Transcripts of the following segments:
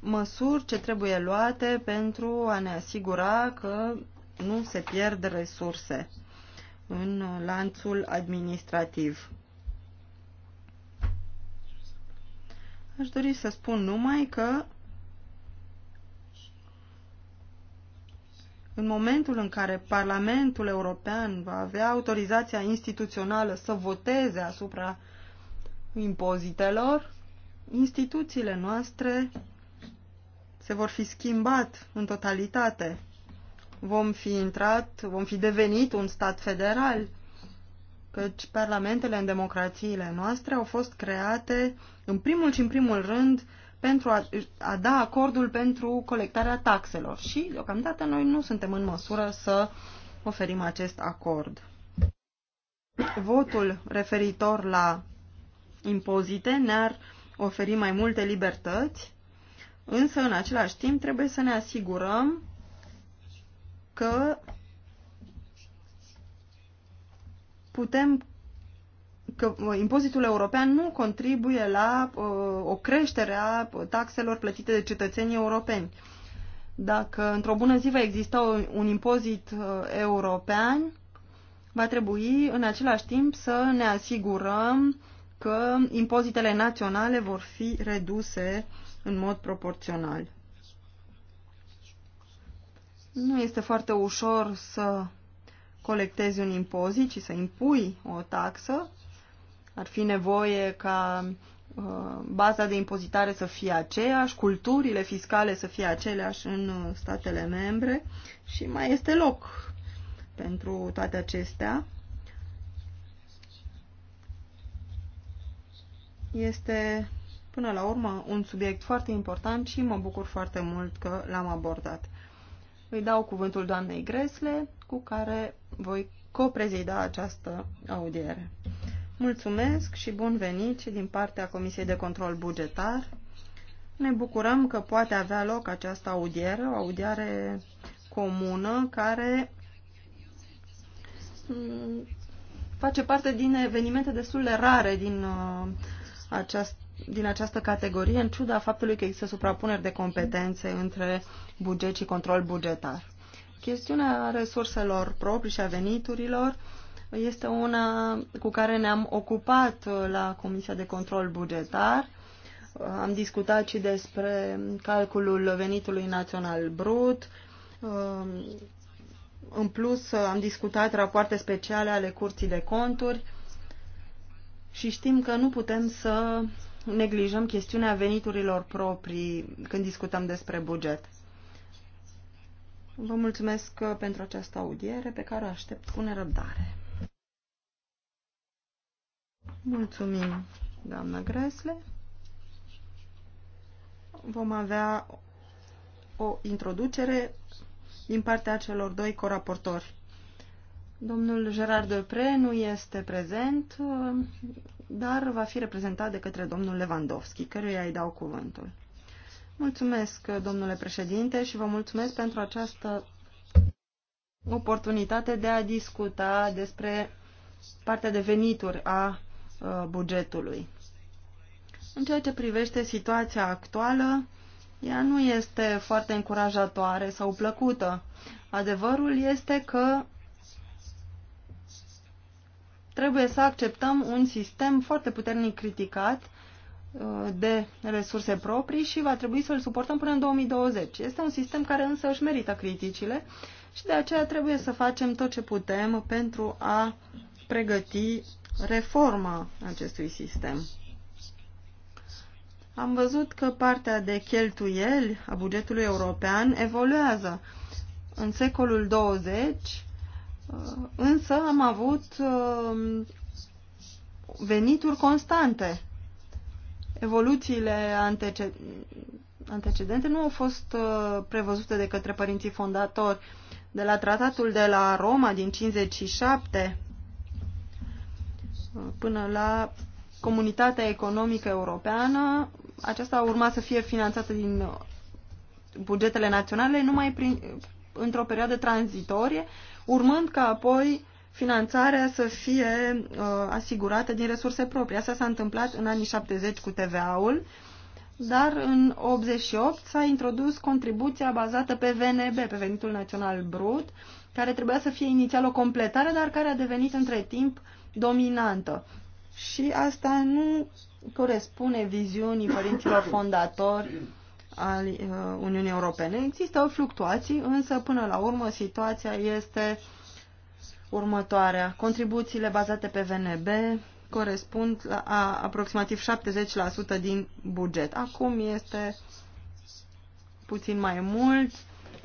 măsuri ce trebuie luate pentru a ne asigura că nu se pierd resurse în lanțul administrativ. Aș dori să spun numai că în momentul în care Parlamentul European va avea autorizația instituțională să voteze asupra impozitelor, instituțiile noastre se vor fi schimbat în totalitate. Vom fi intrat, vom fi devenit un stat federal, căci parlamentele în democrațiile noastre au fost create în primul și în primul rând pentru a, a da acordul pentru colectarea taxelor și deocamdată noi nu suntem în măsură să oferim acest acord. Votul referitor la impozite ne-ar oferi mai multe libertăți Însă, în același timp, trebuie să ne asigurăm că putem că uh, impozitul european nu contribuie la uh, o creștere a taxelor plătite de cetățenii europeni. Dacă într-o bună zi va exista un, un impozit uh, european, va trebui în același timp să ne asigurăm că impozitele naționale vor fi reduse uh, în mod proporțional. Nu este foarte ușor să colectezi un impozit și să impui o taxă. Ar fi nevoie ca uh, baza de impozitare să fie aceeași, culturile fiscale să fie aceleași în uh, statele membre și mai este loc pentru toate acestea. Este Până la urmă, un subiect foarte important și mă bucur foarte mult că l-am abordat. Îi dau cuvântul doamnei Gresle, cu care voi coprezida această audiere. Mulțumesc și bun venit și din partea Comisiei de Control Bugetar. Ne bucurăm că poate avea loc această audiere, o audiere comună care mm, face parte din evenimente destul de rare din uh, acest, din această categorie, în ciuda faptului că există suprapuneri de competențe între buget și control bugetar. Chestiunea resurselor proprii și a veniturilor este una cu care ne-am ocupat uh, la Comisia de Control Bugetar. Uh, am discutat și despre calculul venitului național brut. Uh, în plus, am discutat rapoarte speciale ale Curții de Conturi și știm că nu putem să neglijăm chestiunea veniturilor proprii când discutăm despre buget. Vă mulțumesc uh, pentru această audiere pe care o aștept cu nerăbdare. Mulțumim, doamna Gresle. Vom avea o introducere din partea celor doi coraportori. Domnul Gerard Depre nu este prezent, uh, dar va fi reprezentat de către domnul Lewandowski, căruia îi dau cuvântul. Mulțumesc, domnule președinte, și vă mulțumesc pentru această oportunitate de a discuta despre partea de venituri a uh, bugetului. În ceea ce privește situația actuală, ea nu este foarte încurajatoare sau plăcută. Adevărul este că trebuie să acceptăm un sistem foarte puternic criticat uh, de resurse proprii și va trebui să-l suportăm până în 2020. Este un sistem care însă își merită criticile și de aceea trebuie să facem tot ce putem pentru a pregăti reforma acestui sistem. Am văzut că partea de cheltuieli a bugetului european evoluează. În secolul 20 Uh, însă am avut uh, venituri constante. Evoluțiile antece antecedente nu au fost uh, prevăzute de către părinții fondatori. De la tratatul de la Roma din 57 până la comunitatea economică europeană, aceasta urma să fie finanțată din bugetele naționale numai prin, într-o perioadă tranzitorie, urmând ca apoi finanțarea să fie uh, asigurată din resurse proprii. Asta s-a întâmplat în anii 70 cu TVA-ul, dar în 88 s-a introdus contribuția bazată pe VNB, pe venitul național brut, care trebuia să fie inițial o completare, dar care a devenit între timp dominantă. Și asta nu corespune viziunii părinților fondatori al uh, Uniunii Europene. Există fluctuații, însă până la urmă situația este următoarea. Contribuțiile bazate pe VNB corespund la aproximativ 70% din buget. Acum este puțin mai mult.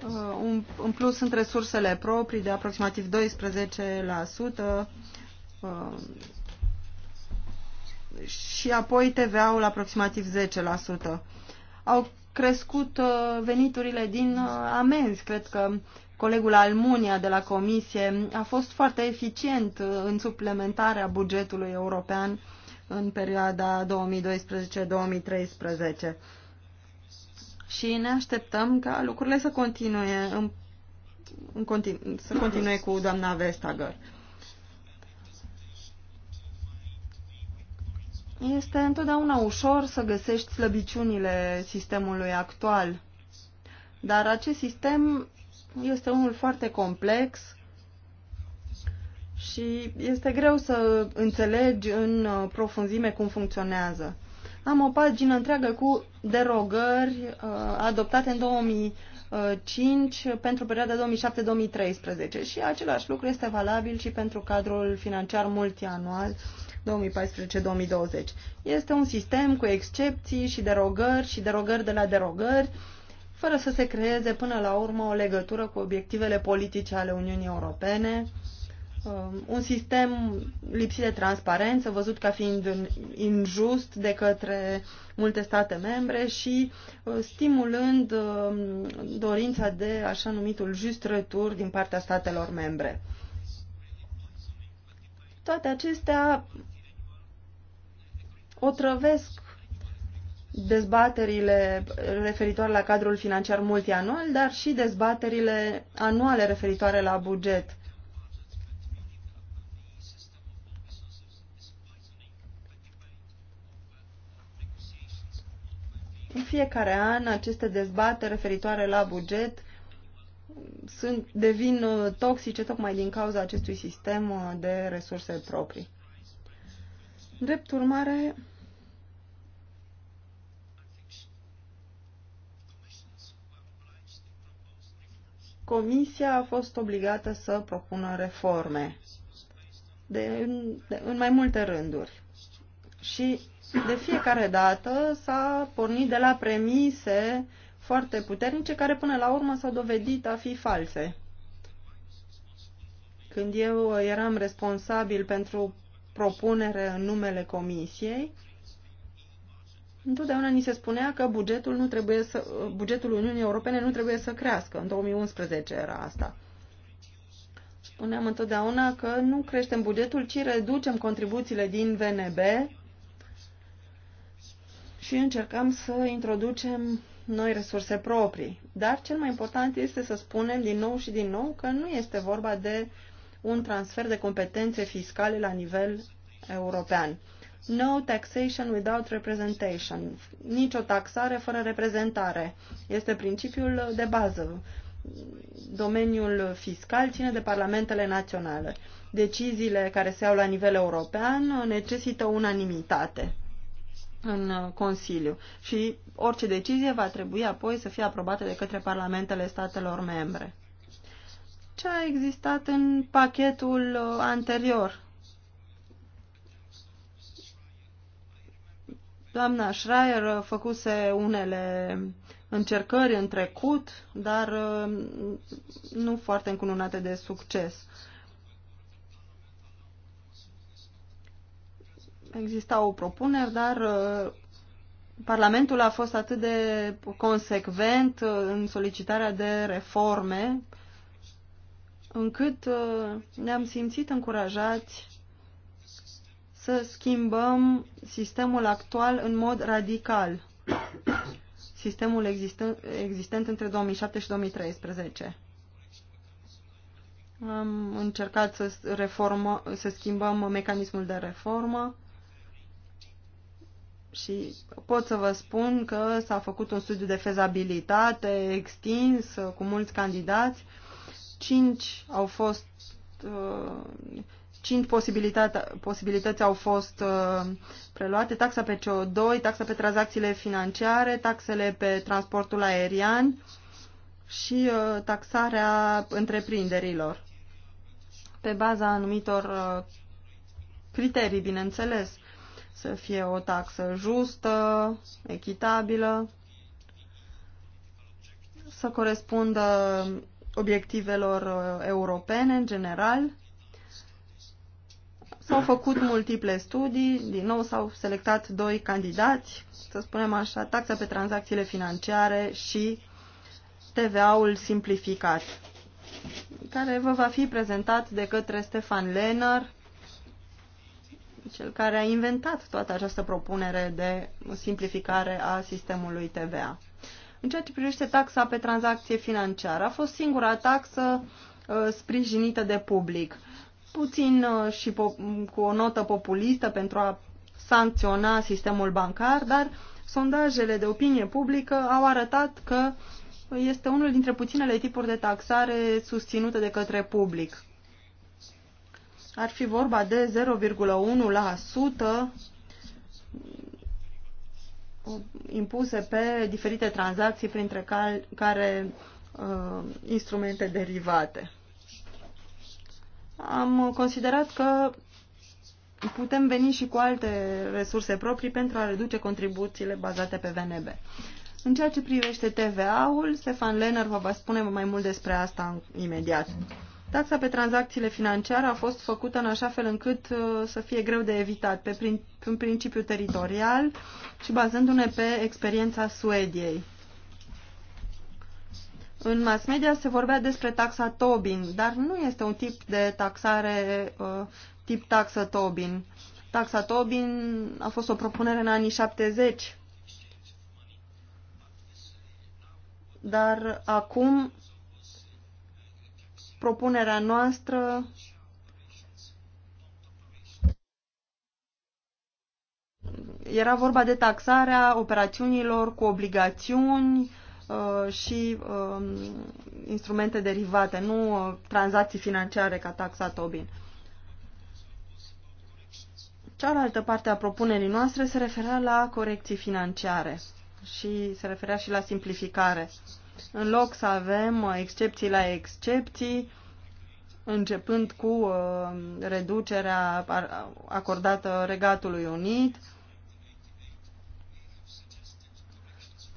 Uh, în plus sunt resursele proprii de aproximativ 12% uh, și apoi TVA-ul aproximativ 10%. Au crescut uh, veniturile din uh, amenzi. Cred că colegul Almunia de la Comisie a fost foarte eficient uh, în suplementarea bugetului european în perioada 2012-2013. Și ne așteptăm ca lucrurile să continue, în, în continu, să continue cu doamna Vestager. Este întotdeauna ușor să găsești slăbiciunile sistemului actual, dar acest sistem este unul foarte complex și este greu să înțelegi în uh, profunzime cum funcționează. Am o pagină întreagă cu derogări uh, adoptate în 2005 pentru perioada 2007-2013 și același lucru este valabil și pentru cadrul financiar multianual 2014-2020. Este un sistem cu excepții și derogări și derogări de la derogări, fără să se creeze până la urmă o legătură cu obiectivele politice ale Uniunii Europene, um, un sistem lipsit de transparență, văzut ca fiind injust de către multe state membre și uh, stimulând um, dorința de așa numitul just retur din partea statelor membre. Toate acestea otrăvesc dezbaterile referitoare la cadrul financiar multianual, dar și dezbaterile anuale referitoare la buget. În fiecare an, aceste dezbateri referitoare la buget sunt, devin uh, toxice tocmai din cauza acestui sistem uh, de resurse proprii. Drept urmare, Comisia a fost obligată să propună reforme de, de, în mai multe rânduri. Și de fiecare dată s-a pornit de la premise foarte puternice care până la urmă s-au dovedit a fi false. Când eu eram responsabil pentru propunere în numele comisiei, Întotdeauna ni se spunea că bugetul, nu trebuie să, bugetul Uniunii Europene nu trebuie să crească. În 2011 era asta. Spuneam întotdeauna că nu creștem bugetul, ci reducem contribuțiile din VNB și încercăm să introducem noi resurse proprii. Dar cel mai important este să spunem din nou și din nou că nu este vorba de un transfer de competențe fiscale la nivel european. No taxation without representation. Nicio taxare fără reprezentare. Este principiul de bază. Domeniul fiscal ține de parlamentele naționale. Deciziile care se iau la nivel european necesită unanimitate în Consiliu și orice decizie va trebui apoi să fie aprobată de către parlamentele statelor membre. Ce a existat în pachetul uh, anterior Doamna Schreier uh, făcuse unele încercări în trecut, dar uh, nu foarte încununate de succes. Existau propuneri, dar uh, Parlamentul a fost atât de consecvent în solicitarea de reforme, încât ne-am simțit încurajați să schimbăm sistemul actual în mod radical, sistemul existent, existent între 2007 și 2013. Am încercat să, reformă, să schimbăm mecanismul de reformă și pot să vă spun că s-a făcut un studiu de fezabilitate extins cu mulți candidați. Cinci au fost uh, Cinci posibilități au fost uh, preluate. Taxa pe CO2, taxa pe tranzacțiile financiare, taxele pe transportul aerian și uh, taxarea întreprinderilor. Pe baza anumitor uh, criterii, bineînțeles, să fie o taxă justă, echitabilă, să corespundă obiectivelor uh, europene în general S-au făcut multiple studii, din nou s-au selectat doi candidați, să spunem așa, taxa pe tranzacțiile financiare și TVA-ul simplificat, care vă va fi prezentat de către Stefan Lehner, cel care a inventat toată această propunere de simplificare a sistemului TVA. În ceea ce privește taxa pe tranzacție financiară, a fost singura taxă uh, sprijinită de public puțin uh, și cu o notă populistă pentru a sancționa sistemul bancar, dar sondajele de opinie publică au arătat că este unul dintre puținele tipuri de taxare susținute de către public. Ar fi vorba de 0,1% uh, impuse pe diferite tranzacții, printre care, care uh, instrumente derivate am considerat că putem veni și cu alte resurse proprii pentru a reduce contribuțiile bazate pe VNB. În ceea ce privește TVA-ul, Stefan Lenner vă va spune mai mult despre asta imediat. Taxa pe tranzacțiile financiare a fost făcută în așa fel încât uh, să fie greu de evitat, pe prin, un principiu teritorial și bazându-ne pe experiența Suediei. În mass media se vorbea despre taxa Tobin, dar nu este un tip de taxare uh, tip taxă Tobin. Taxa Tobin a fost o propunere în anii 70. Dar acum propunerea noastră era vorba de taxarea operațiunilor cu obligațiuni, Uh, și um, instrumente derivate, nu uh, tranzacții financiare ca taxa Tobin. Cealaltă parte a propunerii noastre se referea la corecții financiare și se referea și la simplificare. În loc să avem uh, excepții la excepții, începând cu reducerea acordată Regatului Unit,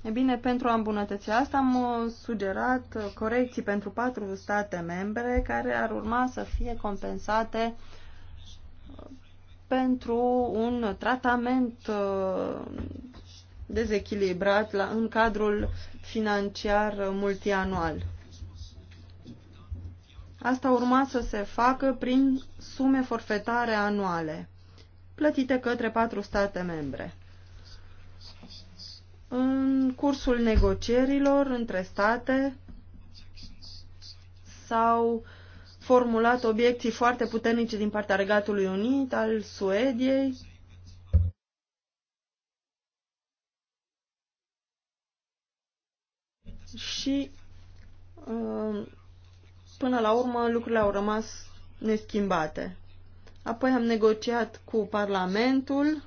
E bine, pentru a îmbunătăți asta am uh, sugerat uh, corecții pentru patru state membre care ar urma să fie compensate uh, pentru un tratament dezechilibrat la, în cadrul financiar multianual. Asta urma să se facă prin sume forfetare anuale, plătite către patru state membre în cursul negocierilor între state s-au formulat obiecții foarte puternice din partea Regatului Unit, al Suediei. Și uh, până la urmă lucrurile au rămas neschimbate. Apoi am negociat cu Parlamentul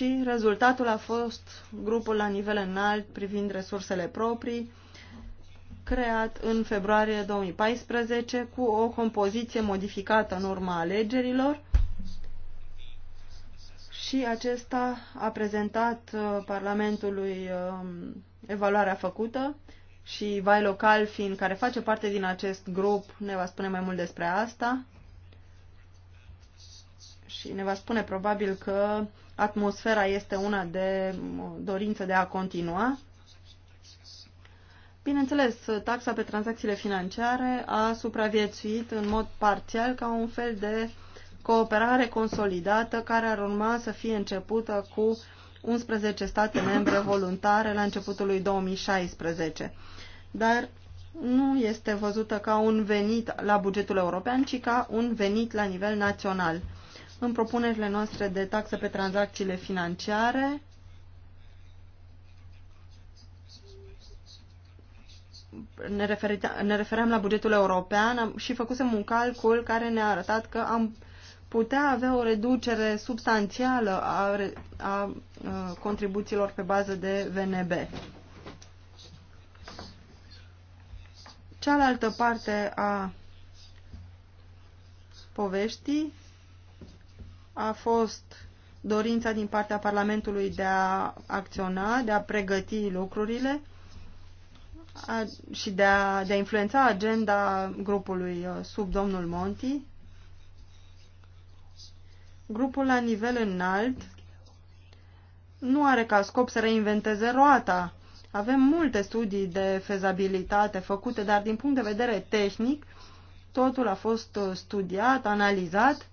și rezultatul a fost grupul la nivel înalt privind resursele proprii, creat în februarie 2014 cu o compoziție modificată în urma alegerilor și acesta a prezentat uh, Parlamentului um, evaluarea făcută și Vailo Calfin, care face parte din acest grup, ne va spune mai mult despre asta și ne va spune probabil că atmosfera este una de dorință de a continua. Bineînțeles, taxa pe tranzacțiile financiare a supraviețuit în mod parțial ca un fel de cooperare consolidată care ar urma să fie începută cu 11 state membre voluntare la începutul lui 2016. Dar nu este văzută ca un venit la bugetul european, ci ca un venit la nivel național în propunerile noastre de taxă pe tranzacțiile financiare. Ne, referita, ne refeream la bugetul european am, și făcusem un calcul care ne-a arătat că am putea avea o reducere substanțială a, a, a uh, contribuțiilor pe bază de VNB. Cealaltă parte a poveștii a fost dorința din partea Parlamentului de a acționa, de a pregăti lucrurile a, și de a, de a influența agenda grupului uh, sub domnul Monti. Grupul la nivel înalt nu are ca scop să reinventeze roata. Avem multe studii de fezabilitate făcute, dar din punct de vedere tehnic, totul a fost uh, studiat, analizat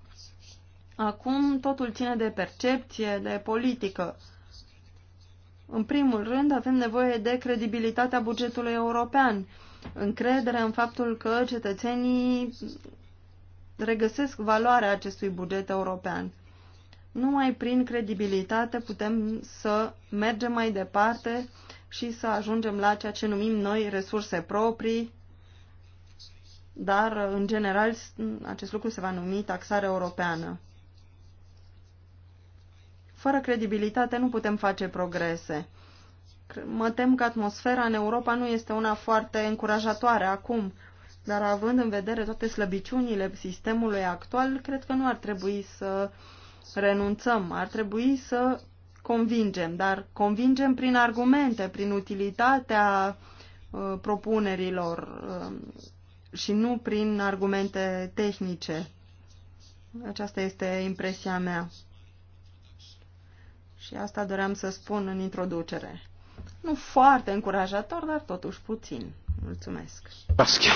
Acum totul ține de percepție, de politică. În primul rând, avem nevoie de credibilitatea bugetului european, încredere în faptul că cetățenii regăsesc valoarea acestui buget european. Numai prin credibilitate putem să mergem mai departe și să ajungem la ceea ce numim noi resurse proprii, dar, în general, acest lucru se va numi taxare europeană. Fără credibilitate nu putem face progrese. Mă tem că atmosfera în Europa nu este una foarte încurajatoare acum, dar având în vedere toate slăbiciunile sistemului actual, cred că nu ar trebui să renunțăm, ar trebui să convingem, dar convingem prin argumente, prin utilitatea uh, propunerilor uh, și nu prin argumente tehnice. Aceasta este impresia mea. Și asta doream să spun în introducere. Nu foarte încurajator, dar totuși puțin. Mulțumesc. Pascal.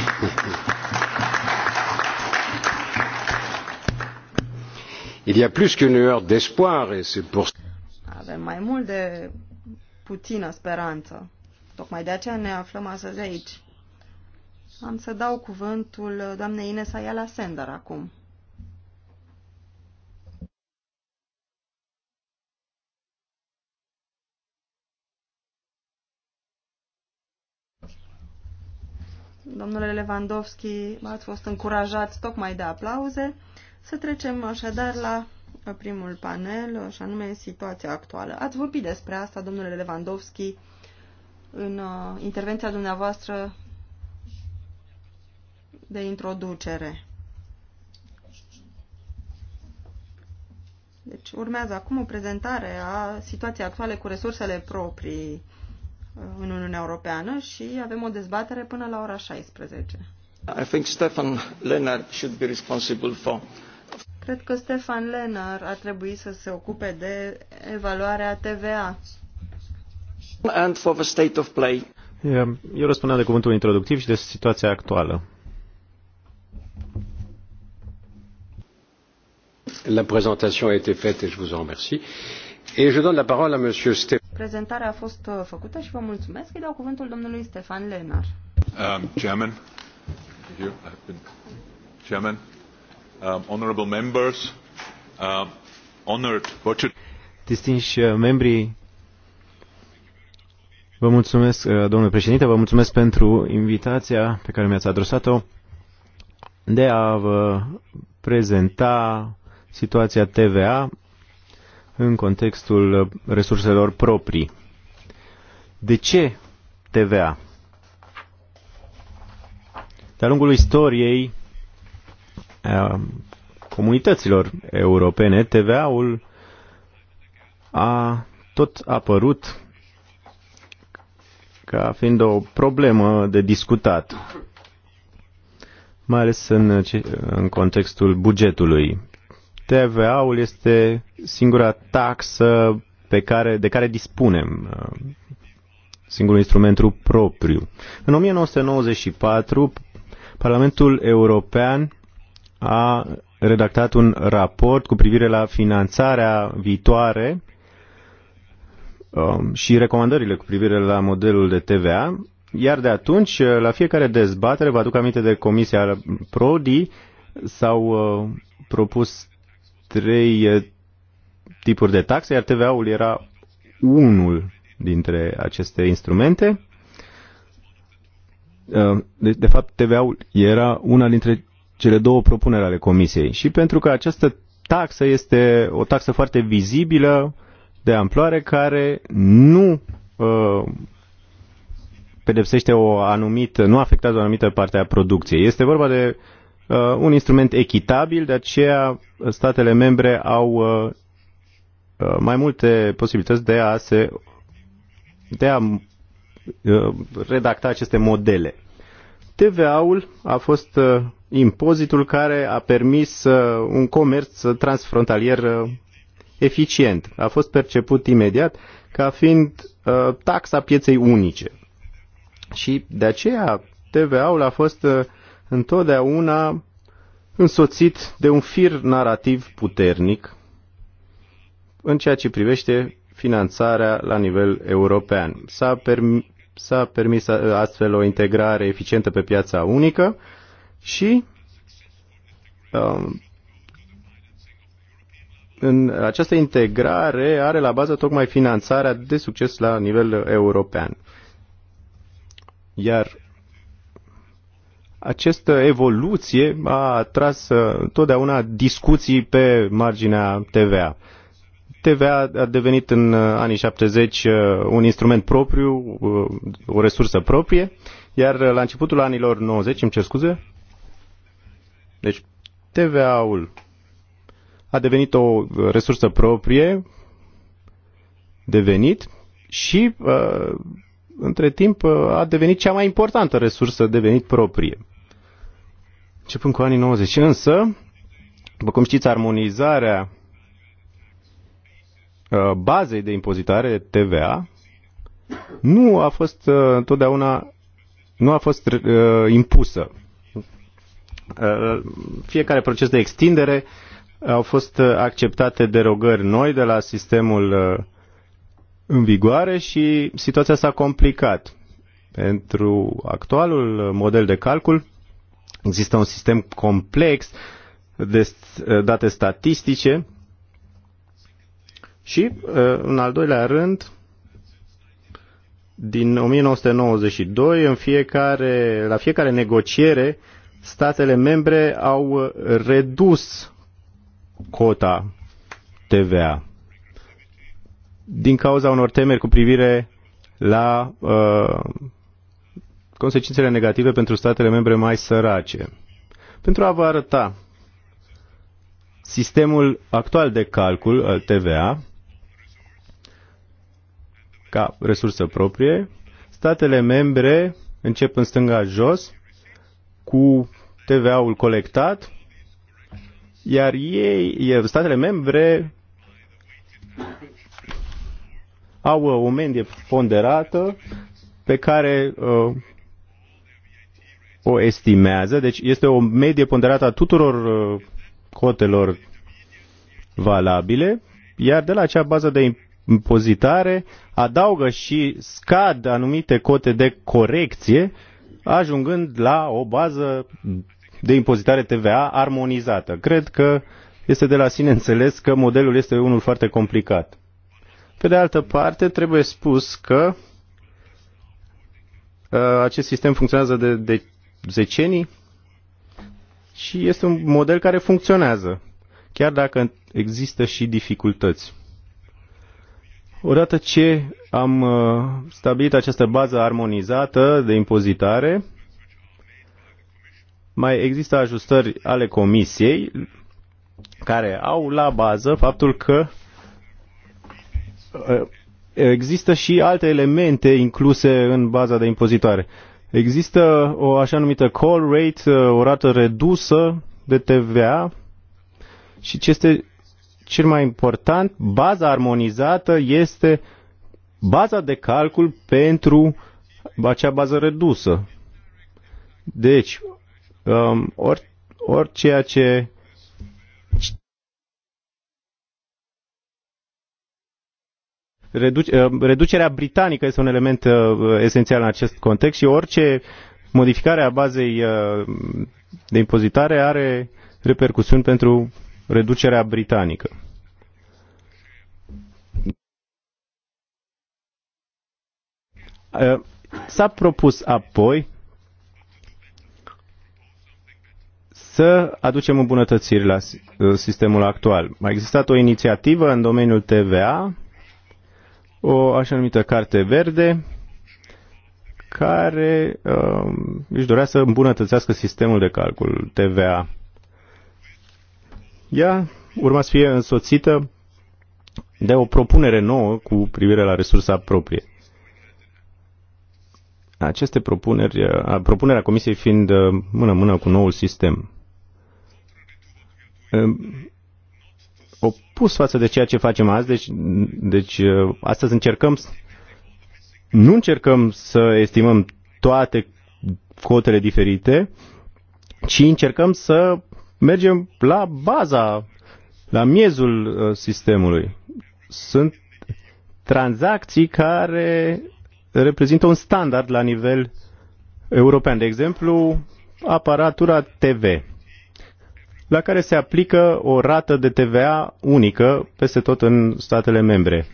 Il y a plus qu'une heure d'espoir et c'est pour Avem mai mult de puțină speranță. Tocmai de aceea ne aflăm astăzi aici. Am să dau cuvântul doamnei Ines Ayala Sender acum. domnule Lewandowski, ați fost încurajați tocmai de aplauze. Să trecem așadar la primul panel, și anume situația actuală. Ați vorbit despre asta, domnule Lewandowski, în uh, intervenția dumneavoastră de introducere. Deci urmează acum o prezentare a situației actuale cu resursele proprii în Uniunea Europeană și avem o dezbatere până la ora 16. I think Stefan Lennart should be responsible for Cred că Stefan Lenar ar trebui să se ocupe de evaluarea TVA. And for the state of play. Eu răspundeam de cuvântul introductiv și de situația actuală. La présentation a été faite et je vous en remercie. Et je donne la parole à monsieur Stéphane. Prezentarea a fost uh, făcută și vă mulțumesc. Îi dau cuvântul domnului Stefan Lenar. Um, chairman, you, been, chairman um, honorable members, um, honored budget. Distinși uh, membrii, vă mulțumesc, uh, domnule președinte, vă mulțumesc pentru invitația pe care mi-ați adresat-o de a vă prezenta situația TVA în contextul uh, resurselor proprii. De ce TVA? De-a lungul istoriei uh, comunităților europene, TVA-ul a tot apărut ca fiind o problemă de discutat, mai ales în, în contextul bugetului TVA-ul este singura taxă pe care, de care dispunem, uh, singurul instrumentul propriu. În 1994, Parlamentul European a redactat un raport cu privire la finanțarea viitoare um, și recomandările cu privire la modelul de TVA, iar de atunci, la fiecare dezbatere, vă aduc aminte de Comisia Prodi, s-au uh, propus trei eh, tipuri de taxe, iar TVA-ul era unul dintre aceste instrumente. Eh, de, de fapt, TVA-ul era una dintre cele două propuneri ale Comisiei și pentru că această taxă este o taxă foarte vizibilă, de amploare, care nu uh, pedepsește o anumită, nu afectează o anumită parte a producției. Este vorba de Uh, un instrument echitabil, de aceea uh, statele membre au uh, mai multe posibilități de a se de a redacta aceste modele. TVA-ul a fost impozitul care a permis un comerț transfrontalier eficient. A fost perceput imediat ca fiind taxa pieței unice. Și de aceea TVA-ul a fost întotdeauna însoțit de un fir narrativ puternic în ceea ce privește finanțarea la nivel european. S-a, permis, permis astfel o integrare eficientă pe piața unică și um, în această integrare are la bază tocmai finanțarea de succes la nivel european. Iar această evoluție a atras uh, totdeauna discuții pe marginea TVA. TVA a devenit în uh, anii 70 uh, un instrument propriu, o resursă proprie, iar la începutul anilor 90, îmi cer scuze, deci TVA-ul a devenit o resursă proprie, devenit și între timp a devenit cea mai importantă resursă devenit proprie începând cu anii 90. Însă, după cum știți, armonizarea uh, bazei de impozitare TVA nu a fost uh, întotdeauna nu a fost uh, impusă. Uh, fiecare proces de extindere au fost uh, acceptate derogări noi de la sistemul uh, în vigoare și situația s-a complicat. Pentru actualul model de calcul, Există un sistem complex de date statistice și, uh, în al doilea rând, din 1992, în fiecare, la fiecare negociere, statele membre au redus cota TVA din cauza unor temeri cu privire la uh, consecințele negative pentru statele membre mai sărace. Pentru a vă arăta sistemul actual de calcul al TVA ca resursă proprie, statele membre încep în stânga jos cu TVA-ul colectat, iar ei, statele membre au o mendie ponderată pe care uh, o estimează, deci este o medie ponderată a tuturor uh, cotelor valabile, iar de la acea bază de impozitare adaugă și scad anumite cote de corecție, ajungând la o bază de impozitare TVA armonizată. Cred că este de la sine înțeles că modelul este unul foarte complicat. Pe de altă parte, trebuie spus că uh, acest sistem funcționează de, de zecenii și este un model care funcționează, chiar dacă există și dificultăți. Odată ce am uh, stabilit această bază armonizată de impozitare, mai există ajustări ale comisiei care au la bază faptul că uh, există și alte elemente incluse în baza de impozitare. Există o așa numită call rate, uh, o rată redusă de TVA și ce este cel mai important, baza armonizată este baza de calcul pentru acea bază redusă. Deci, um, or, ori ceea ce reduce, uh, reducerea britanică este un element uh, esențial în acest context și orice modificare a bazei uh, de impozitare are repercusiuni pentru reducerea britanică. S-a propus apoi să aducem îmbunătățiri la sistemul actual. A existat o inițiativă în domeniul TVA o așa numită carte verde care uh, își dorea să îmbunătățească sistemul de calcul TVA. Ea urma să fie însoțită de o propunere nouă cu privire la resursa proprie. Aceste propuneri, uh, propunerea Comisiei fiind uh, mână-mână cu noul sistem. Um, opus față de ceea ce facem azi. Deci, deci uh, astăzi încercăm, nu încercăm să estimăm toate cotele diferite, ci încercăm să mergem la baza, la miezul uh, sistemului. Sunt tranzacții care reprezintă un standard la nivel european. De exemplu, aparatura TV la care se aplică o rată de TVA unică peste tot în statele membre.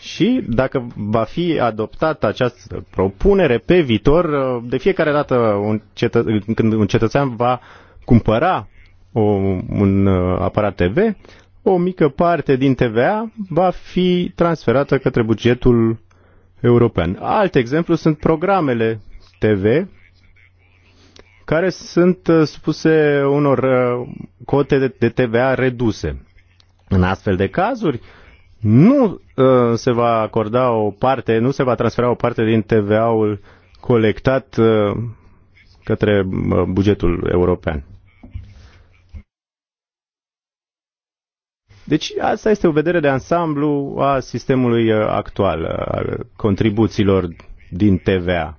Și dacă va fi adoptată această propunere pe viitor, de fiecare dată un cetă, când un cetățean va cumpăra o, un uh, aparat TV, o mică parte din TVA va fi transferată către bugetul european. Alt exemplu sunt programele TV care sunt uh, supuse unor uh, cote de TVA reduse. În astfel de cazuri, nu uh, se va acorda o parte, nu se va transfera o parte din TVA-ul colectat către bugetul european. Deci asta este o vedere de ansamblu a sistemului actual, al contribuțiilor din TVA.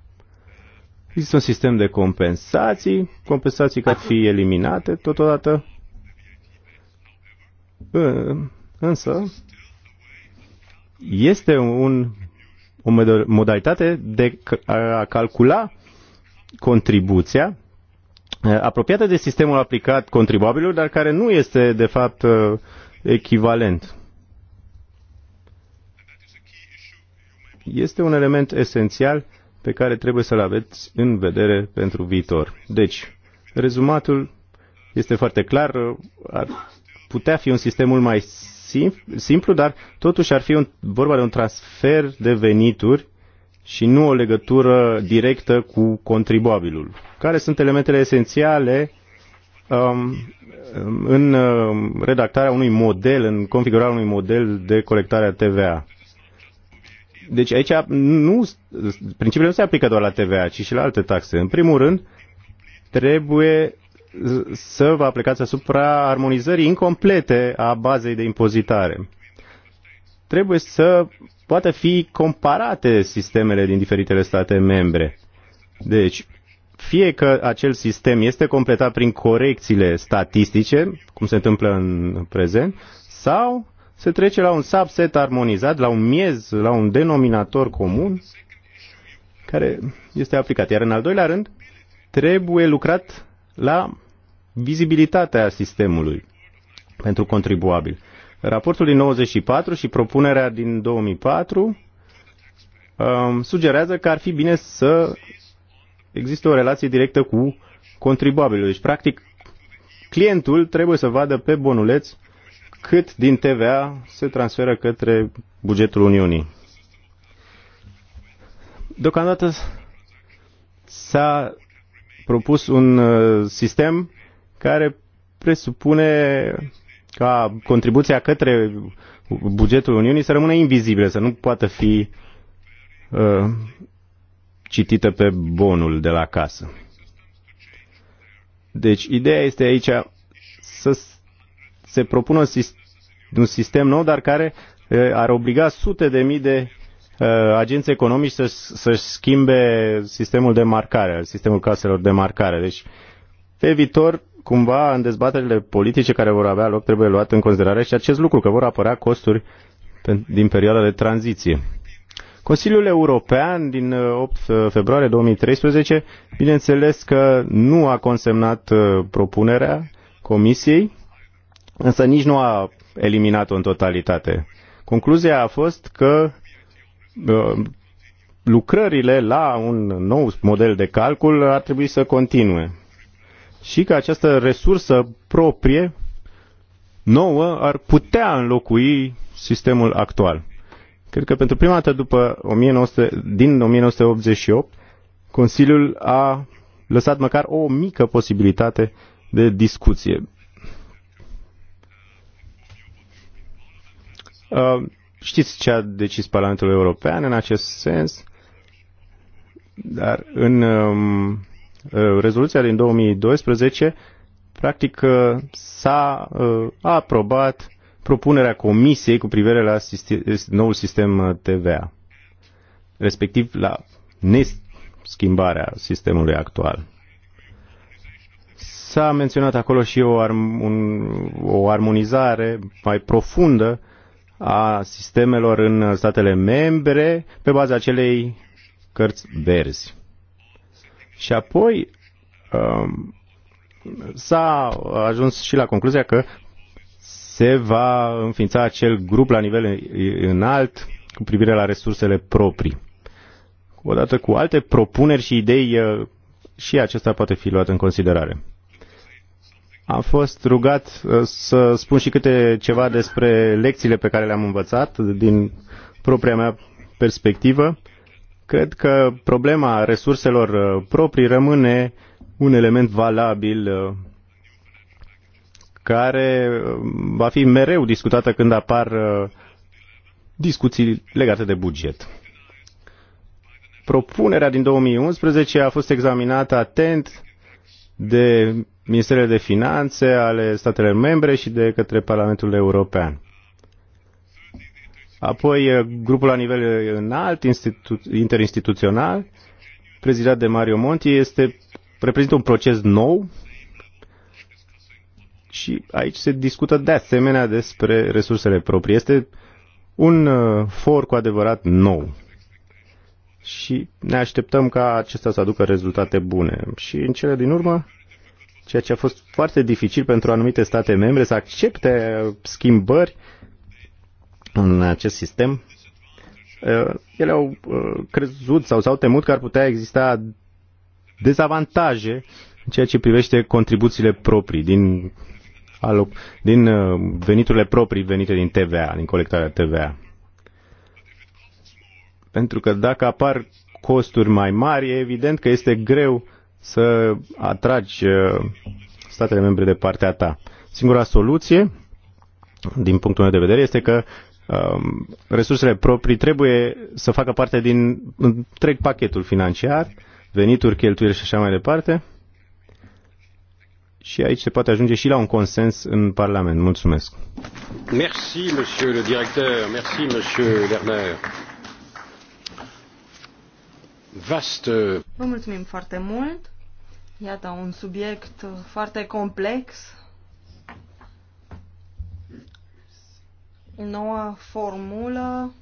Există un sistem de compensații, compensații care fi eliminate totodată. Însă, este un, o modalitate de a calcula contribuția apropiată de sistemul aplicat contribuabilului, dar care nu este, de fapt, echivalent. Este un element esențial pe care trebuie să-l aveți în vedere pentru viitor. Deci, rezumatul este foarte clar, ar putea fi un sistem mult mai simplu, dar totuși ar fi un, vorba de un transfer de venituri și nu o legătură directă cu contribuabilul. Care sunt elementele esențiale um, în um, redactarea unui model, în configurarea unui model de colectare a TVA? Deci aici nu, principiul nu se aplică doar la TVA, ci și la alte taxe. În primul rând, trebuie să vă aplicați asupra armonizării incomplete a bazei de impozitare. Trebuie să poată fi comparate sistemele din diferitele state membre. Deci, fie că acel sistem este completat prin corecțiile statistice, cum se întâmplă în prezent, sau se trece la un subset armonizat, la un miez, la un denominator comun care este aplicat. Iar în al doilea rând, trebuie lucrat la vizibilitatea sistemului pentru contribuabil. Raportul din 94 și propunerea din 2004 um, sugerează că ar fi bine să există o relație directă cu contribuabilul. Deci, practic, clientul trebuie să vadă pe bonuleț cât din TVA se transferă către bugetul Uniunii. Deocamdată s-a propus un uh, sistem care presupune ca contribuția către bugetul Uniunii să rămână invizibilă, să nu poată fi uh, citită pe bonul de la casă. Deci, ideea este aici să se propune un sistem nou, dar care ar obliga sute de mii de agenți economici să, să-și schimbe sistemul de marcare, sistemul caselor de marcare. Deci, pe viitor, cumva, în dezbaterile politice care vor avea loc, trebuie luat în considerare și acest lucru, că vor apărea costuri din perioada de tranziție. Consiliul European din 8 februarie 2013, bineînțeles că nu a consemnat propunerea Comisiei însă nici nu a eliminat-o în totalitate. Concluzia a fost că uh, lucrările la un nou model de calcul ar trebui să continue și că această resursă proprie nouă ar putea înlocui sistemul actual. Cred că pentru prima dată după 1900, din 1988, Consiliul a lăsat măcar o mică posibilitate de discuție. Uh, știți ce a decis Parlamentul European în acest sens, dar în um, uh, rezoluția din 2012, practic uh, s-a aprobat propunerea Comisiei cu privire la noul sistem TVA, respectiv la neschimbarea sistemului actual. S-a menționat acolo și o, arm- un, o armonizare mai profundă a sistemelor în statele membre pe baza acelei cărți verzi. Și apoi um, s-a ajuns și la concluzia că se va înființa acel grup la nivel înalt cu privire la resursele proprii. Odată cu alte propuneri și idei, uh, și acesta poate fi luat în considerare. Am fost rugat uh, să spun și câte ceva despre lecțiile pe care le-am învățat din propria mea perspectivă. Cred că problema resurselor uh, proprii rămâne un element valabil uh, care va fi mereu discutată când apar discuții legate de buget. Propunerea din 2011 a fost examinată atent de Ministerele de Finanțe ale statelor membre și de către Parlamentul European. Apoi grupul la nivel înalt, interinstituțional, prezidat de Mario Monti, este, reprezintă un proces nou și aici se discută de asemenea despre resursele proprii. Este un uh, for cu adevărat nou și ne așteptăm ca acesta să aducă rezultate bune. Și în cele din urmă, ceea ce a fost foarte dificil pentru anumite state membre să accepte schimbări în acest sistem, uh, ele au uh, crezut sau s-au temut că ar putea exista dezavantaje în ceea ce privește contribuțiile proprii din, din uh, veniturile proprii venite din TVA, din colectarea TVA. Pentru că dacă apar costuri mai mari, e evident că este greu să atragi uh, statele membre de partea ta. Singura soluție, din punctul meu de vedere, este că um, resursele proprii trebuie să facă parte din întreg pachetul financiar, venituri, cheltuieli și așa mai departe. Și aici se poate ajunge și la un consens în Parlament. Mulțumesc. Merci, monsieur le directeur. Merci, monsieur Werner. Vă mulțumim foarte mult. Iată, un subiect foarte complex. Noua formulă.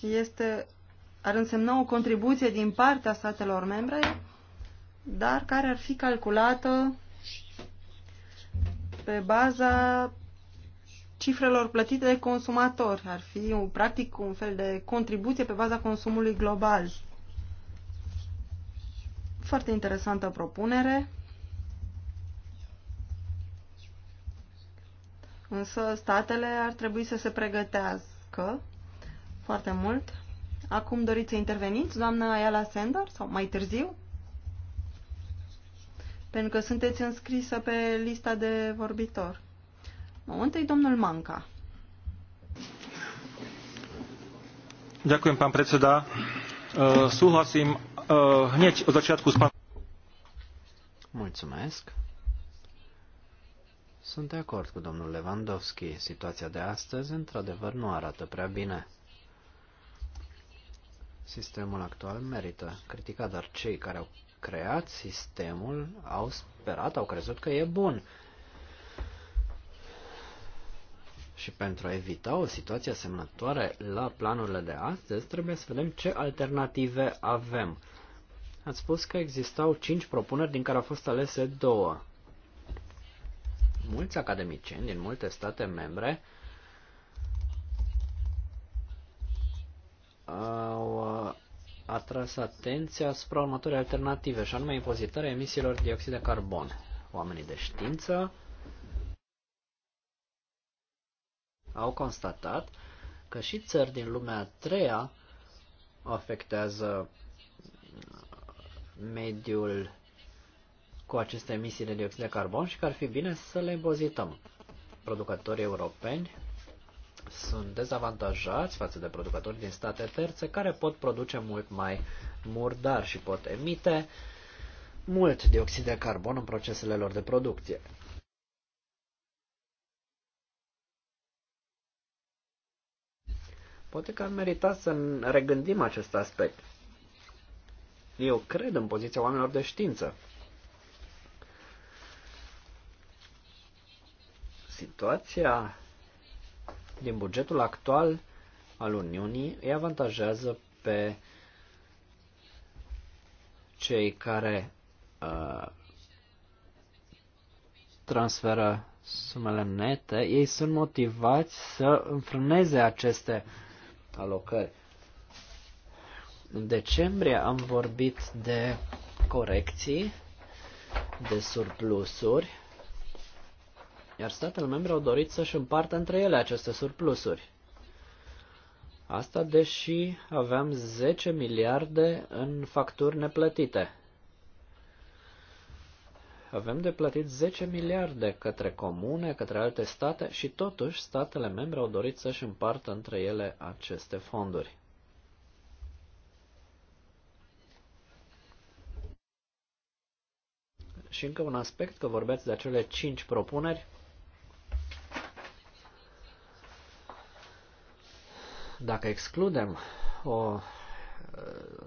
Este, ar însemna o contribuție din partea statelor membre, dar care ar fi calculată pe baza cifrelor plătite de consumator. Ar fi un, practic un fel de contribuție pe baza consumului global. Foarte interesantă propunere. Însă statele ar trebui să se pregătească foarte mult. Acum doriți să interveniți, doamna Ayala Sender, sau mai târziu? pentru că sunteți înscrisă pe lista de vorbitor. Nu, întâi domnul Manca. Ďakujem, pán predseda. Uh, súhlasím uh, hneď od začiatku s pánom... Mulțumesc. Sunt de acord cu domnul Lewandowski. Situația de astăzi, într-adevăr, nu arată prea bine. Sistemul actual merită criticat, dar cei care au creat sistemul au sperat, au crezut că e bun. Și pentru a evita o situație asemănătoare la planurile de astăzi, trebuie să vedem ce alternative avem. Ați spus că existau 5 propuneri din care au fost alese două. Mulți academicieni din multe state membre au a tras atenția asupra următoarei alternative, și anume impozitarea emisiilor dioxid de carbon. Oamenii de știință au constatat că și țări din lumea a treia afectează mediul cu aceste emisii de dioxid de carbon și că ar fi bine să le impozităm. Producătorii europeni sunt dezavantajați față de producători din state terțe care pot produce mult mai murdar și pot emite mult dioxid de carbon în procesele lor de producție. Poate că ar merita să regândim acest aspect. Eu cred în poziția oamenilor de știință. Situația din bugetul actual al Uniunii îi avantajează pe cei care uh, transferă sumele nete, ei sunt motivați să înfrâneze aceste alocări. În decembrie am vorbit de corecții, de surplusuri, iar statele membre au dorit să-și împartă între ele aceste surplusuri. Asta deși aveam 10 miliarde în facturi neplătite. Avem de plătit 10 miliarde către comune, către alte state și totuși statele membre au dorit să-și împartă între ele aceste fonduri. Și încă un aspect, că vorbeați de acele 5 propuneri, Dacă excludem o uh,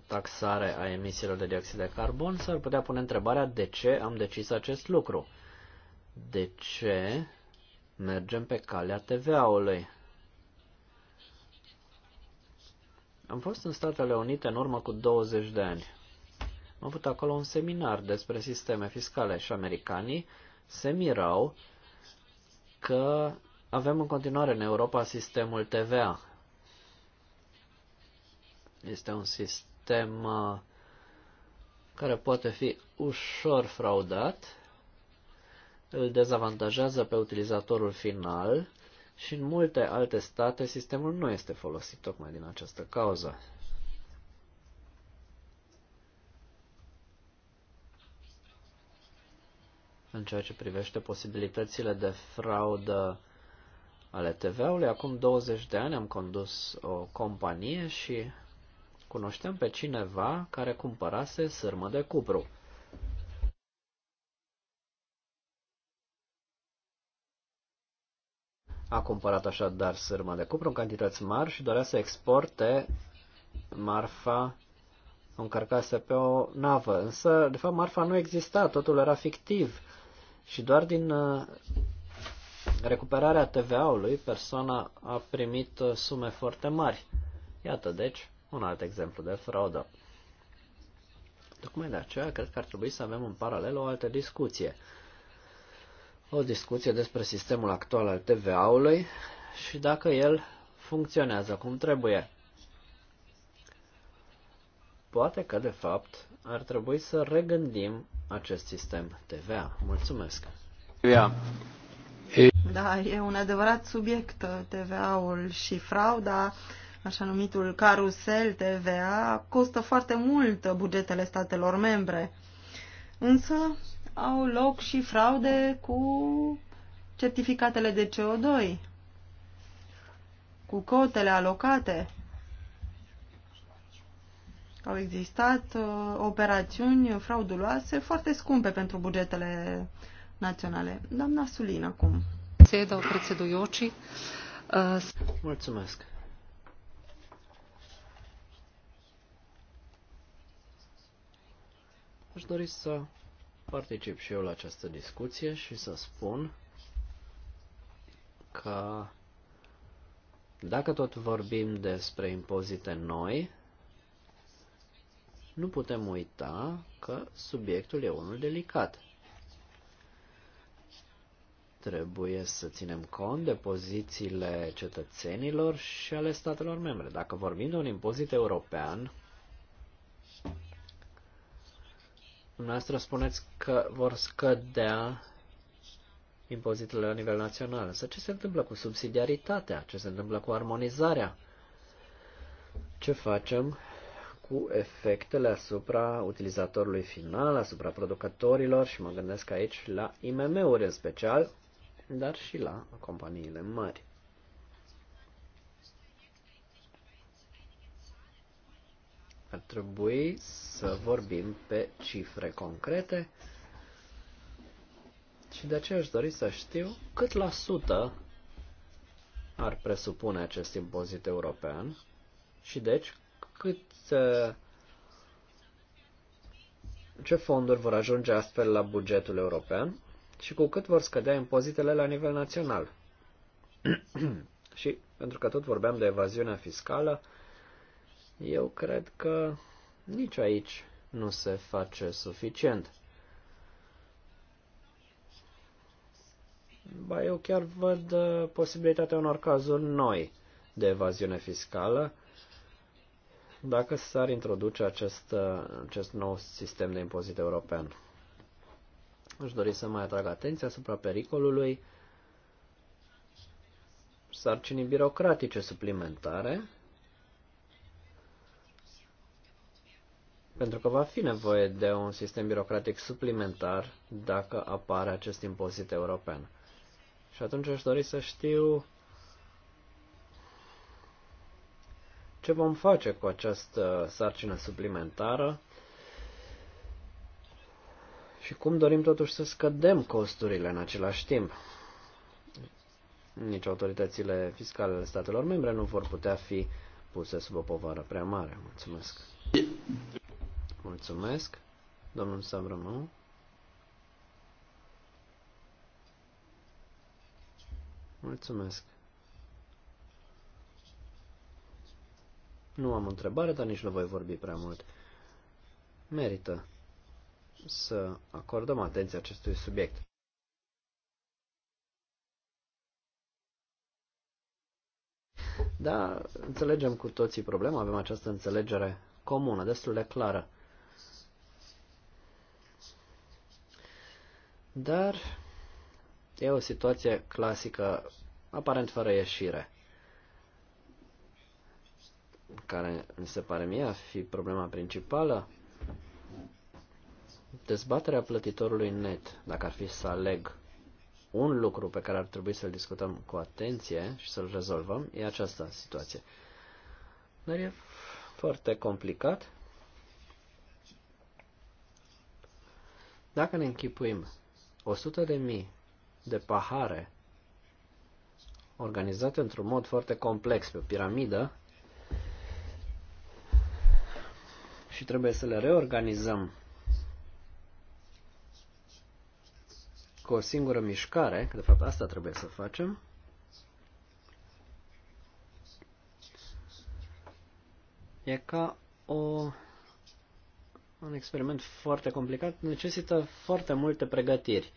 taxare a emisiilor de dioxid de carbon, s-ar putea pune întrebarea de ce am decis acest lucru. De ce mergem pe calea TVA-ului? Am fost în Statele Unite în urmă cu 20 de ani. Am avut acolo un seminar despre sisteme fiscale și americanii se mirau că avem în continuare în Europa sistemul TVA. Este un sistem uh, care poate fi ușor fraudat, îl dezavantajează pe utilizatorul final și în multe alte state sistemul nu este folosit tocmai din această cauză. În ceea ce privește posibilitățile de fraudă ale TVA-ului, acum 20 de ani am condus o companie și cunoșteam pe cineva care cumpărase sârmă de cupru. A cumpărat așadar sârmă de cupru în cantități mari și dorea să exporte marfa încărcase pe o navă. Însă, de fapt, marfa nu exista, totul era fictiv. Și doar din uh, recuperarea TVA-ului, persoana a primit uh, sume foarte mari. Iată, deci, un alt exemplu de fraudă. Tocmai de aceea cred că ar trebui să avem în paralel o altă discuție. O discuție despre sistemul actual al TVA-ului și dacă el funcționează cum trebuie. Poate că, de fapt, ar trebui să regândim acest sistem TVA. Mulțumesc! Da, e un adevărat subiect TVA-ul și frauda așa numitul carusel TVA, costă foarte mult bugetele statelor membre. Însă au loc și fraude cu certificatele de CO2, cu cotele alocate. Au existat uh, operațiuni frauduloase foarte scumpe pentru bugetele naționale. Doamna Sulin, acum. Mulțumesc. Aș dori să particip și eu la această discuție și să spun că dacă tot vorbim despre impozite noi, nu putem uita că subiectul e unul delicat. Trebuie să ținem cont de pozițiile cetățenilor și ale statelor membre. Dacă vorbim de un impozit european, Dumneavoastră spuneți că vor scădea impozitele la nivel național. Să ce se întâmplă cu subsidiaritatea? Ce se întâmplă cu armonizarea? Ce facem cu efectele asupra utilizatorului final, asupra producătorilor și mă gândesc aici la IMM-uri în special, dar și la companiile mari. Ar trebui să vorbim pe cifre concrete și de aceea aș dori să știu cât la sută ar presupune acest impozit european și deci cât uh, ce fonduri vor ajunge astfel la bugetul european și cu cât vor scădea impozitele la nivel național. și pentru că tot vorbeam de evaziunea fiscală, eu cred că nici aici nu se face suficient. Ba, eu chiar văd uh, posibilitatea unor cazuri noi de evaziune fiscală dacă s-ar introduce acest, uh, acest nou sistem de impozit european. Aș dori să mai atrag atenția asupra pericolului sarcinii birocratice suplimentare Pentru că va fi nevoie de un sistem birocratic suplimentar dacă apare acest impozit european. Și atunci aș dori să știu ce vom face cu această sarcină suplimentară și cum dorim totuși să scădem costurile în același timp. Nici autoritățile fiscale ale statelor membre nu vor putea fi puse sub o povară prea mare. Mulțumesc. Mulțumesc, domnul Sabrămân. Mulțumesc. Nu am întrebare, dar nici nu voi vorbi prea mult. Merită să acordăm atenție acestui subiect. Da, înțelegem cu toții problema, avem această înțelegere comună, destul de clară. Dar e o situație clasică, aparent fără ieșire, care mi se pare mie a fi problema principală. Dezbaterea plătitorului net, dacă ar fi să aleg un lucru pe care ar trebui să-l discutăm cu atenție și să-l rezolvăm, e această situație. Dar e foarte complicat. Dacă ne închipuim 100 de mii de pahare organizate într-un mod foarte complex pe o piramidă și trebuie să le reorganizăm cu o singură mișcare, că de fapt asta trebuie să facem, e ca o un experiment foarte complicat, necesită foarte multe pregătiri.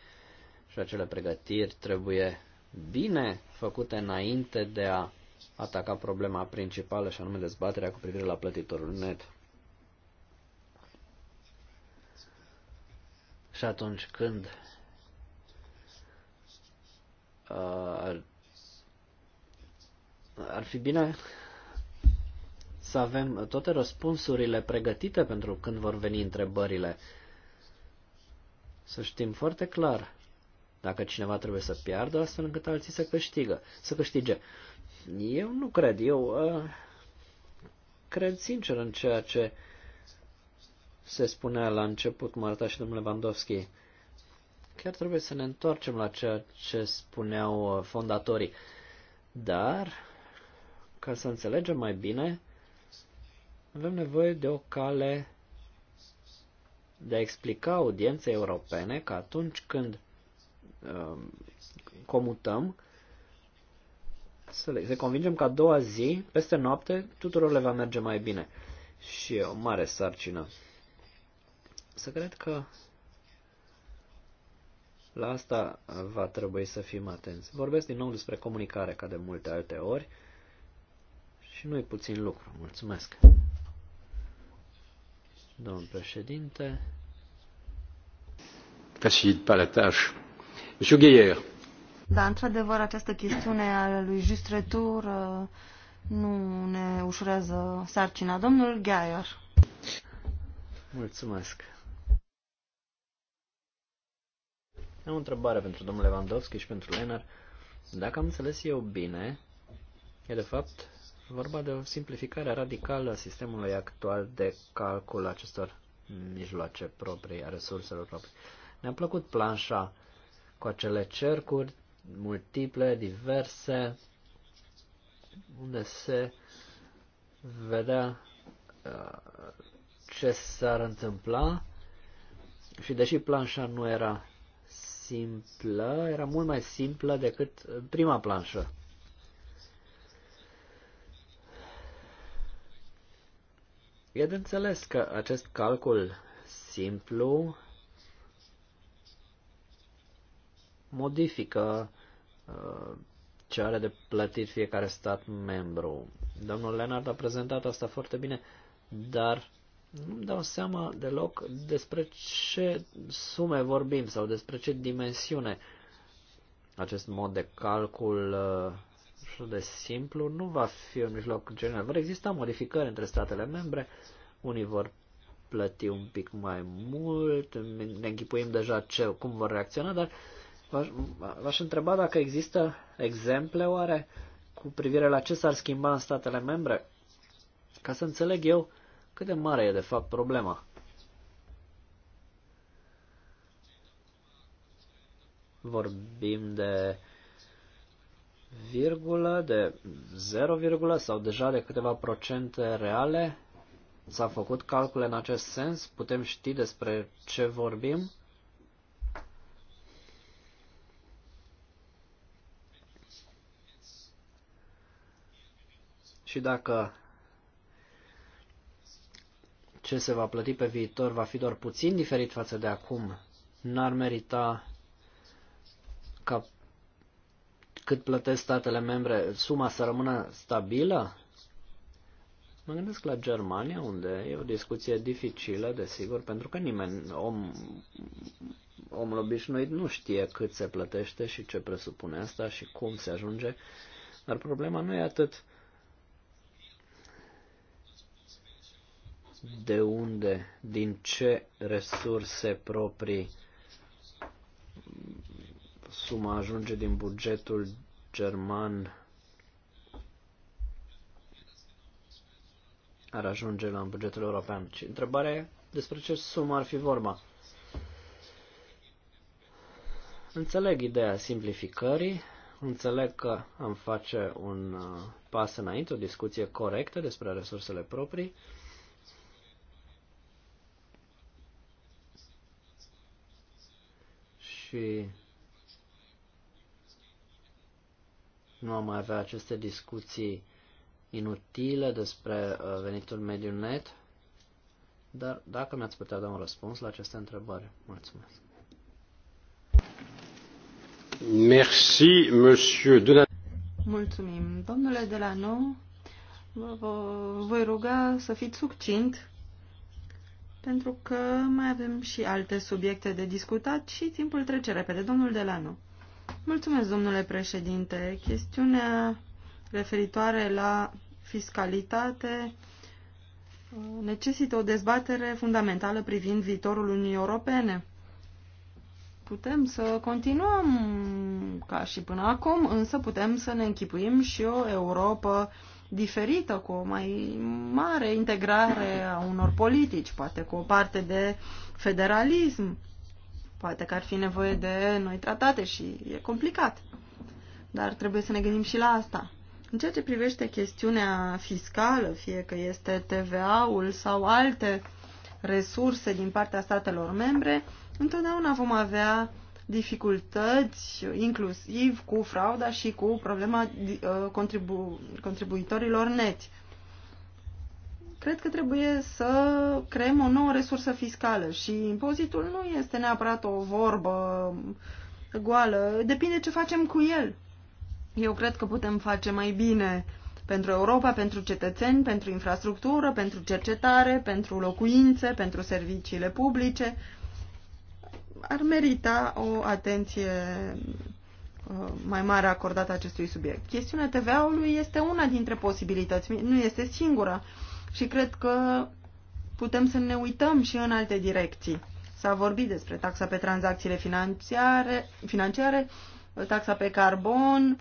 Și acele pregătiri trebuie bine făcute înainte de a ataca problema principală și anume dezbaterea cu privire la plătitorul net. Și atunci când uh, ar, ar fi bine să avem toate răspunsurile pregătite pentru când vor veni întrebările. Să știm foarte clar dacă cineva trebuie să piardă, astfel încât alții să câștigă, să câștige. Eu nu cred, eu uh, cred sincer în ceea ce se spunea la început arăta și domnule Lewandowski. Chiar trebuie să ne întoarcem la ceea ce spuneau uh, fondatorii. Dar, ca să înțelegem mai bine, avem nevoie de o cale de a explica audienței europene că atunci când um, comutăm, să le, convingem că a doua zi, peste noapte, tuturor le va merge mai bine. Și e o mare sarcină. Să cred că la asta va trebui să fim atenți. Vorbesc din nou despre comunicare, ca de multe alte ori, și nu e puțin lucru. Mulțumesc! domnul președinte. Facilite pas la tâche. Monsieur Gaillard. Da, într-adevăr, această chestiune a lui Just Retour uh, nu ne ușurează sarcina. Domnul Gaillard. Mulțumesc. Am o întrebare pentru domnul Lewandowski și pentru Lenar. Dacă am înțeles eu bine, e de fapt vorba de o simplificare radicală a sistemului actual de calcul acestor mijloace proprii, a resurselor proprii. Ne-a plăcut planșa cu acele cercuri multiple, diverse, unde se vedea uh, ce s-ar întâmpla și deși planșa nu era simplă, era mult mai simplă decât uh, prima planșă E de înțeles că acest calcul simplu modifică uh, ce are de plătit fiecare stat membru. Domnul Leonard a prezentat asta foarte bine, dar nu-mi dau seama deloc despre ce sume vorbim sau despre ce dimensiune acest mod de calcul uh, destul de simplu, nu va fi un mijloc general. Vor exista modificări între statele membre, unii vor plăti un pic mai mult, ne închipuim deja ce, cum vor reacționa, dar v-aș întreba dacă există exemple oare cu privire la ce s-ar schimba în statele membre, ca să înțeleg eu cât de mare e de fapt problema. Vorbim de virgulă, de 0, virgulă, sau deja de câteva procente reale? S-a făcut calcule în acest sens? Putem ști despre ce vorbim? Și dacă ce se va plăti pe viitor va fi doar puțin diferit față de acum, n-ar merita ca cât plătesc statele membre, suma să rămână stabilă? Mă gândesc la Germania, unde e o discuție dificilă, desigur, pentru că nimeni, om, omul obișnuit nu știe cât se plătește și ce presupune asta și cum se ajunge. Dar problema nu e atât de unde, din ce resurse proprii suma ajunge din bugetul german ar ajunge la bugetul european. Și întrebarea e despre ce sumă ar fi vorba. Înțeleg ideea simplificării, înțeleg că am face un uh, pas înainte, o discuție corectă despre resursele proprii. Și nu am mai avea aceste discuții inutile despre uh, venitul mediu net, dar dacă mi-ați putea da un răspuns la aceste întrebări, mulțumesc. Merci, monsieur de la... Mulțumim. Domnule de la nou, vă voi ruga să fiți succint, pentru că mai avem și alte subiecte de discutat și timpul trece repede. Domnul de la nou. Mulțumesc, domnule președinte. Chestiunea referitoare la fiscalitate uh, necesită o dezbatere fundamentală privind viitorul Uniunii Europene. Putem să continuăm ca și până acum, însă putem să ne închipuim și o Europa diferită, cu o mai mare integrare a unor politici, poate cu o parte de federalism Poate că ar fi nevoie de noi tratate și e complicat. Dar trebuie să ne gândim și la asta. În ceea ce privește chestiunea fiscală, fie că este TVA-ul sau alte resurse din partea statelor membre, întotdeauna vom avea dificultăți, inclusiv cu frauda și cu problema uh, contribu- contribuitorilor neti. Cred că trebuie să creăm o nouă resursă fiscală și impozitul nu este neapărat o vorbă goală, depinde ce facem cu el. Eu cred că putem face mai bine pentru Europa, pentru cetățeni, pentru infrastructură, pentru cercetare, pentru locuințe, pentru serviciile publice. Ar merita o atenție uh, mai mare acordată acestui subiect. Chestiunea TVA-ului este una dintre posibilități, nu este singura și cred că putem să ne uităm și în alte direcții. S-a vorbit despre taxa pe tranzacțiile financiare, financiare taxa pe carbon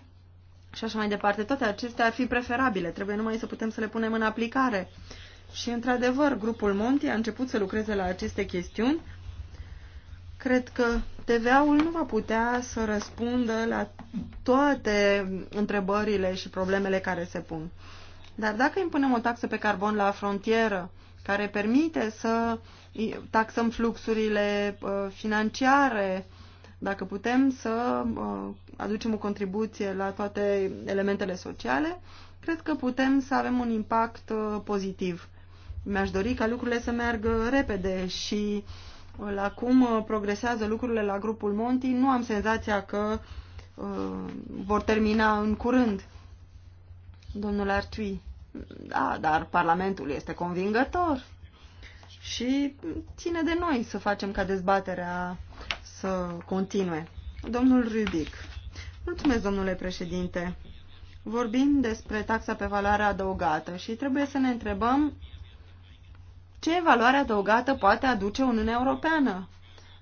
și așa mai departe. Toate acestea ar fi preferabile, trebuie numai să putem să le punem în aplicare. Și, într-adevăr, grupul Monti a început să lucreze la aceste chestiuni. Cred că TVA-ul nu va putea să răspundă la toate întrebările și problemele care se pun. Dar dacă impunem o taxă pe carbon la frontieră, care permite să taxăm fluxurile uh, financiare, dacă putem să uh, aducem o contribuție la toate elementele sociale, cred că putem să avem un impact uh, pozitiv. Mi-aș dori ca lucrurile să meargă repede și la cum progresează lucrurile la grupul Monti, nu am senzația că uh, vor termina în curând. Domnul Artui. Da, dar Parlamentul este convingător și ține de noi să facem ca dezbaterea să continue. Domnul Rubic. Mulțumesc, domnule președinte. Vorbim despre taxa pe valoare adăugată și trebuie să ne întrebăm ce valoare adăugată poate aduce Uniunea Europeană.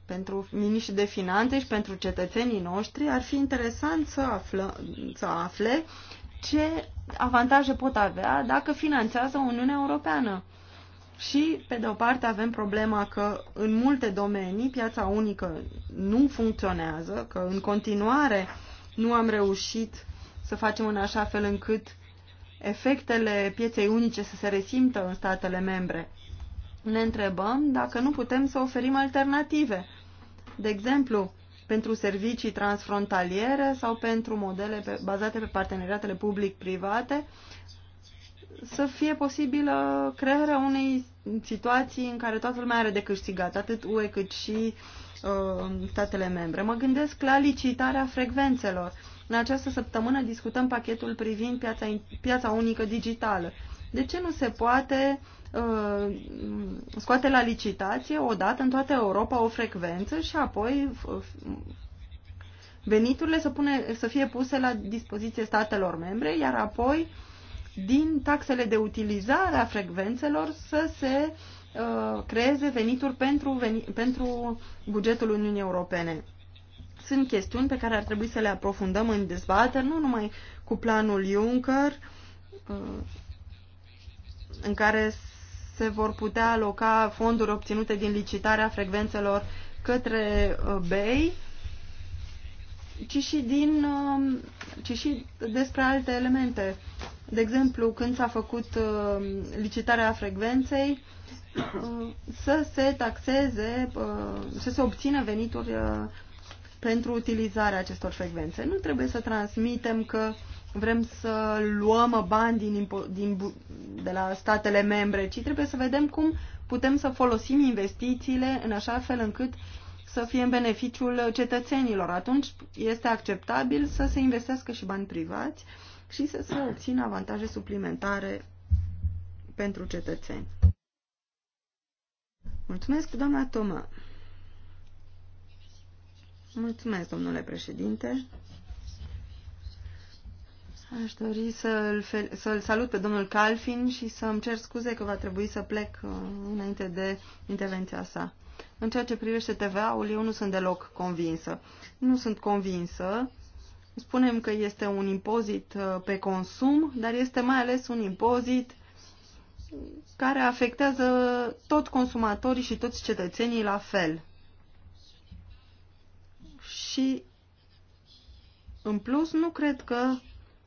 Pentru miniștri de finanțe și pentru cetățenii noștri ar fi interesant să, află, să afle ce avantaje pot avea dacă finanțează Uniunea Europeană. Și, pe de o parte, avem problema că în multe domenii piața unică nu funcționează, că în continuare nu am reușit să facem în așa fel încât efectele pieței unice să se resimtă în statele membre. Ne întrebăm dacă nu putem să oferim alternative. De exemplu, pentru servicii transfrontaliere sau pentru modele pe, bazate pe parteneriatele public-private, să fie posibilă crearea unei situații în care toată lumea are de câștigat, atât UE cât și uh, statele membre. Mă gândesc la licitarea frecvențelor. În această săptămână discutăm pachetul privind piața, piața unică digitală. De ce nu se poate Uh, scoate la licitație odată în toată Europa o frecvență și apoi uh, veniturile să, pune, să fie puse la dispoziție statelor membre, iar apoi din taxele de utilizare a frecvențelor să se uh, creeze venituri pentru, veni, pentru bugetul Uniunii Europene. Sunt chestiuni pe care ar trebui să le aprofundăm în dezbatere nu numai cu planul Juncker, uh, în care se vor putea aloca fonduri obținute din licitarea frecvențelor către uh, BEI, ci și, din, um, ci și despre alte elemente. De exemplu, când s-a făcut uh, licitarea frecvenței, uh, să se taxeze, să se obțină venituri pentru utilizarea acestor frecvențe. Nu trebuie să transmitem că uh, vrem să luăm bani din, din, de la statele membre, ci trebuie să vedem cum putem să folosim investițiile în așa fel încât să fie în beneficiul cetățenilor. Atunci este acceptabil să se investească și bani privați și să se obțină avantaje suplimentare pentru cetățeni. Mulțumesc, doamna Toma. Mulțumesc, domnule președinte. Aș dori să-l, fel- să salut pe domnul Calfin și să-mi cer scuze că va trebui să plec uh, înainte de intervenția sa. În ceea ce privește TVA-ul, eu nu sunt deloc convinsă. Nu sunt convinsă. Spunem că este un impozit uh, pe consum, dar este mai ales un impozit care afectează tot consumatorii și toți cetățenii la fel. Și, în plus, nu cred că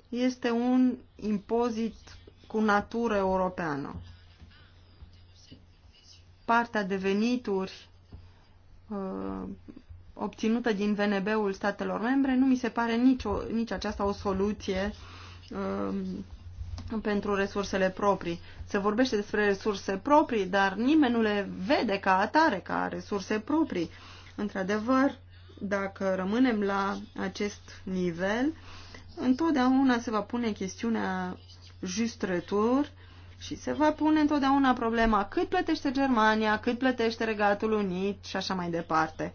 este un impozit cu natură europeană. Partea de venituri uh, obținută din VNB-ul statelor membre nu mi se pare nici, o, nici aceasta o soluție uh, pentru resursele proprii. Se vorbește despre resurse proprii, dar nimeni nu le vede ca atare, ca resurse proprii. Într-adevăr, dacă rămânem la acest nivel, uh, întotdeauna se va pune chestiunea just retur și se va pune întotdeauna problema cât plătește Germania, cât plătește Regatul Unit și așa mai departe.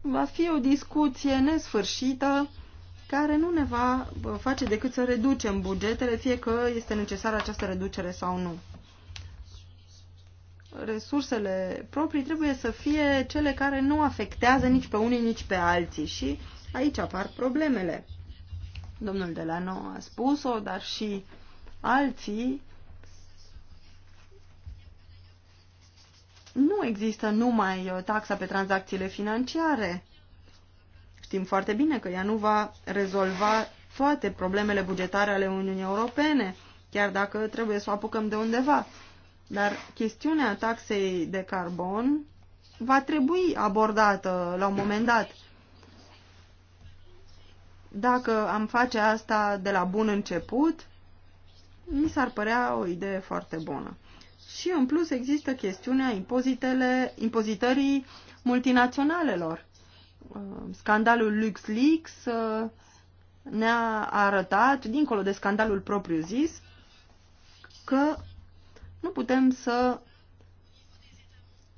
Va fi o discuție nesfârșită care nu ne va face decât să reducem bugetele, fie că este necesară această reducere sau nu. Resursele proprii trebuie să fie cele care nu afectează nici pe unii, nici pe alții și aici apar problemele. Domnul Delano a spus-o, dar și alții. Nu există numai uh, taxa pe tranzacțiile financiare. Știm foarte bine că ea nu va rezolva toate problemele bugetare ale Uniunii Europene, chiar dacă trebuie să o apucăm de undeva. Dar chestiunea taxei de carbon va trebui abordată la un moment dat. Dacă am face asta de la bun început, mi s-ar părea o idee foarte bună. Și în plus există chestiunea impozitele, impozitării multinaționalelor. Uh, scandalul LuxLeaks uh, ne-a arătat, dincolo de scandalul propriu-zis, că nu putem să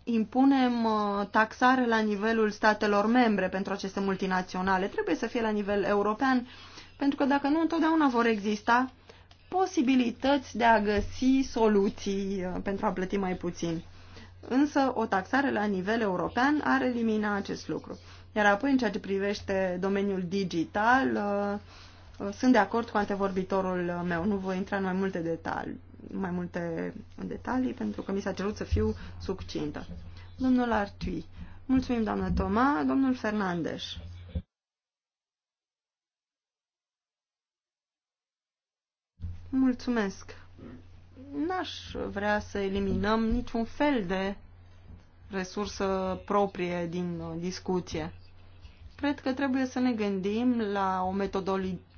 impunem uh, taxare la nivelul statelor membre pentru aceste multinaționale. Trebuie să fie la nivel european, pentru că dacă nu, întotdeauna vor exista posibilități de a găsi soluții uh, pentru a plăti mai puțin. Însă o taxare la nivel european ar elimina acest lucru. Iar apoi, în ceea ce privește domeniul digital, uh, sunt de acord cu antevorbitorul meu, nu voi intra în mai multe detalii mai multe detalii, pentru că mi s-a cerut să fiu succintă. Domnul Artui. Mulțumim, doamnă Toma. Domnul Fernandes. Mulțumesc. N-aș vrea să eliminăm niciun fel de resursă proprie din discuție. Cred că trebuie să ne gândim la o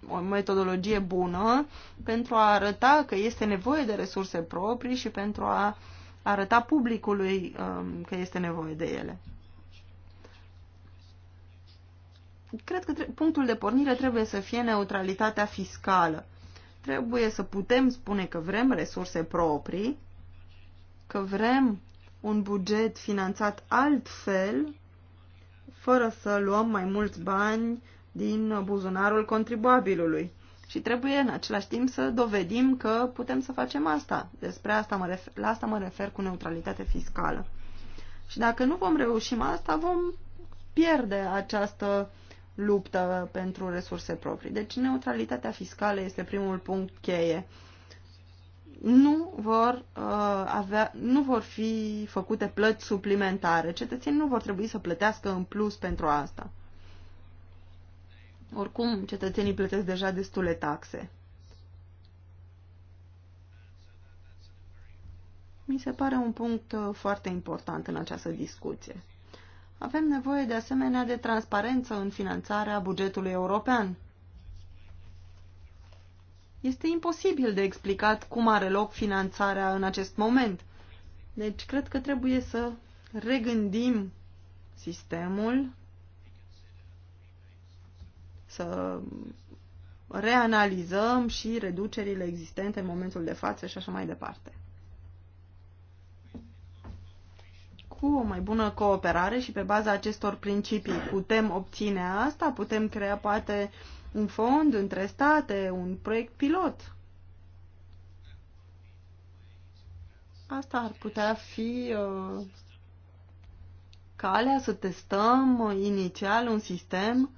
o metodologie bună pentru a arăta că este nevoie de resurse proprii și pentru a arăta publicului um, că este nevoie de ele. Cred că punctul de pornire trebuie să fie neutralitatea fiscală. Trebuie să putem spune că vrem resurse proprii, că vrem un buget finanțat altfel, fără să luăm mai mulți bani din buzunarul contribuabilului. Și trebuie în același timp să dovedim că putem să facem asta. Despre asta mă refer, la asta mă refer cu neutralitate fiscală. Și dacă nu vom reuși asta, vom pierde această luptă pentru resurse proprii. Deci neutralitatea fiscală este primul punct cheie. Nu vor, uh, avea, nu vor fi făcute plăți suplimentare. Cetățenii nu vor trebui să plătească în plus pentru asta. Oricum, cetățenii plătesc deja destule taxe. Mi se pare un punct uh, foarte important în această discuție. Avem nevoie de asemenea de transparență în finanțarea bugetului european. Este imposibil de explicat cum are loc finanțarea în acest moment. Deci cred că trebuie să regândim sistemul să reanalizăm și reducerile existente în momentul de față și așa mai departe. Cu o mai bună cooperare și pe baza acestor principii putem obține asta, putem crea poate un fond între state, un proiect pilot. Asta ar putea fi uh, calea să testăm uh, inițial un sistem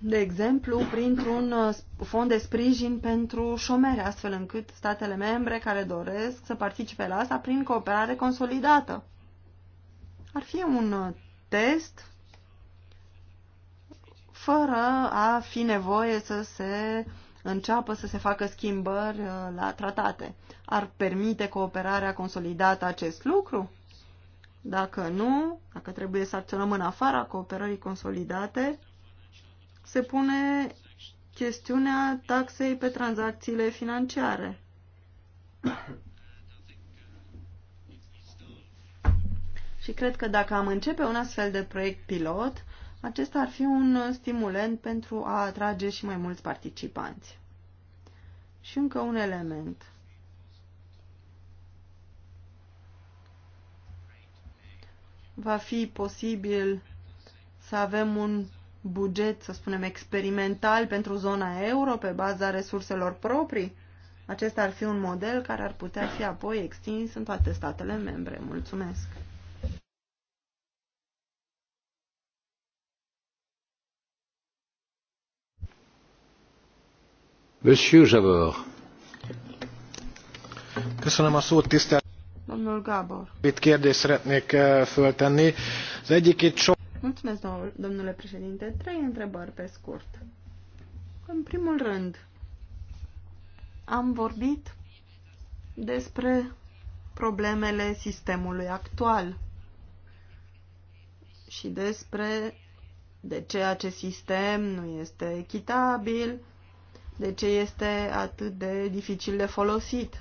de exemplu, printr-un uh, fond de sprijin pentru șomeri, astfel încât statele membre care doresc să participe la asta prin cooperare consolidată. Ar fi un uh, test fără a fi nevoie să se înceapă să se facă schimbări uh, la tratate. Ar permite cooperarea consolidată acest lucru? Dacă nu, dacă trebuie să acționăm în afara cooperării consolidate, se pune chestiunea taxei pe tranzacțiile financiare. Și cred că dacă am începe un astfel de proiect pilot, acesta ar fi un stimulent pentru a atrage și mai mulți participanți. Și încă un element. Va fi posibil să avem un buget, să spunem, experimental pentru zona euro pe baza resurselor proprii? Acesta ar fi un model care ar putea fi apoi extins în toate statele membre. Mulțumesc! Monsieur Javor. Köszönöm a szót, tisztelt Domnul Gábor. Itt kérdést szeretnék eh, föltenni. Az egyik itt sok... Mulțumesc, domnule președinte. Trei întrebări pe scurt. În primul rând, am vorbit despre problemele sistemului actual și despre de ce acest sistem nu este echitabil, de ce este atât de dificil de folosit.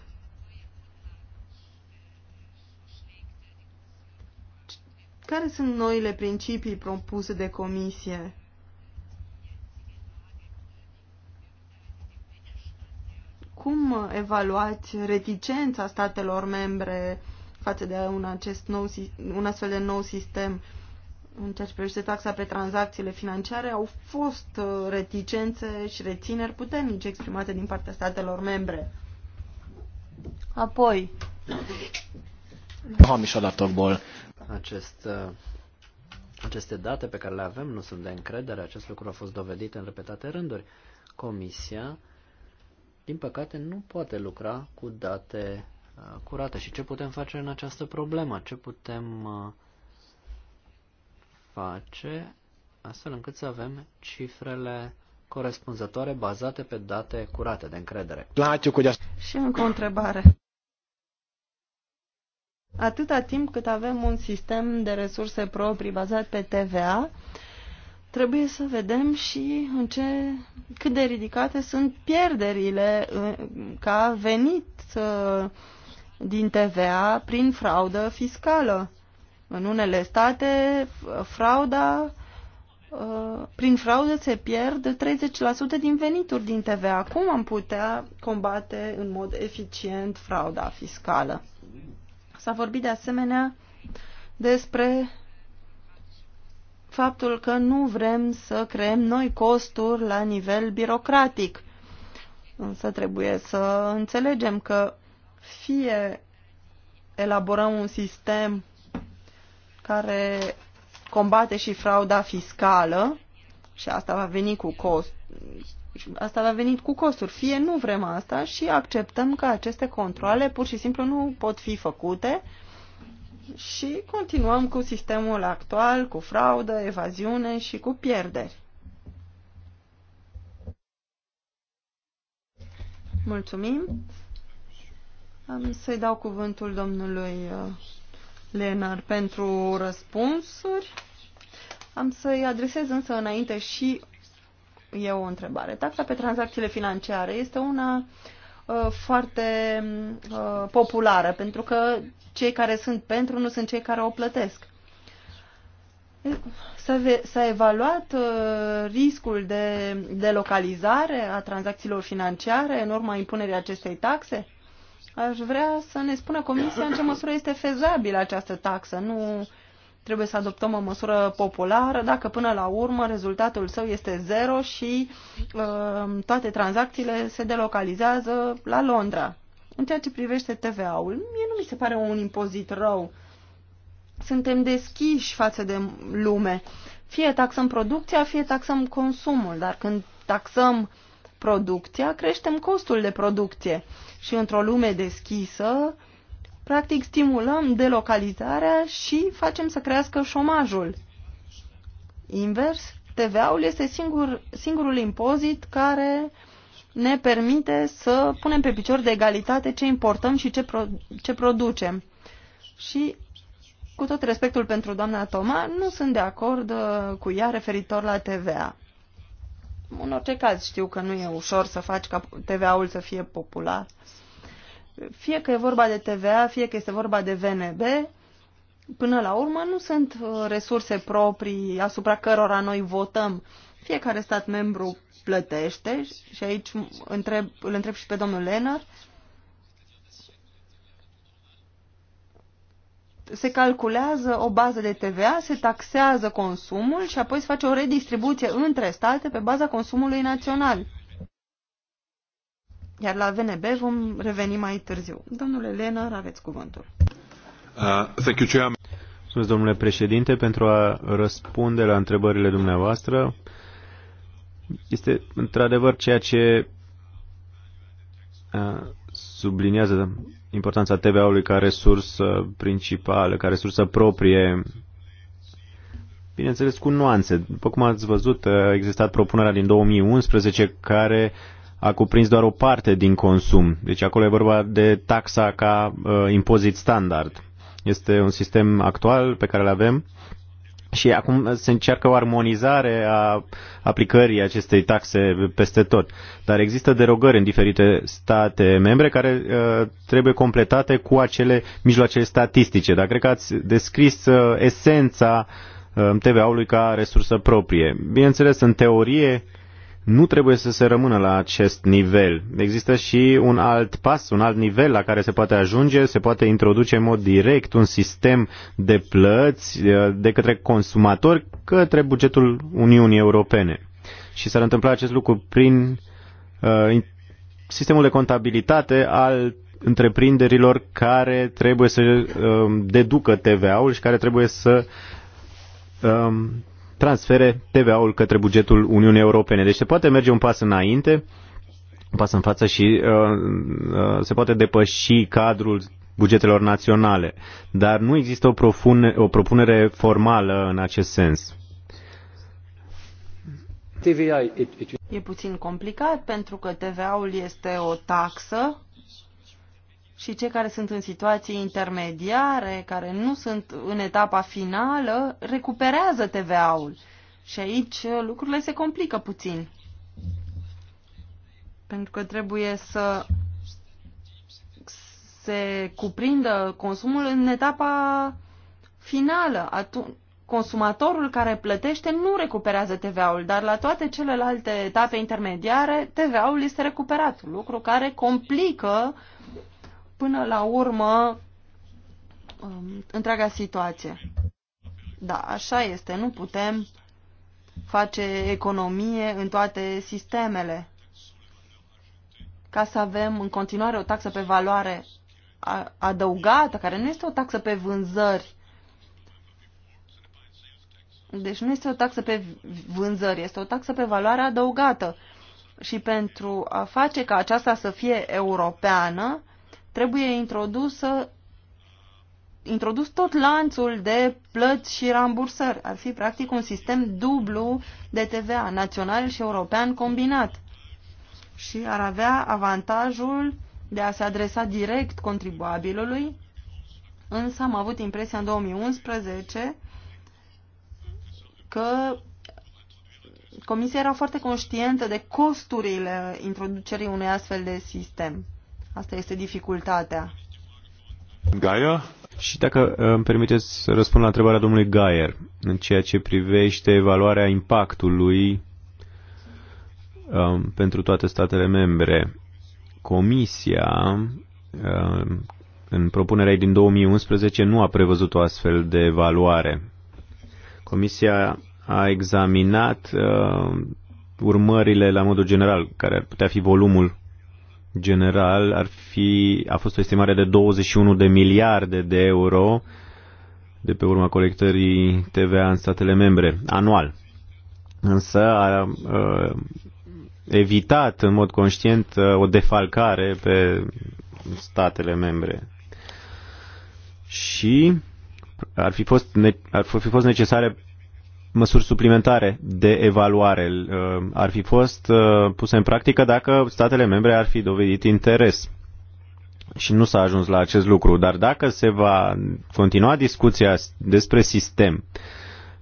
Care sunt noile principii propuse de comisie? Cum evaluați reticența statelor membre față de un, acest nou, un astfel de nou sistem? În ceea ce privește taxa pe tranzacțiile financiare, au fost uh, reticențe și rețineri puternice exprimate din partea statelor membre. Apoi, hamis adatokból acest, uh, aceste date pe care le avem nu sunt de încredere, acest lucru a fost dovedit în repetate rânduri. Comisia, din păcate, nu poate lucra cu date uh, curate. Și ce putem face în această problemă? Ce putem uh, face astfel încât să avem cifrele corespunzătoare bazate pe date curate de încredere. Și încă o întrebare atâta timp cât avem un sistem de resurse proprii bazat pe TVA, trebuie să vedem și în ce, cât de ridicate sunt pierderile ca venit uh, din TVA prin fraudă fiscală. În unele state, uh, frauda, uh, prin fraudă se pierd 30% din venituri din TVA. Cum am putea combate în mod eficient frauda fiscală? S-a vorbit de asemenea despre faptul că nu vrem să creăm noi costuri la nivel birocratic. Însă trebuie să înțelegem că fie elaborăm un sistem care combate și frauda fiscală, și asta va veni cu cost, asta va venit cu costuri. Fie nu vrem asta și acceptăm că aceste controle pur și simplu nu pot fi făcute și continuăm cu sistemul actual, cu fraudă, evaziune și cu pierderi. Mulțumim. Am să-i dau cuvântul domnului uh, Lenar pentru răspunsuri. Am să-i adresez însă înainte și E o întrebare. Taxa pe tranzacțiile financiare este una uh, foarte uh, populară, pentru că cei care sunt pentru nu sunt cei care o plătesc. S-a evaluat uh, riscul de, de localizare a tranzacțiilor financiare în urma impunerii acestei taxe? Aș vrea să ne spună Comisia în ce măsură este fezabilă această taxă. Nu Trebuie să adoptăm o măsură populară dacă până la urmă rezultatul său este zero și uh, toate tranzacțiile se delocalizează la Londra. În ceea ce privește TVA-ul, mie nu mi se pare un impozit rău. Suntem deschiși față de lume. Fie taxăm producția, fie taxăm consumul, dar când taxăm producția, creștem costul de producție. Și într-o lume deschisă, Practic stimulăm delocalizarea și facem să crească șomajul. Invers, TVA-ul este singur, singurul impozit care ne permite să punem pe picior de egalitate ce importăm și ce, pro, ce producem. Și cu tot respectul pentru doamna Toma, nu sunt de acord uh, cu ea referitor la TVA. În orice caz știu că nu e ușor să faci ca TVA-ul să fie popular fie că e vorba de TVA, fie că este vorba de VNB, până la urmă nu sunt uh, resurse proprii asupra cărora noi votăm. Fiecare stat membru plătește și aici întreb, îl întreb și pe domnul Lenar. Se calculează o bază de TVA, se taxează consumul și apoi se face o redistribuție între state pe baza consumului național. Iar la VNB vom reveni mai târziu. Domnule Lenar, aveți cuvântul. Uh, thank you, Mulțumesc, domnule președinte, pentru a răspunde la întrebările dumneavoastră. Este într-adevăr ceea ce uh, subliniază importanța TVA-ului ca resursă principală, ca resursă proprie bineînțeles, cu nuanțe. După cum ați văzut, a existat propunerea din 2011 care a cuprins doar o parte din consum. Deci acolo e vorba de taxa ca uh, impozit standard. Este un sistem actual pe care îl avem și acum se încearcă o armonizare a aplicării acestei taxe peste tot. Dar există derogări în diferite state membre care uh, trebuie completate cu acele mijloace statistice. Dar cred că ați descris uh, esența uh, TVA-ului ca resursă proprie. Bineînțeles, în teorie, nu trebuie să se rămână la acest nivel. Există și un alt pas, un alt nivel la care se poate ajunge, se poate introduce în mod direct un sistem de plăți eh, de către consumatori către bugetul Uniunii Europene. Și s-ar întâmpla acest lucru prin uh, sistemul de contabilitate al întreprinderilor care trebuie să uh, deducă TVA-ul și care trebuie să uh, transfere TVA-ul către bugetul Uniunii Europene. Deci se poate merge un pas înainte, un pas în față și uh, uh, se poate depăși cadrul bugetelor naționale. Dar nu există o, profune, o propunere formală în acest sens. e puțin complicat pentru că TVA-ul este o taxă și cei care sunt în situații intermediare, care nu sunt în etapa finală, recuperează TVA-ul. Și aici lucrurile se complică puțin. Pentru că trebuie să se cuprindă consumul în etapa finală. Atunci, consumatorul care plătește nu recuperează TVA-ul, dar la toate celelalte etape intermediare TVA-ul este recuperat, lucru care complică până la urmă um, întreaga situație. Da, așa este. Nu putem face economie în toate sistemele ca să avem în continuare o taxă pe valoare adăugată, care nu este o taxă pe vânzări. Deci nu este o taxă pe vânzări, este o taxă pe valoare adăugată. Și pentru a face ca aceasta să fie europeană, trebuie introdusă introdus tot lanțul de plăți și rambursări. Ar fi practic un sistem dublu de TVA, național și european combinat. Și ar avea avantajul de a se adresa direct contribuabilului, însă am avut impresia în 2011 că Comisia era foarte conștientă de costurile introducerii unui astfel de sistem. Asta este dificultatea. Gaia? Și dacă uh, îmi permiteți să răspund la întrebarea domnului Gaier, în ceea ce privește evaluarea impactului um, pentru toate statele membre, Comisia um, în propunerea ei din 2011 nu a prevăzut o astfel de evaluare. Comisia a examinat uh, urmările la modul general, care ar putea fi volumul general ar fi, a fost o estimare de 21 de miliarde de euro de pe urma colectării TVA în statele membre, anual. Însă a, a evitat în mod conștient o defalcare pe statele membre. Și ar fi fost, ar fi fost necesare măsuri suplimentare de evaluare uh, ar fi fost uh, puse în practică dacă statele membre ar fi dovedit interes. Și nu s-a ajuns la acest lucru, dar dacă se va continua discuția despre sistem,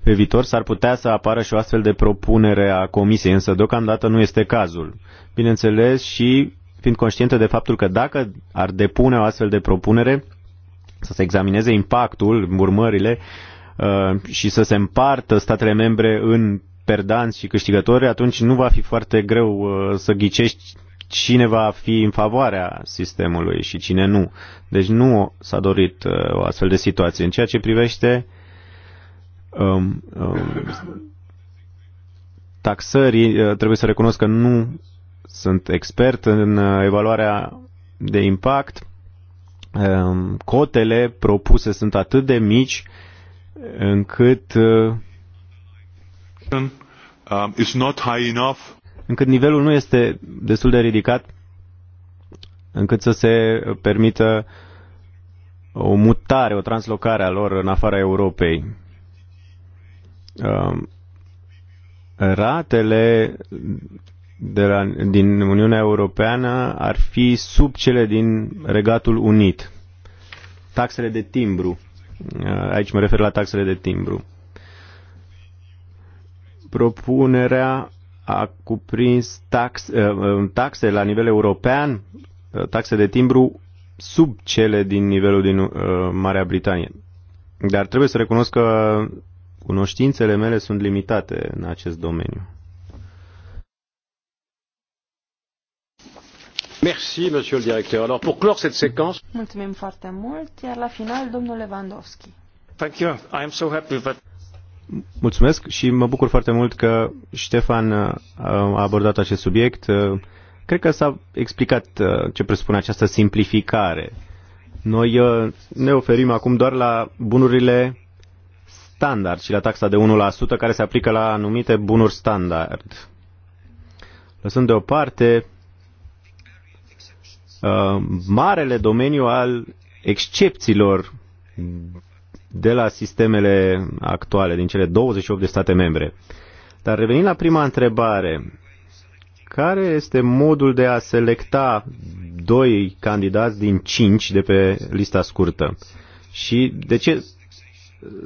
pe viitor s-ar putea să apară și o astfel de propunere a Comisiei, însă deocamdată nu este cazul. Bineînțeles și fiind conștientă de faptul că dacă ar depune o astfel de propunere, să se examineze impactul, urmările, uh, Uh, și să se împartă statele membre în perdanți și câștigători, atunci nu va fi foarte greu uh, să ghicești cine va fi în favoarea sistemului și cine nu. Deci nu s-a dorit uh, o astfel de situație. În ceea ce privește um, um, taxării, trebuie să recunosc că nu sunt expert în evaluarea de impact. Um, cotele propuse sunt atât de mici încât uh, um, is not high enough. încât nivelul nu este destul de ridicat încât să se permită o mutare, o translocare a lor în afara Europei. Um, ratele de la, din Uniunea Europeană ar fi sub cele din Regatul Unit. Taxele de timbru Aici mă refer la taxele de timbru. Propunerea a cuprins tax, uh, uh, taxe la nivel european, uh, taxe de timbru sub cele din nivelul din Marea Britanie. Dar trebuie să recunosc că cunoștințele mele sunt limitate în acest domeniu. Merci, monsieur le directeur. Alors, pour clore cette séquence... Mulțumim foarte mult, iar la final, domnul Lewandowski. Thank you. I am so happy that... Mulțumesc și mă bucur foarte mult că Ștefan uh, a abordat acest subiect. Uh, cred că s-a explicat uh, ce presupune această simplificare. Noi ne oferim acum doar la bunurile standard și la taxa de 1% care se aplică la anumite bunuri standard. Lăsând deoparte Uh, marele domeniu al excepțiilor de la sistemele actuale, din cele 28 de state membre. Dar revenind la prima întrebare, care este modul de a selecta doi candidați din cinci de pe lista scurtă? Și de ce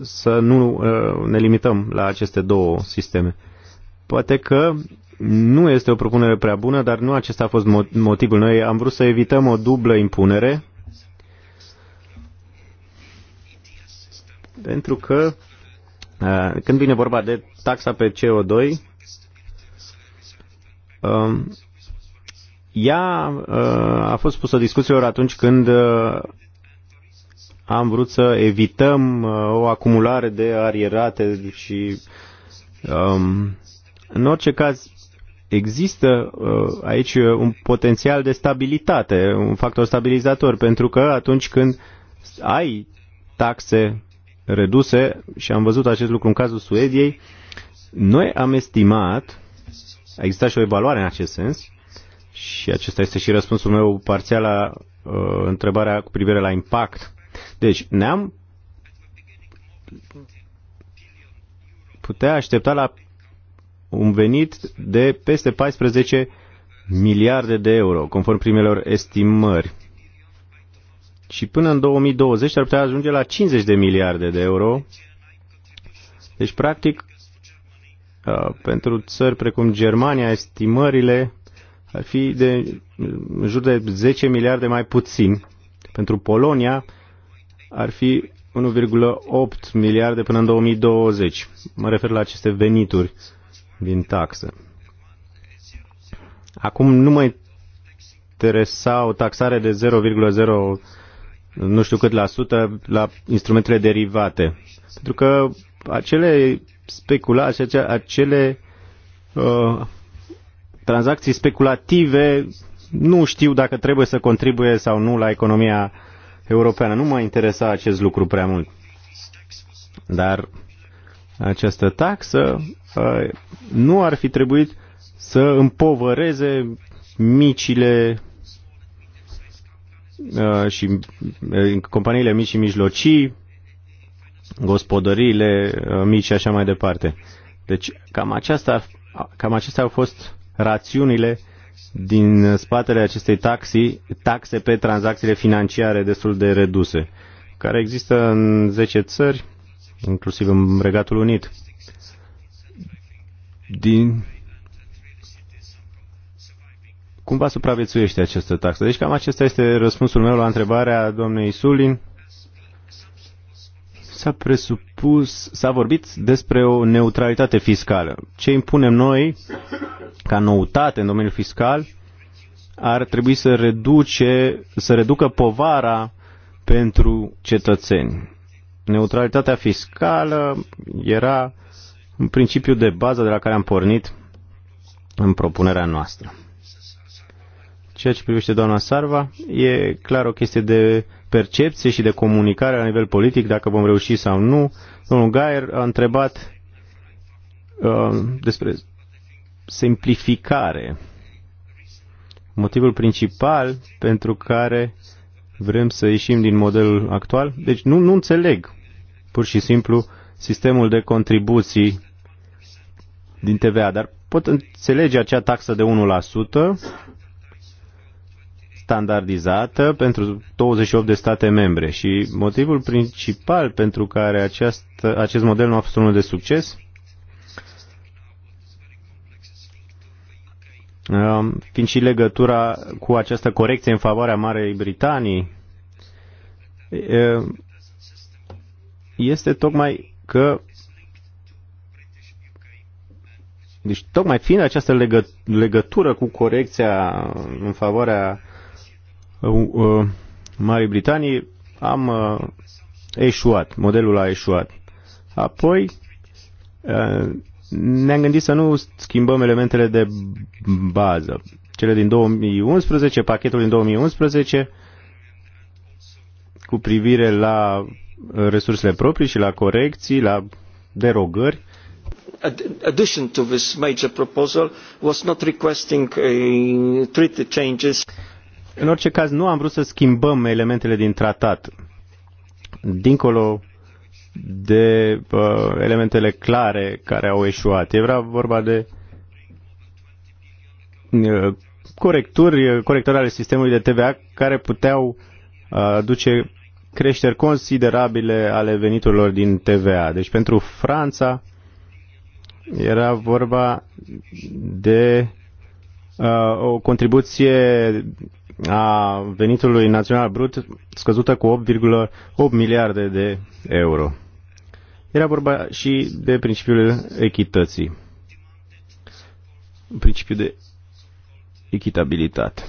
să nu uh, ne limităm la aceste două sisteme? Poate că nu este o propunere prea bună, dar nu acesta a fost motivul. Noi am vrut să evităm o dublă impunere, pentru că când vine vorba de taxa pe CO2, um, ea a fost pusă discuțiilor atunci când am vrut să evităm o acumulare de arierate și um, în orice caz există uh, aici uh, un potențial de stabilitate, un factor stabilizator, pentru că atunci când ai taxe reduse, și am văzut acest lucru în cazul Suediei, noi am estimat, a existat și o evaluare în acest sens, și acesta este și răspunsul meu parțial la uh, întrebarea cu privire la impact. Deci, ne-am putea aștepta la un venit de peste 14 miliarde de euro, conform primelor estimări. Și până în 2020 ar putea ajunge la 50 de miliarde de euro. Deci, practic, uh, pentru țări precum Germania, estimările ar fi de în jur de 10 miliarde mai puțin. Pentru Polonia ar fi 1,8 miliarde până în 2020. Mă refer la aceste venituri din taxe. Acum nu mă interesa o taxare de 0,0 nu știu cât la sută la instrumentele derivate. Pentru că acele speculații, acele uh, tranzacții speculative nu știu dacă trebuie să contribuie sau nu la economia europeană. Nu mă interesa acest lucru prea mult. Dar această taxă nu ar fi trebuit să împovăreze micile și companiile mici și mijlocii, gospodăriile mici și așa mai departe. Deci cam, aceasta, cam acestea au fost rațiunile din spatele acestei taxi, taxe pe tranzacțiile financiare destul de reduse, care există în 10 țări, inclusiv în Regatul Unit. Din cum va supraviețuiește această taxă? Deci cam acesta este răspunsul meu la întrebarea domnei Sulin. S-a presupus, s-a vorbit despre o neutralitate fiscală. Ce impunem noi ca noutate în domeniul fiscal ar trebui să reduce, să reducă povara pentru cetățeni. Neutralitatea fiscală era un principiu de bază de la care am pornit în propunerea noastră. Ceea ce privește doamna Sarva e clar o chestie de percepție și de comunicare la nivel politic, dacă vom reuși sau nu. Domnul Gaier a întrebat uh, despre simplificare. Motivul principal pentru care vrem să ieșim din modelul actual. Deci nu, nu înțeleg pur și simplu sistemul de contribuții din TVA, dar pot înțelege acea taxă de 1% standardizată pentru 28 de state membre și motivul principal pentru care acest, acest model nu a fost unul de succes um, fiind și legătura cu această corecție în favoarea Marei Britanii este tocmai că deci tocmai fiind această legă, legătură cu corecția în favoarea uh, uh, Marii Britanii, am uh, eșuat, modelul a eșuat. Apoi uh, ne-am gândit să nu schimbăm elementele de bază. Cele din 2011, pachetul din 2011 cu privire la resursele proprii și la corecții, la derogări. Addition to this major proposal was not requesting a treaty changes. În orice caz, nu am vrut să schimbăm elementele din tratat. Dincolo de uh, elementele clare care au eșuat. Era vorba de uh, corecturi, corectări ale sistemului de TVA care puteau uh, duce creșteri considerabile ale veniturilor din TVA. Deci pentru Franța era vorba de uh, o contribuție a venitului național brut scăzută cu 8,8 miliarde de euro. Era vorba și de principiul echității. Principiul de echitabilitate.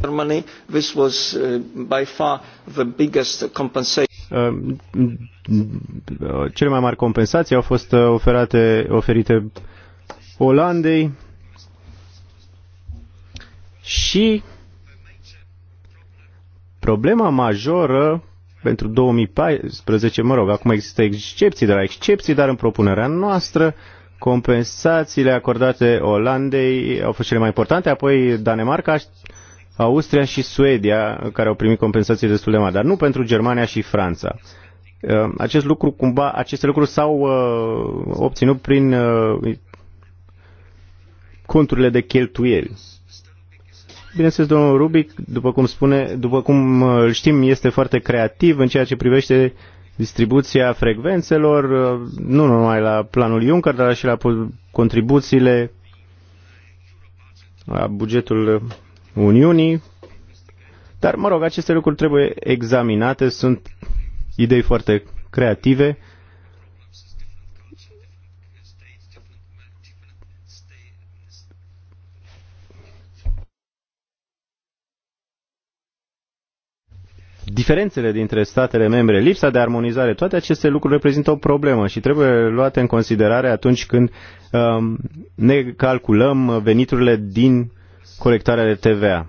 Germany, this was uh, by far the biggest compensation. Uh, uh, cele mai mari compensații au fost oferate, oferite Olandei și problema majoră pentru 2014, mă rog, acum există excepții de la excepții, dar în propunerea noastră compensațiile acordate Olandei au fost cele mai importante, apoi Danemarca Austria și Suedia, care au primit compensații destul de mari, dar nu pentru Germania și Franța. Uh, acest lucru, cumva, aceste lucruri s-au uh, obținut prin uh, conturile de cheltuieli. Bineînțeles, domnul Rubic, după cum spune, după cum uh, știm, este foarte creativ în ceea ce privește distribuția frecvențelor, uh, nu numai la planul Juncker, dar și la contribuțiile la bugetul Uniunii. Dar, mă rog, aceste lucruri trebuie examinate, sunt idei foarte creative. diferențele dintre statele membre, lipsa de armonizare, toate aceste lucruri reprezintă o problemă și trebuie luate în considerare atunci când um, ne calculăm veniturile din colectarea de TVA.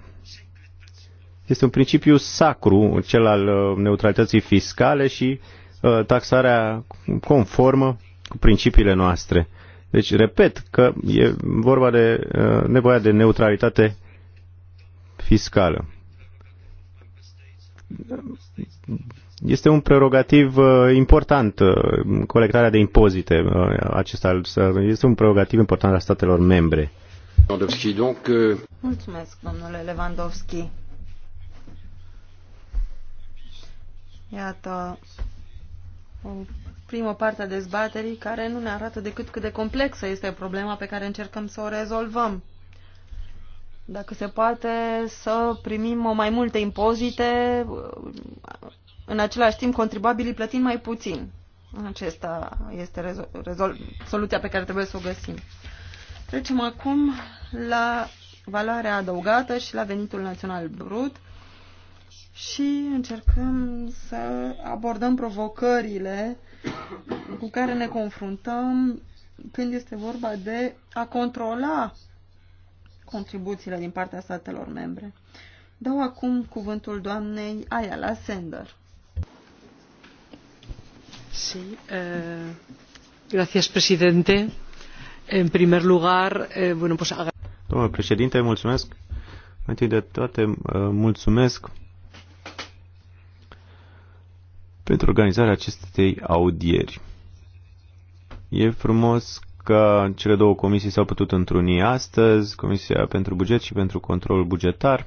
Este un principiu sacru, cel al uh, neutralității fiscale și uh, taxarea conformă cu principiile noastre. Deci, repet că e vorba de uh, nevoia de neutralitate fiscală. Este un prerogativ important colectarea de impozite. Acesta este un prerogativ important al statelor membre. Lewandowski, donc... Euh, Mulțumesc, domnule Lewandowski. Iată o primă parte a dezbaterii care nu ne arată decât cât de complexă este problema pe care încercăm să o rezolvăm. Dacă se poate să primim mai multe impozite, în același timp contribuabilii plătind mai puțin. Acesta este soluția pe care trebuie să o găsim. Trecem acum la valoarea adăugată și la venitul național brut și încercăm să abordăm provocările cu care ne confruntăm când este vorba de a controla contribuțiile din partea statelor membre. Dau acum cuvântul doamnei Ayala Sender. Sí, uh, gracias, presidente. În lugar, eh, Domnul președinte, mulțumesc. Întâi de toate, eh, mulțumesc pentru organizarea acestei audieri. E frumos că cele două comisii s-au putut întruni astăzi, Comisia pentru Buget și pentru Control Bugetar.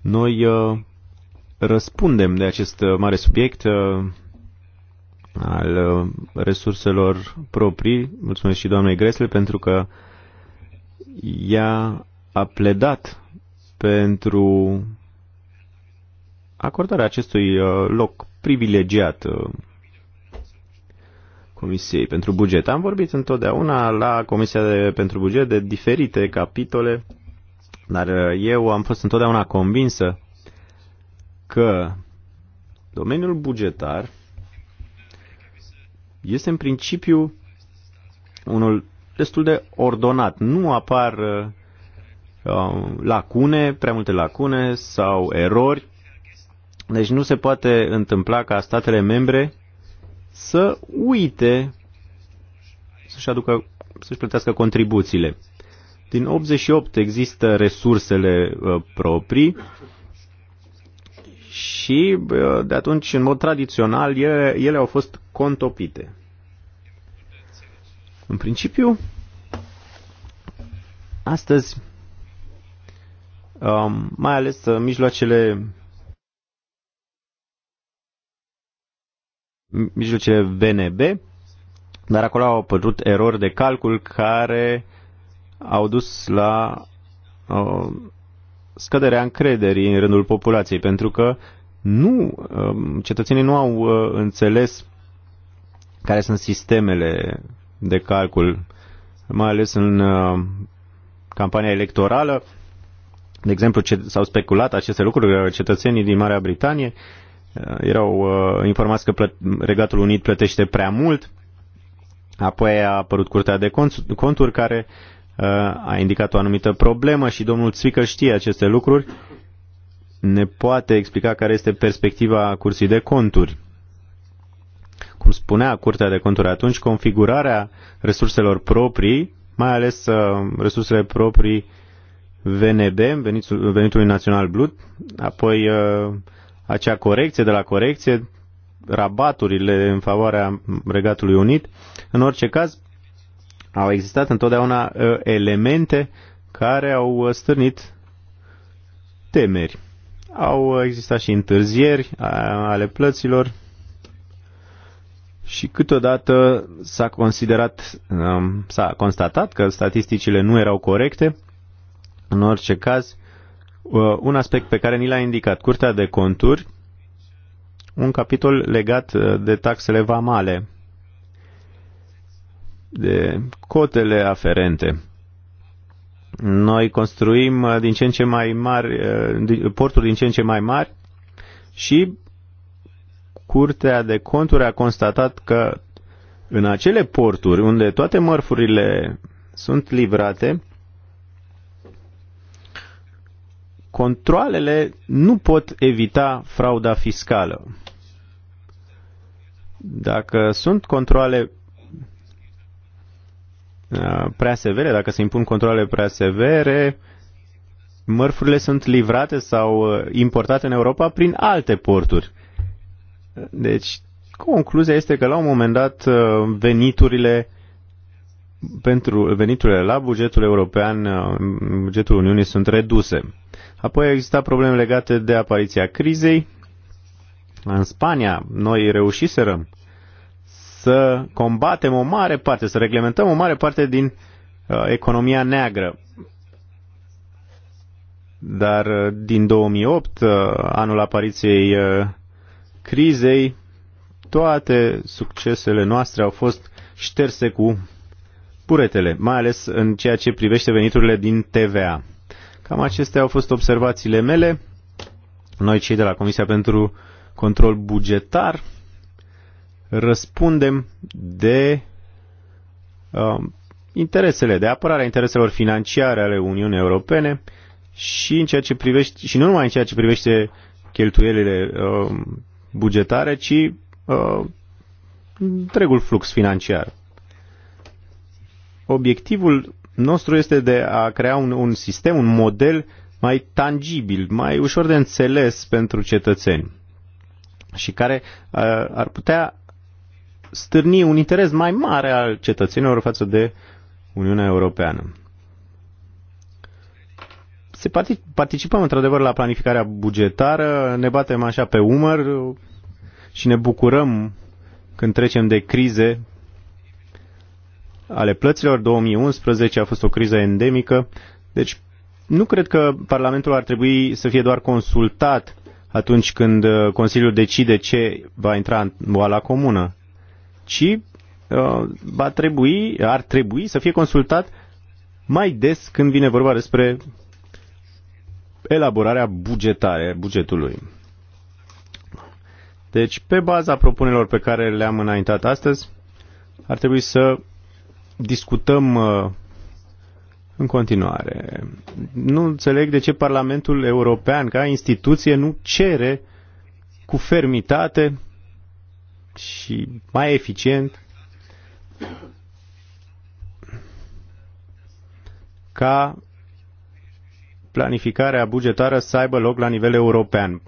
Noi eh, răspundem de acest mare subiect al uh, resurselor proprii. Mulțumesc și doamnei Gresle pentru că ea a pledat pentru acordarea acestui uh, loc privilegiat uh, Comisiei pentru Buget. Am vorbit întotdeauna la Comisia de, pentru Buget de diferite capitole, dar eu am fost întotdeauna convinsă că domeniul bugetar este în principiu unul destul de ordonat. Nu apar uh, um, lacune, prea multe lacune sau erori. Deci nu se poate întâmpla ca statele membre să uite să-și aducă, să-și plătească contribuțiile. Din 88 există resursele uh, proprii și uh, de atunci, în mod tradițional, ele, ele au fost contopite. În principiu, astăzi, um, mai ales uh, mijloacele mijloacele VNB, dar acolo au apărut erori de calcul care au dus la uh, scăderea încrederii în rândul populației, pentru că nu, uh, cetățenii nu au uh, înțeles care sunt sistemele de calcul, mai ales în uh, campania electorală. De exemplu, s-au speculat aceste lucruri, cetățenii din Marea Britanie uh, erau uh, informați că Regatul Unit plătește prea mult, apoi a apărut Curtea de Conturi care a indicat o anumită problemă și domnul Țvică știe aceste lucruri. Ne poate explica care este perspectiva cursii de Conturi cum spunea Curtea de Conturi atunci, configurarea resurselor proprii, mai ales uh, resursele proprii VNB, venitul, național brut, apoi uh, acea corecție de la corecție, rabaturile în favoarea Regatului Unit. În orice caz, au existat întotdeauna uh, elemente care au stârnit temeri. Au existat și întârzieri ale plăților, și câteodată s-a considerat, um, s-a constatat că statisticile nu erau corecte. În orice caz, uh, un aspect pe care ni l-a indicat Curtea de Conturi, un capitol legat uh, de taxele vamale, de cotele aferente. Noi construim uh, din ce în ce mai mari, porturi din ce în ce mai mari și Curtea de Conturi a constatat că în acele porturi unde toate mărfurile sunt livrate, controlele nu pot evita frauda fiscală. Dacă sunt controle uh, prea severe, dacă se impun controle prea severe, mărfurile sunt livrate sau uh, importate în Europa prin alte porturi. Deci, concluzia este că la un moment dat uh, veniturile pentru veniturile la bugetul european, uh, bugetul Uniunii sunt reduse. Apoi exista probleme legate de apariția crizei. În Spania noi reușiserăm să combatem o mare parte, să reglementăm o mare parte din uh, economia neagră. Dar uh, din 2008, uh, anul apariției uh, crizei, toate succesele noastre au fost șterse cu puretele, mai ales în ceea ce privește veniturile din TVA. Cam acestea au fost observațiile mele. Noi, cei de la Comisia pentru Control Bugetar, răspundem de uh, interesele, de apărarea intereselor financiare ale Uniunii Europene și, în ceea ce privește, și nu numai în ceea ce privește cheltuielile uh, bugetare, ci uh, întregul flux financiar. Obiectivul nostru este de a crea un, un sistem, un model mai tangibil, mai ușor de înțeles pentru cetățeni și care uh, ar putea stârni un interes mai mare al cetățenilor față de Uniunea Europeană. Se participăm într-adevăr la planificarea bugetară, ne batem așa pe umăr și ne bucurăm când trecem de crize ale plăților. 2011 a fost o criză endemică, deci nu cred că Parlamentul ar trebui să fie doar consultat atunci când uh, Consiliul decide ce va intra în boala comună, ci uh, va trebui, ar trebui să fie consultat mai des când vine vorba despre elaborarea bugetare, bugetului. Deci, pe baza propunerilor pe care le-am înaintat astăzi, ar trebui să discutăm uh, în continuare. Nu înțeleg de ce Parlamentul European, ca instituție, nu cere cu fermitate și mai eficient ca planificarea bugetară să aibă loc la nivel european.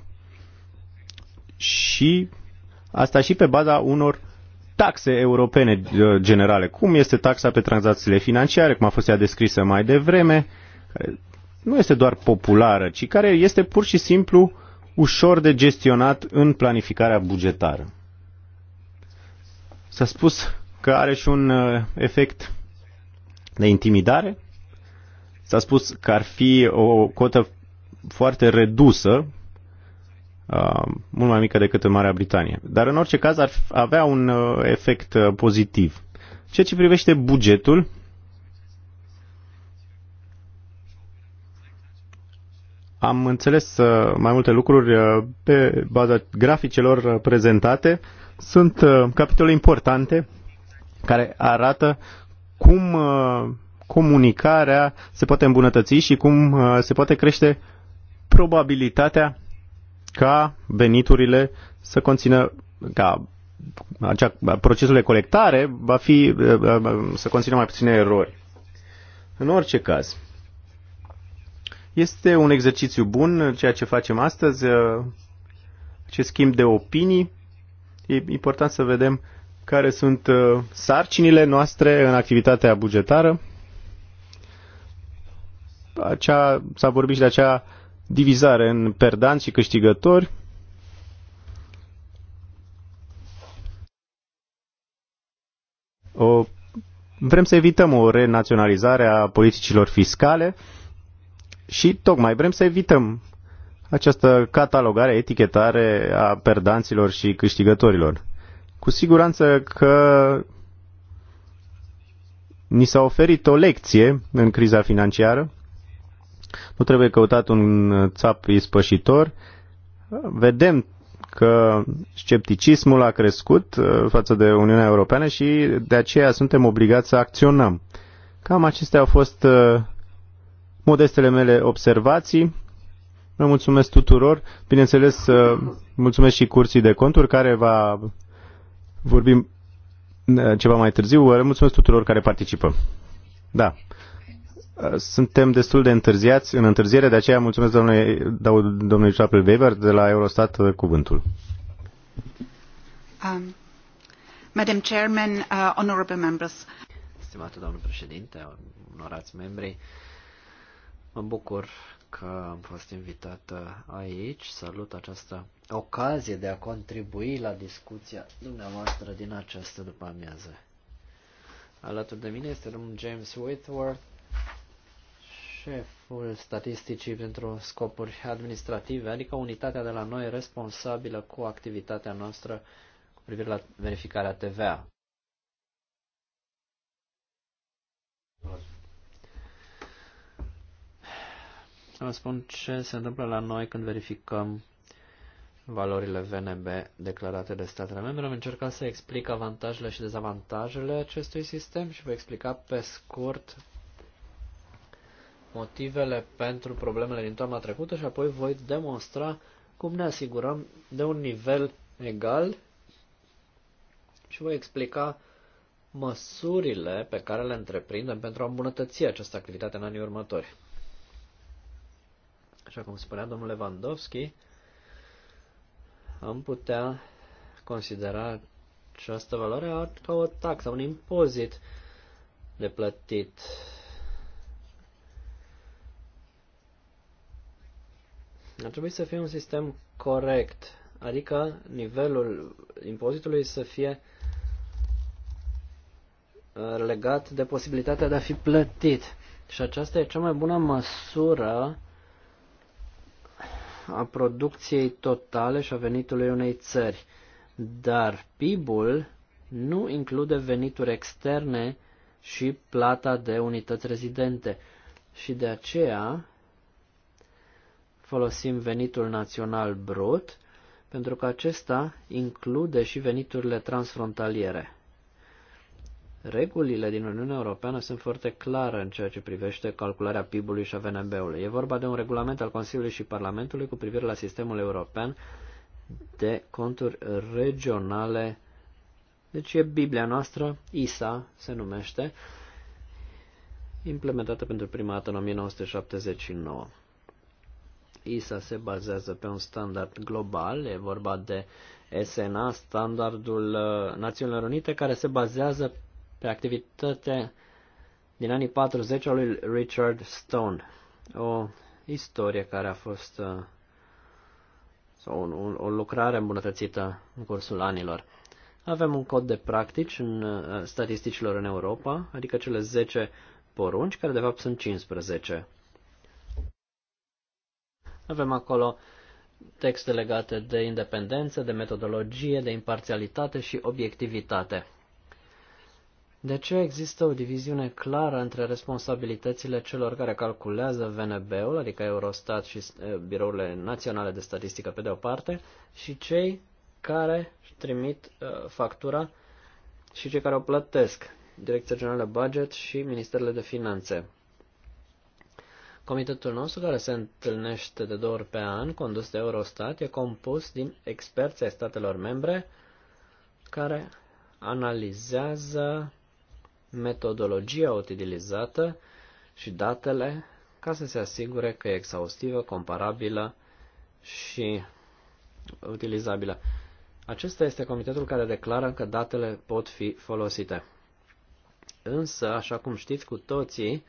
Și asta și pe baza unor taxe europene uh, generale, cum este taxa pe tranzacțiile financiare, cum a fost ea descrisă mai devreme, care nu este doar populară, ci care este pur și simplu ușor de gestionat în planificarea bugetară. S-a spus că are și un uh, efect de intimidare S-a spus că ar fi o cotă foarte redusă, uh, mult mai mică decât în Marea Britanie. Dar în orice caz ar avea un uh, efect uh, pozitiv. Ceea ce privește bugetul, am înțeles mai multe lucruri pe baza graficelor prezentate. Sunt capitole importante care arată cum comunicarea se poate îmbunătăți și cum uh, se poate crește probabilitatea ca veniturile să conțină, ca acea, procesul de colectare va fi uh, uh, să conțină mai puține erori. În orice caz, este un exercițiu bun ceea ce facem astăzi, ce schimb de opinii. E important să vedem care sunt sarcinile noastre în activitatea bugetară acea, s-a vorbit și de acea divizare în perdanți și câștigători. O, vrem să evităm o renaționalizare a politicilor fiscale și tocmai vrem să evităm această catalogare, etichetare a perdanților și câștigătorilor. Cu siguranță că ni s-a oferit o lecție în criza financiară nu trebuie căutat un uh, țap ispășitor. Vedem că scepticismul a crescut uh, față de Uniunea Europeană și de aceea suntem obligați să acționăm. Cam acestea au fost uh, modestele mele observații. Vă mulțumesc tuturor. Bineînțeles, mulțumesc și curții de conturi care va vorbi ceva mai târziu. Vă mulțumesc tuturor care participă. Da. Suntem destul de întârziați, în întârziere, de aceea mulțumesc domnului, domnului Chapel Weber de la Eurostat cuvântul. Um, Madam Chairman, uh, honorable members. Stimată domnul președinte, onorați membri, mă bucur că am fost invitată aici. Salut această ocazie de a contribui la discuția dumneavoastră din această după amiază. Alături de mine este domnul James Whitworth, șeful statisticii pentru scopuri administrative, adică unitatea de la noi responsabilă cu activitatea noastră cu privire la verificarea TVA. Să vă spun ce se întâmplă la noi când verificăm valorile VNB declarate de statele membre. Am încercat să explic avantajele și dezavantajele acestui sistem și voi explica pe scurt motivele pentru problemele din toamna trecută și apoi voi demonstra cum ne asigurăm de un nivel egal și voi explica măsurile pe care le întreprindem pentru a îmbunătăți această activitate în anii următori. Așa cum spunea domnul Lewandowski, am putea considera această valoare ca o taxă, un impozit de plătit Ar trebui să fie un sistem corect, adică nivelul impozitului să fie uh, legat de posibilitatea de a fi plătit. Și aceasta e cea mai bună măsură a producției totale și a venitului unei țări. Dar PIB-ul nu include venituri externe și plata de unități rezidente. Și de aceea folosim venitul național brut, pentru că acesta include și veniturile transfrontaliere. Regulile din Uniunea Europeană sunt foarte clare în ceea ce privește calcularea PIB-ului și a VNB-ului. E vorba de un regulament al Consiliului și Parlamentului cu privire la sistemul european de conturi regionale. Deci e Biblia noastră, ISA se numește, implementată pentru prima dată în 1979. ISA se bazează pe un standard global, e vorba de SNA, standardul uh, Națiunilor Unite, care se bazează pe activitate din anii 40 al lui Richard Stone. O istorie care a fost uh, sau o, o lucrare îmbunătățită în cursul anilor. Avem un cod de practici în uh, statisticilor în Europa, adică cele 10 porunci, care de fapt sunt 15. Avem acolo texte legate de independență, de metodologie, de imparțialitate și obiectivitate. De ce există o diviziune clară între responsabilitățile celor care calculează VNB-ul, adică Eurostat și eh, Birourile Naționale de Statistică pe de o parte, și cei care trimit eh, factura și cei care o plătesc, Direcția Generală Budget și Ministerele de Finanțe? Comitetul nostru, care se întâlnește de două ori pe an, condus de Eurostat, e compus din experți ai statelor membre care analizează metodologia utilizată și datele ca să se asigure că e exhaustivă, comparabilă și utilizabilă. Acesta este comitetul care declară că datele pot fi folosite. Însă, așa cum știți cu toții,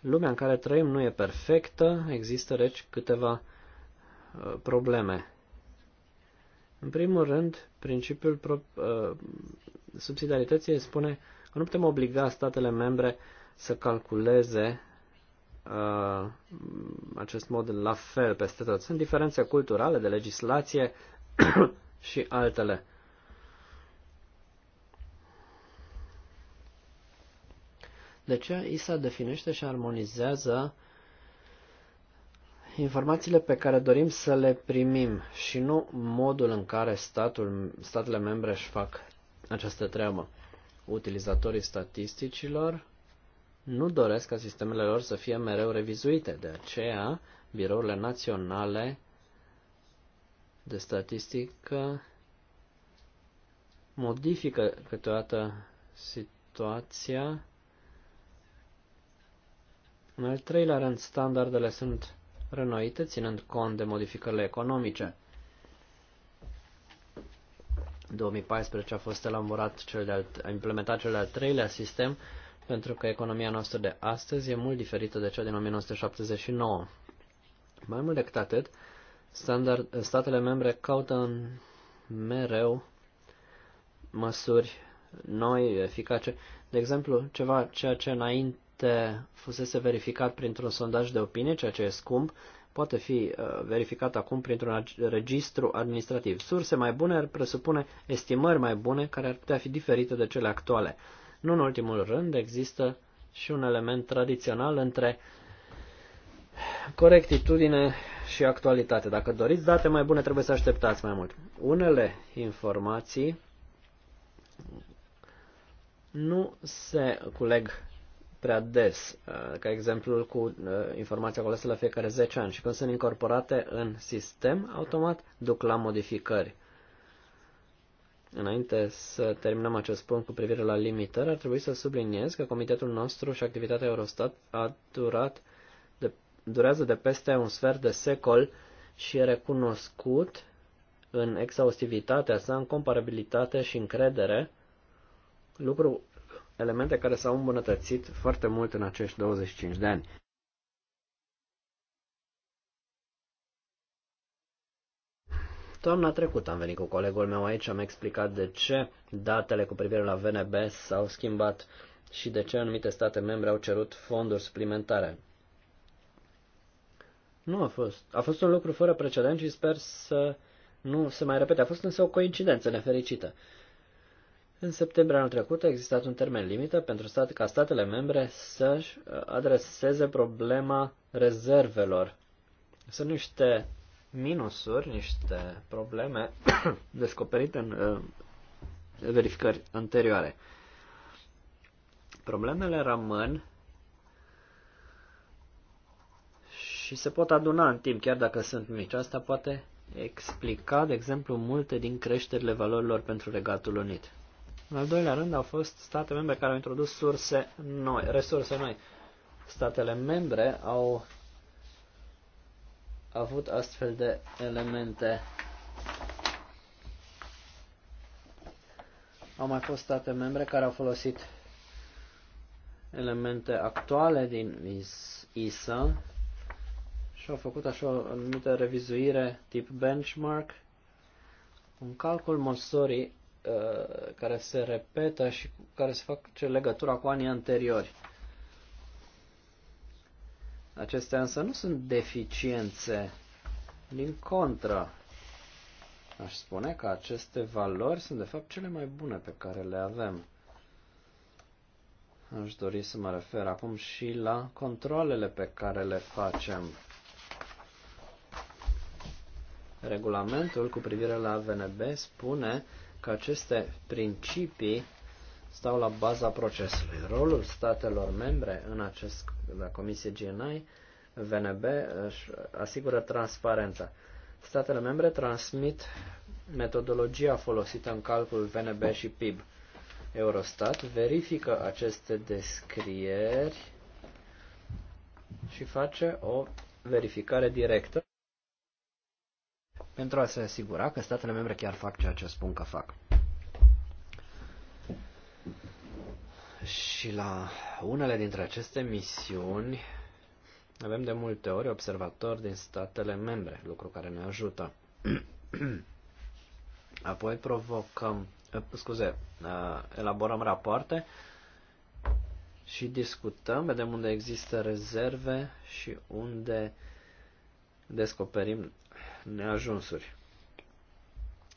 Lumea în care trăim nu e perfectă, există reci câteva uh, probleme. În primul rând, principiul pro, uh, subsidiarității spune că nu putem obliga statele membre să calculeze uh, acest mod la fel peste tot. Sunt diferențe culturale de legislație și altele. De ce ISA definește și armonizează informațiile pe care dorim să le primim și nu modul în care statul, statele membre își fac această treabă. Utilizatorii statisticilor nu doresc ca sistemele lor să fie mereu revizuite, de aceea birourile naționale de statistică modifică câteodată situația în al treilea rând, standardele sunt renoite, ținând cont de modificările economice. 2014 a fost elaborat cel de a implementat cel de-al treilea sistem, pentru că economia noastră de astăzi e mult diferită de cea din 1979. Mai mult decât atât, standard, statele membre caută în mereu măsuri noi, eficace. De exemplu, ceva ceea ce înainte parte fusese verificat printr-un sondaj de opinie, ceea ce e scump, poate fi uh, verificat acum printr-un registru administrativ. Surse mai bune ar presupune estimări mai bune care ar putea fi diferite de cele actuale. Nu în ultimul rând, există și un element tradițional între corectitudine și actualitate. Dacă doriți date mai bune, trebuie să așteptați mai mult. Unele informații nu se culeg prea des, uh, ca exemplul cu uh, informația colesă la fiecare 10 ani și când sunt incorporate în sistem, automat duc la modificări. Înainte să terminăm acest punct cu privire la limitări, ar trebui să subliniez că comitetul nostru și activitatea Eurostat a durat de, durează de peste un sfert de secol și e recunoscut în exhaustivitatea sa, în comparabilitate și încredere, lucru elemente care s-au îmbunătățit foarte mult în acești 25 de ani. Toamna trecută am venit cu colegul meu aici, am explicat de ce datele cu privire la VNB s-au schimbat și de ce anumite state membre au cerut fonduri suplimentare. Nu a fost. A fost un lucru fără precedent și sper să nu se mai repete. A fost însă o coincidență nefericită. În septembrie anul trecut a existat un termen limită pentru stat, ca statele membre să-și uh, adreseze problema rezervelor. Sunt niște minusuri, niște probleme descoperite în uh, verificări anterioare. Problemele rămân și se pot aduna în timp, chiar dacă sunt mici. Asta poate explica, de exemplu, multe din creșterile valorilor pentru Regatul Unit. În al doilea rând au fost state membre care au introdus surse noi, resurse noi. Statele membre au avut astfel de elemente. Au mai fost state membre care au folosit elemente actuale din ISA și au făcut așa o anumită revizuire tip benchmark. Un calcul măsorii Uh, care se repetă și care se face legătura cu anii anteriori. Acestea însă nu sunt deficiențe, din contră. Aș spune că aceste valori sunt de fapt cele mai bune pe care le avem. Aș dori să mă refer acum și la controlele pe care le facem. Regulamentul cu privire la VNB spune că aceste principii stau la baza procesului. Rolul statelor membre în acest, la Comisie GNI, VNB, își asigură transparența. Statele membre transmit metodologia folosită în calculul VNB și PIB. Eurostat verifică aceste descrieri și face o verificare directă pentru a se asigura că statele membre chiar fac ceea ce spun că fac. Și la unele dintre aceste misiuni avem de multe ori observatori din statele membre, lucru care ne ajută. Apoi provocăm, eh, scuze, eh, elaborăm rapoarte și discutăm, vedem unde există rezerve și unde descoperim neajunsuri.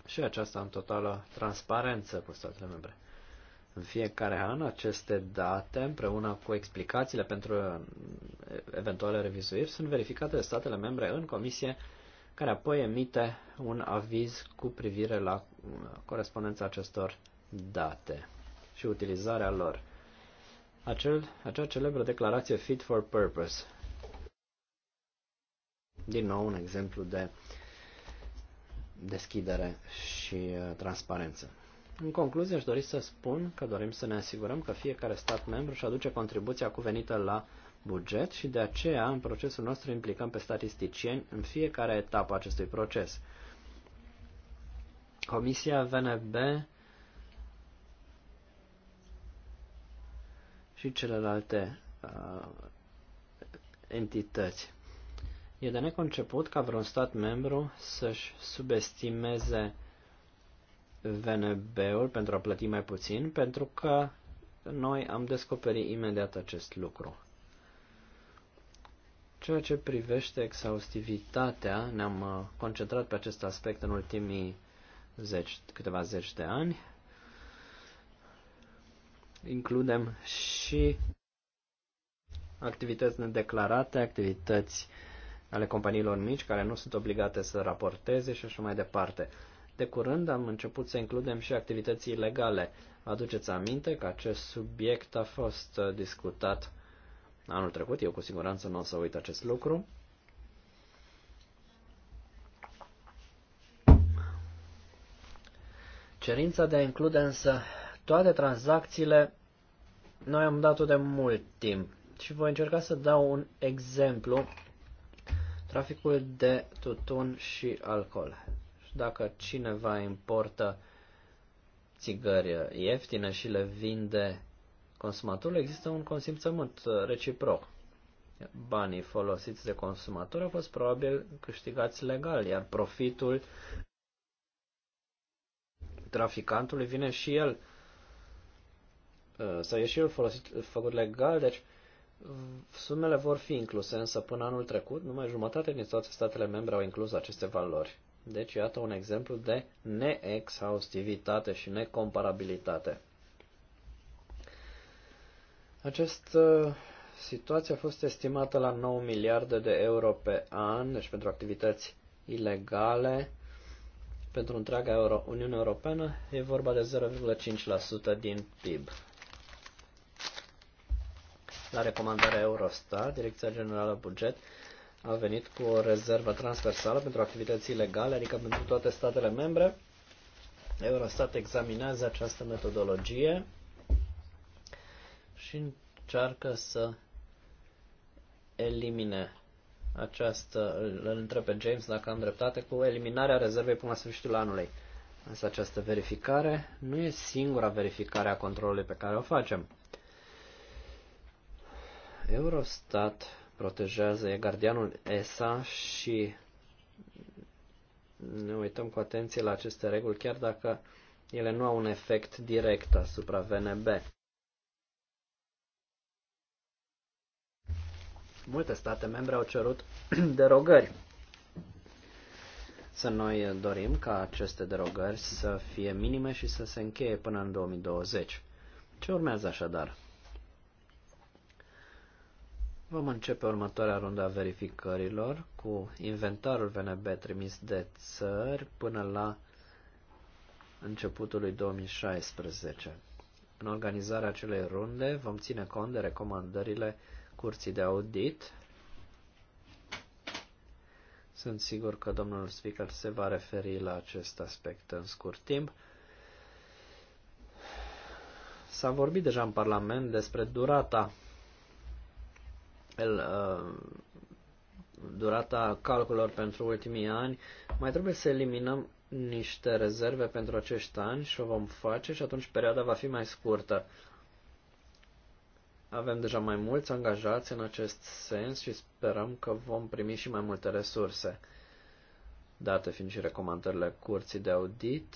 Și aceasta în totală transparență cu statele membre. În fiecare an, aceste date, împreună cu explicațiile pentru eh, eventuale revizuiri, sunt verificate de statele membre în comisie, care apoi emite un aviz cu privire la eh, corespondența acestor date și utilizarea lor. Acel, acea celebră declarație fit for purpose. Din nou un exemplu de uh, deschidere și uh, transparență. În concluzie, aș dori să spun că dorim să ne asigurăm că fiecare stat membru își aduce contribuția cuvenită la buget și de aceea în procesul nostru implicăm pe statisticieni în fiecare etapă a acestui proces. Comisia VNB și celelalte uh, entități. E de neconceput ca vreun stat membru să-și subestimeze VNB-ul pentru a plăti mai puțin, pentru că noi am descoperit imediat acest lucru. Ceea ce privește exhaustivitatea, ne-am uh, concentrat pe acest aspect în ultimii zeci, câteva zeci de ani. Includem și activități nedeclarate, activități uh, ale companiilor mici care nu sunt obligate să raporteze și așa mai departe. De curând am început să includem și activități ilegale. Aduceți aminte că acest subiect a fost uh, discutat anul trecut, eu cu siguranță nu o să uit acest lucru. Cerința de a include însă toate tranzacțiile, noi am dat-o de mult timp și voi încerca să dau un exemplu traficul de tutun și alcool. Și dacă cineva importă țigări ieftine și le vinde consumatorul, există un consimțământ reciproc. Banii folosiți de consumator au fost probabil câștigați legal, iar profitul traficantului vine și el sau e și el folosit, făcut legal, deci Sumele vor fi incluse, însă până anul trecut numai jumătate din toate statele membre au inclus aceste valori. Deci iată un exemplu de neexhaustivitate și necomparabilitate. Această uh, situație a fost estimată la 9 miliarde de euro pe an, deci pentru activități ilegale. Pentru întreaga Euro- Uniune Europeană e vorba de 0,5% din PIB. La recomandarea Eurostat, Direcția Generală Buget a venit cu o rezervă transversală pentru activități legale, adică pentru toate statele membre. Eurostat examinează această metodologie și încearcă să elimine această, îl întreb pe James dacă am dreptate, cu eliminarea rezervei până la sfârșitul anului. Însă această verificare nu e singura verificare a controlului pe care o facem. Eurostat protejează, e gardianul ESA și ne uităm cu atenție la aceste reguli, chiar dacă ele nu au un efect direct asupra VNB. Multe state membre au cerut derogări. Să noi dorim ca aceste derogări să fie minime și să se încheie până în 2020. Ce urmează așadar? Vom începe următoarea rundă a verificărilor cu inventarul VNB trimis de țări până la începutul lui 2016. În organizarea acelei runde vom ține cont de recomandările curții de audit. Sunt sigur că domnul Spicker se va referi la acest aspect în scurt timp. S-a vorbit deja în Parlament despre durata el, uh, durata calculor pentru ultimii ani, mai trebuie să eliminăm niște rezerve pentru acești ani și o vom face și atunci perioada va fi mai scurtă. Avem deja mai mulți angajați în acest sens și sperăm că vom primi și mai multe resurse, date fiind și recomandările curții de audit.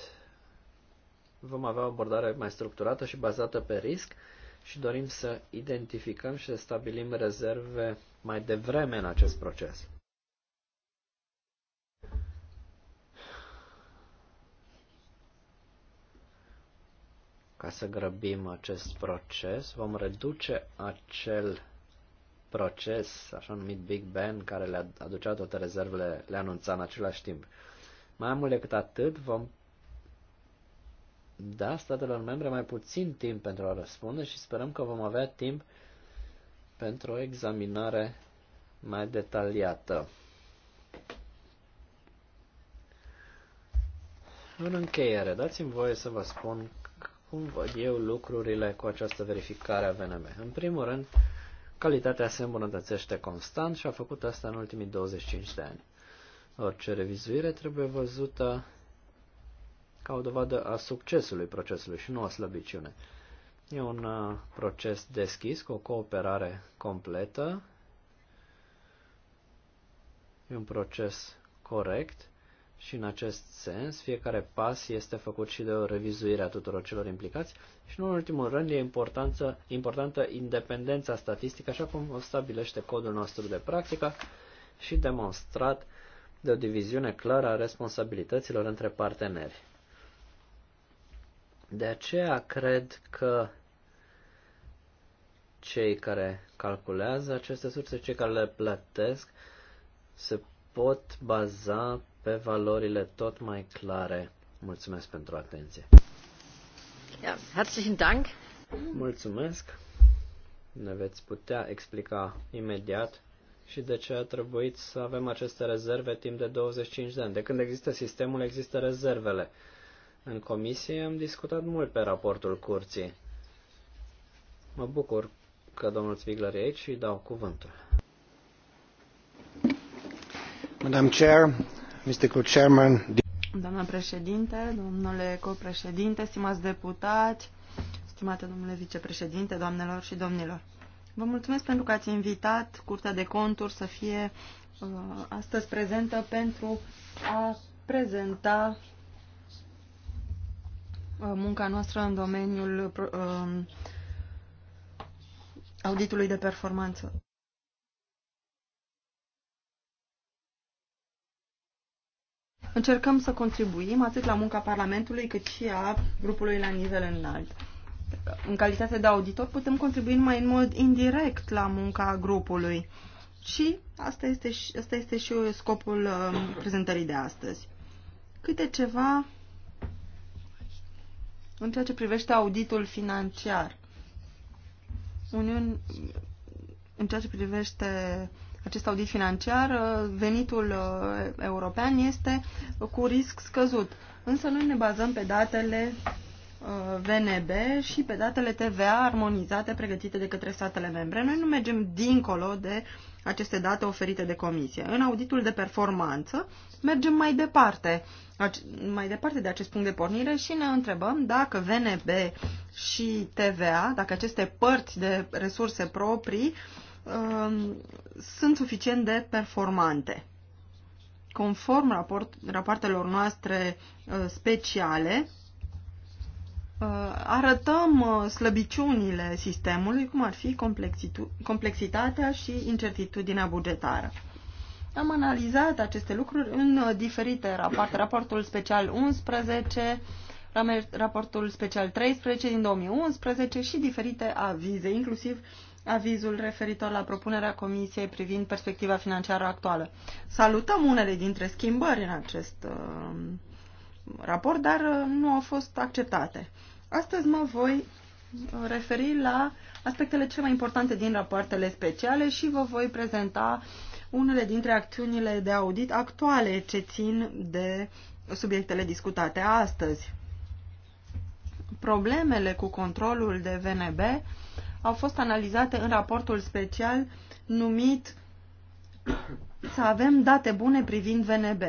Vom avea o abordare mai structurată și bazată pe risc, și dorim să identificăm și să stabilim rezerve mai devreme în acest proces. Ca să grăbim acest proces, vom reduce acel proces, așa numit Big Bang, care le aducea toate rezervele, le anunța în același timp. Mai mult decât atât, vom da statelor membre mai puțin timp pentru a răspunde și sperăm că vom avea timp pentru o examinare mai detaliată. În încheiere, dați-mi voie să vă spun cum văd eu lucrurile cu această verificare a VNM. În primul rând, calitatea se îmbunătățește constant și a făcut asta în ultimii 25 de ani. Orice revizuire trebuie văzută ca o dovadă a succesului procesului și nu a slăbiciune. E un uh, proces deschis cu o cooperare completă. E un proces corect și în acest sens fiecare pas este făcut și de o revizuire a tuturor celor implicați și nu în ultimul rând e importanță, importantă independența statistică așa cum o stabilește codul nostru de practică și demonstrat de o diviziune clară a responsabilităților între parteneri. De aceea cred că cei care calculează aceste surse, cei care le plătesc, se pot baza pe valorile tot mai clare. Mulțumesc pentru atenție. Ja, herzlichen Dank. Mulțumesc. Ne veți putea explica imediat și de ce a trebuit să avem aceste rezerve timp de 25 de ani. De când există sistemul, există rezervele. În comisie am discutat mult pe raportul curții. Mă bucur că domnul Zwigler e aici și îi dau cuvântul. Madam Chair, Mr. Co-Chairman, Doamna președinte, domnule copreședinte, stimați deputați, stimate domnule vicepreședinte, doamnelor și domnilor. Vă mulțumesc pentru că ați invitat Curtea de Conturi să fie uh, astăzi prezentă pentru a prezenta Uh, munca noastră în domeniul uh, um, auditului de performanță. Încercăm să contribuim atât la munca Parlamentului cât și a grupului la nivel înalt. În calitate de auditor putem contribui numai în mod indirect la munca grupului. Și asta este, și, asta este și scopul uh, prezentării de astăzi. Câte ceva în ceea ce privește auditul financiar, Uniun, în ceea ce privește acest audit financiar, uh, venitul uh, european este cu risc scăzut. Însă noi ne bazăm pe datele VNB și pe datele TVA armonizate pregătite de către statele membre. Noi nu mergem dincolo de aceste date oferite de comisie. În auditul de performanță mergem mai departe, mai departe de acest punct de pornire și ne întrebăm dacă VNB și TVA, dacă aceste părți de resurse proprii um, sunt suficient de performante. Conform rapoartelor noastre uh, speciale, Uh, arătăm uh, slăbiciunile sistemului, cum ar fi complexitatea și incertitudinea bugetară. Am analizat aceste lucruri în uh, diferite rapoarte. Raportul special 11, raportul special 13 din 2011 și diferite avize, inclusiv avizul referitor la propunerea Comisiei privind perspectiva financiară actuală. Salutăm unele dintre schimbări în acest uh, raport, dar uh, nu au fost acceptate. Astăzi mă voi uh, referi la aspectele cele mai importante din rapoartele speciale și vă voi prezenta unele dintre acțiunile de audit actuale ce țin de subiectele discutate astăzi. Problemele cu controlul de VNB au fost analizate în raportul special numit Să avem date bune privind VNB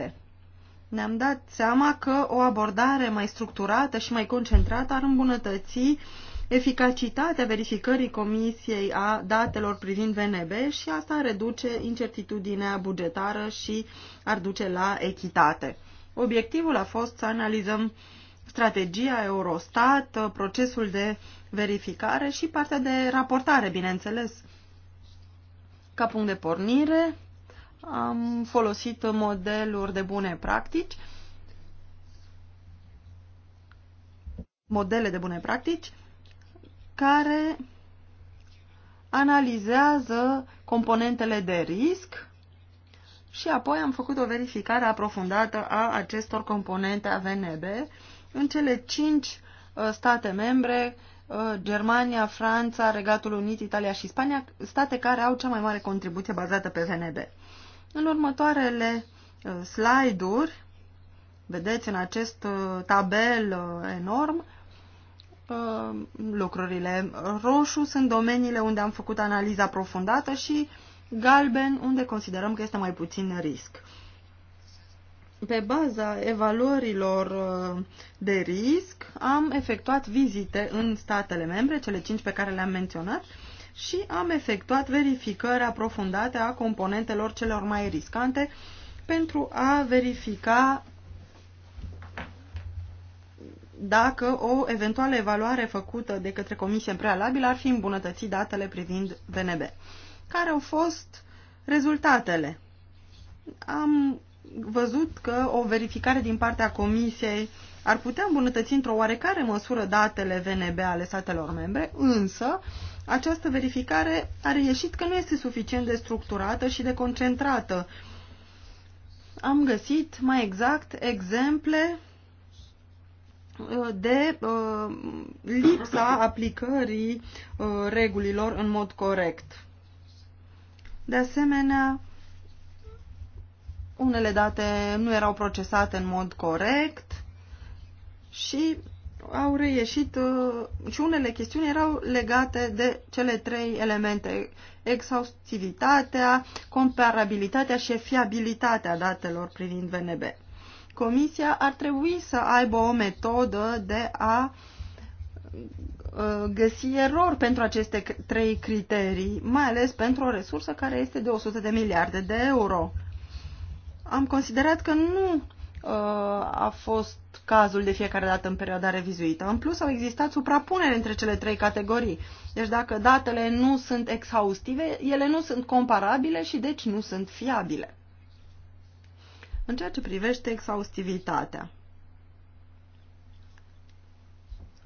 ne-am dat seama că o abordare mai structurată și mai concentrată ar îmbunătăți eficacitatea verificării Comisiei a datelor privind VNB și asta reduce incertitudinea bugetară și ar duce la echitate. Obiectivul a fost să analizăm strategia Eurostat, procesul de verificare și partea de raportare, bineînțeles. Ca punct de pornire, am folosit modeluri de bune practici, modele de bune practici, care analizează componentele de risc și apoi am făcut o verificare aprofundată a acestor componente AVNB în cele cinci uh, state membre, uh, Germania, Franța, Regatul Unit, Italia și Spania, state care au cea mai mare contribuție bazată pe VNB. În următoarele uh, slide-uri, vedeți în acest uh, tabel uh, enorm, lucrurile roșu sunt domeniile unde am făcut analiza aprofundată și galben unde considerăm că este mai puțin risc. Pe baza evaluărilor de risc am efectuat vizite în statele membre, cele cinci pe care le-am menționat, și am efectuat verificări aprofundate a componentelor celor mai riscante pentru a verifica dacă o eventuală evaluare făcută de către comisie în prealabil ar fi îmbunătățit datele privind VNB. Care au fost rezultatele? Am văzut că o verificare din partea comisiei ar putea îmbunătăți într-o oarecare măsură datele VNB ale statelor membre, însă această verificare a reieșit că nu este suficient de structurată și de concentrată. Am găsit mai exact exemple uh, de uh, lipsa aplicării uh, regulilor în mod corect. De asemenea, unele date nu erau procesate în mod corect și au reieșit uh, și unele chestiuni erau legate de cele trei elemente, exhaustivitatea, comparabilitatea și fiabilitatea datelor privind VNB. Comisia ar trebui să aibă o metodă de a uh, găsi erori pentru aceste trei criterii, mai ales pentru o resursă care este de 100 de miliarde de euro. Am considerat că nu Uh, a fost cazul de fiecare dată în perioada revizuită. În plus, au existat suprapuneri între cele trei categorii. Deci dacă datele nu sunt exhaustive, ele nu sunt comparabile și deci nu sunt fiabile. În ceea ce privește exhaustivitatea.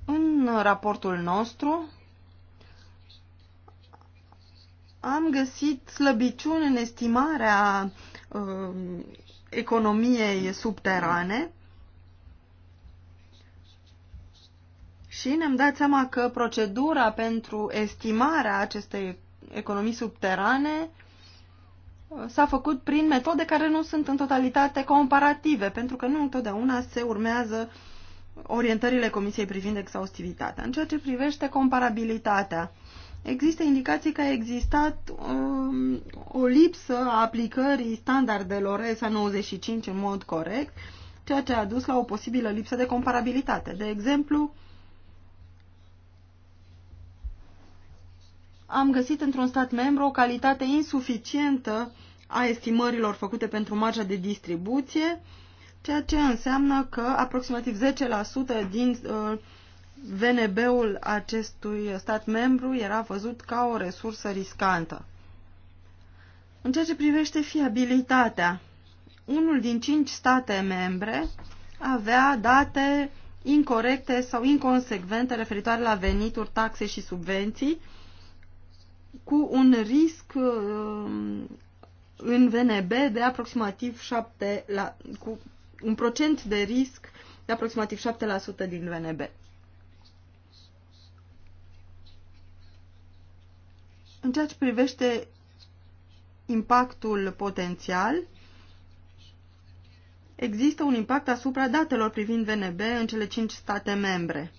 În raportul nostru am găsit slăbiciuni în estimarea uh, economiei subterane și ne-am dat seama că procedura pentru estimarea acestei economii subterane uh, s-a făcut prin metode care nu sunt în totalitate comparative, pentru că nu întotdeauna se urmează orientările Comisiei privind exhaustivitatea. În ceea ce privește comparabilitatea, există indicații că a existat um, o lipsă a aplicării standardelor ESA 95 în mod corect, ceea ce a dus la o posibilă lipsă de comparabilitate. De exemplu, am găsit într-un stat membru o calitate insuficientă a estimărilor făcute pentru marja de distribuție, ceea ce înseamnă că aproximativ 10% din uh, VNB-ul acestui stat membru era văzut ca o resursă riscantă. În ceea ce privește fiabilitatea, unul din cinci state membre avea date incorrecte sau inconsecvente referitoare la venituri, taxe și subvenții, cu un risc um, în VNB de aproximativ 7 la, cu un procent de risc de aproximativ 7% din VNB. În ceea ce privește impactul potențial, există un impact asupra datelor privind VNB în cele cinci state membre.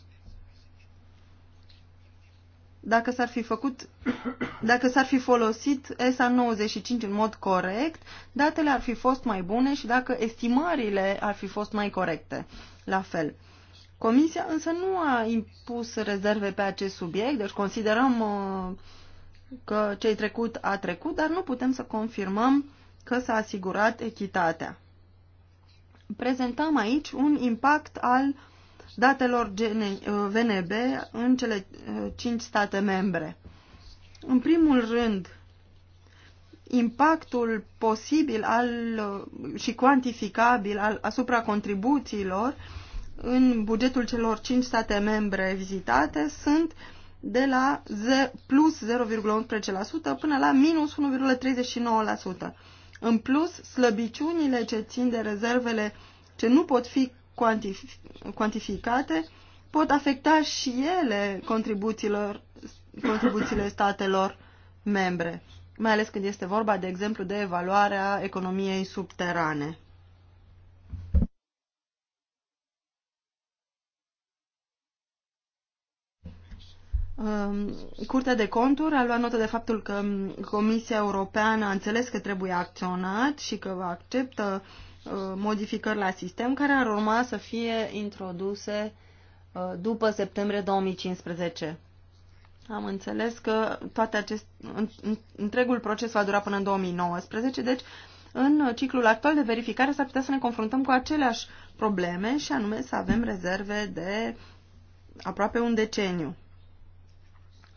Dacă s-ar fi făcut, dacă s-ar fi folosit ESA 95 în mod corect, datele ar fi fost mai bune și dacă estimările ar fi fost mai corecte. La fel. Comisia însă nu a impus rezerve pe acest subiect, deci considerăm uh, că cei trecut a trecut, dar nu putem să confirmăm că s-a asigurat echitatea. Prezentăm aici un impact al datelor VNB în cele eh, cinci state membre. În primul rând, impactul posibil al, eh, și cuantificabil al, asupra contribuțiilor în bugetul celor cinci state membre vizitate sunt uh, de la plus 0,11% până la minus 1,39%. În plus, slăbiciunile ce țin de rezervele ce nu pot fi cuantific cuantificate pot afecta și ele contribuțiilor, contribuțiile statelor membre, mai ales când este vorba, de exemplu, de evaluarea economiei subterane. Um, Curtea de conturi a luat notă de faptul că Comisia Europeană a înțeles că trebuie acționat și că acceptă uh, modificări la sistem care ar urma să fie introduse uh, după septembrie 2015. Am înțeles că toate acest, întregul proces va dura până în 2019, deci în ciclul actual de verificare s-ar putea să ne confruntăm cu aceleași probleme și anume să avem rezerve de aproape un deceniu.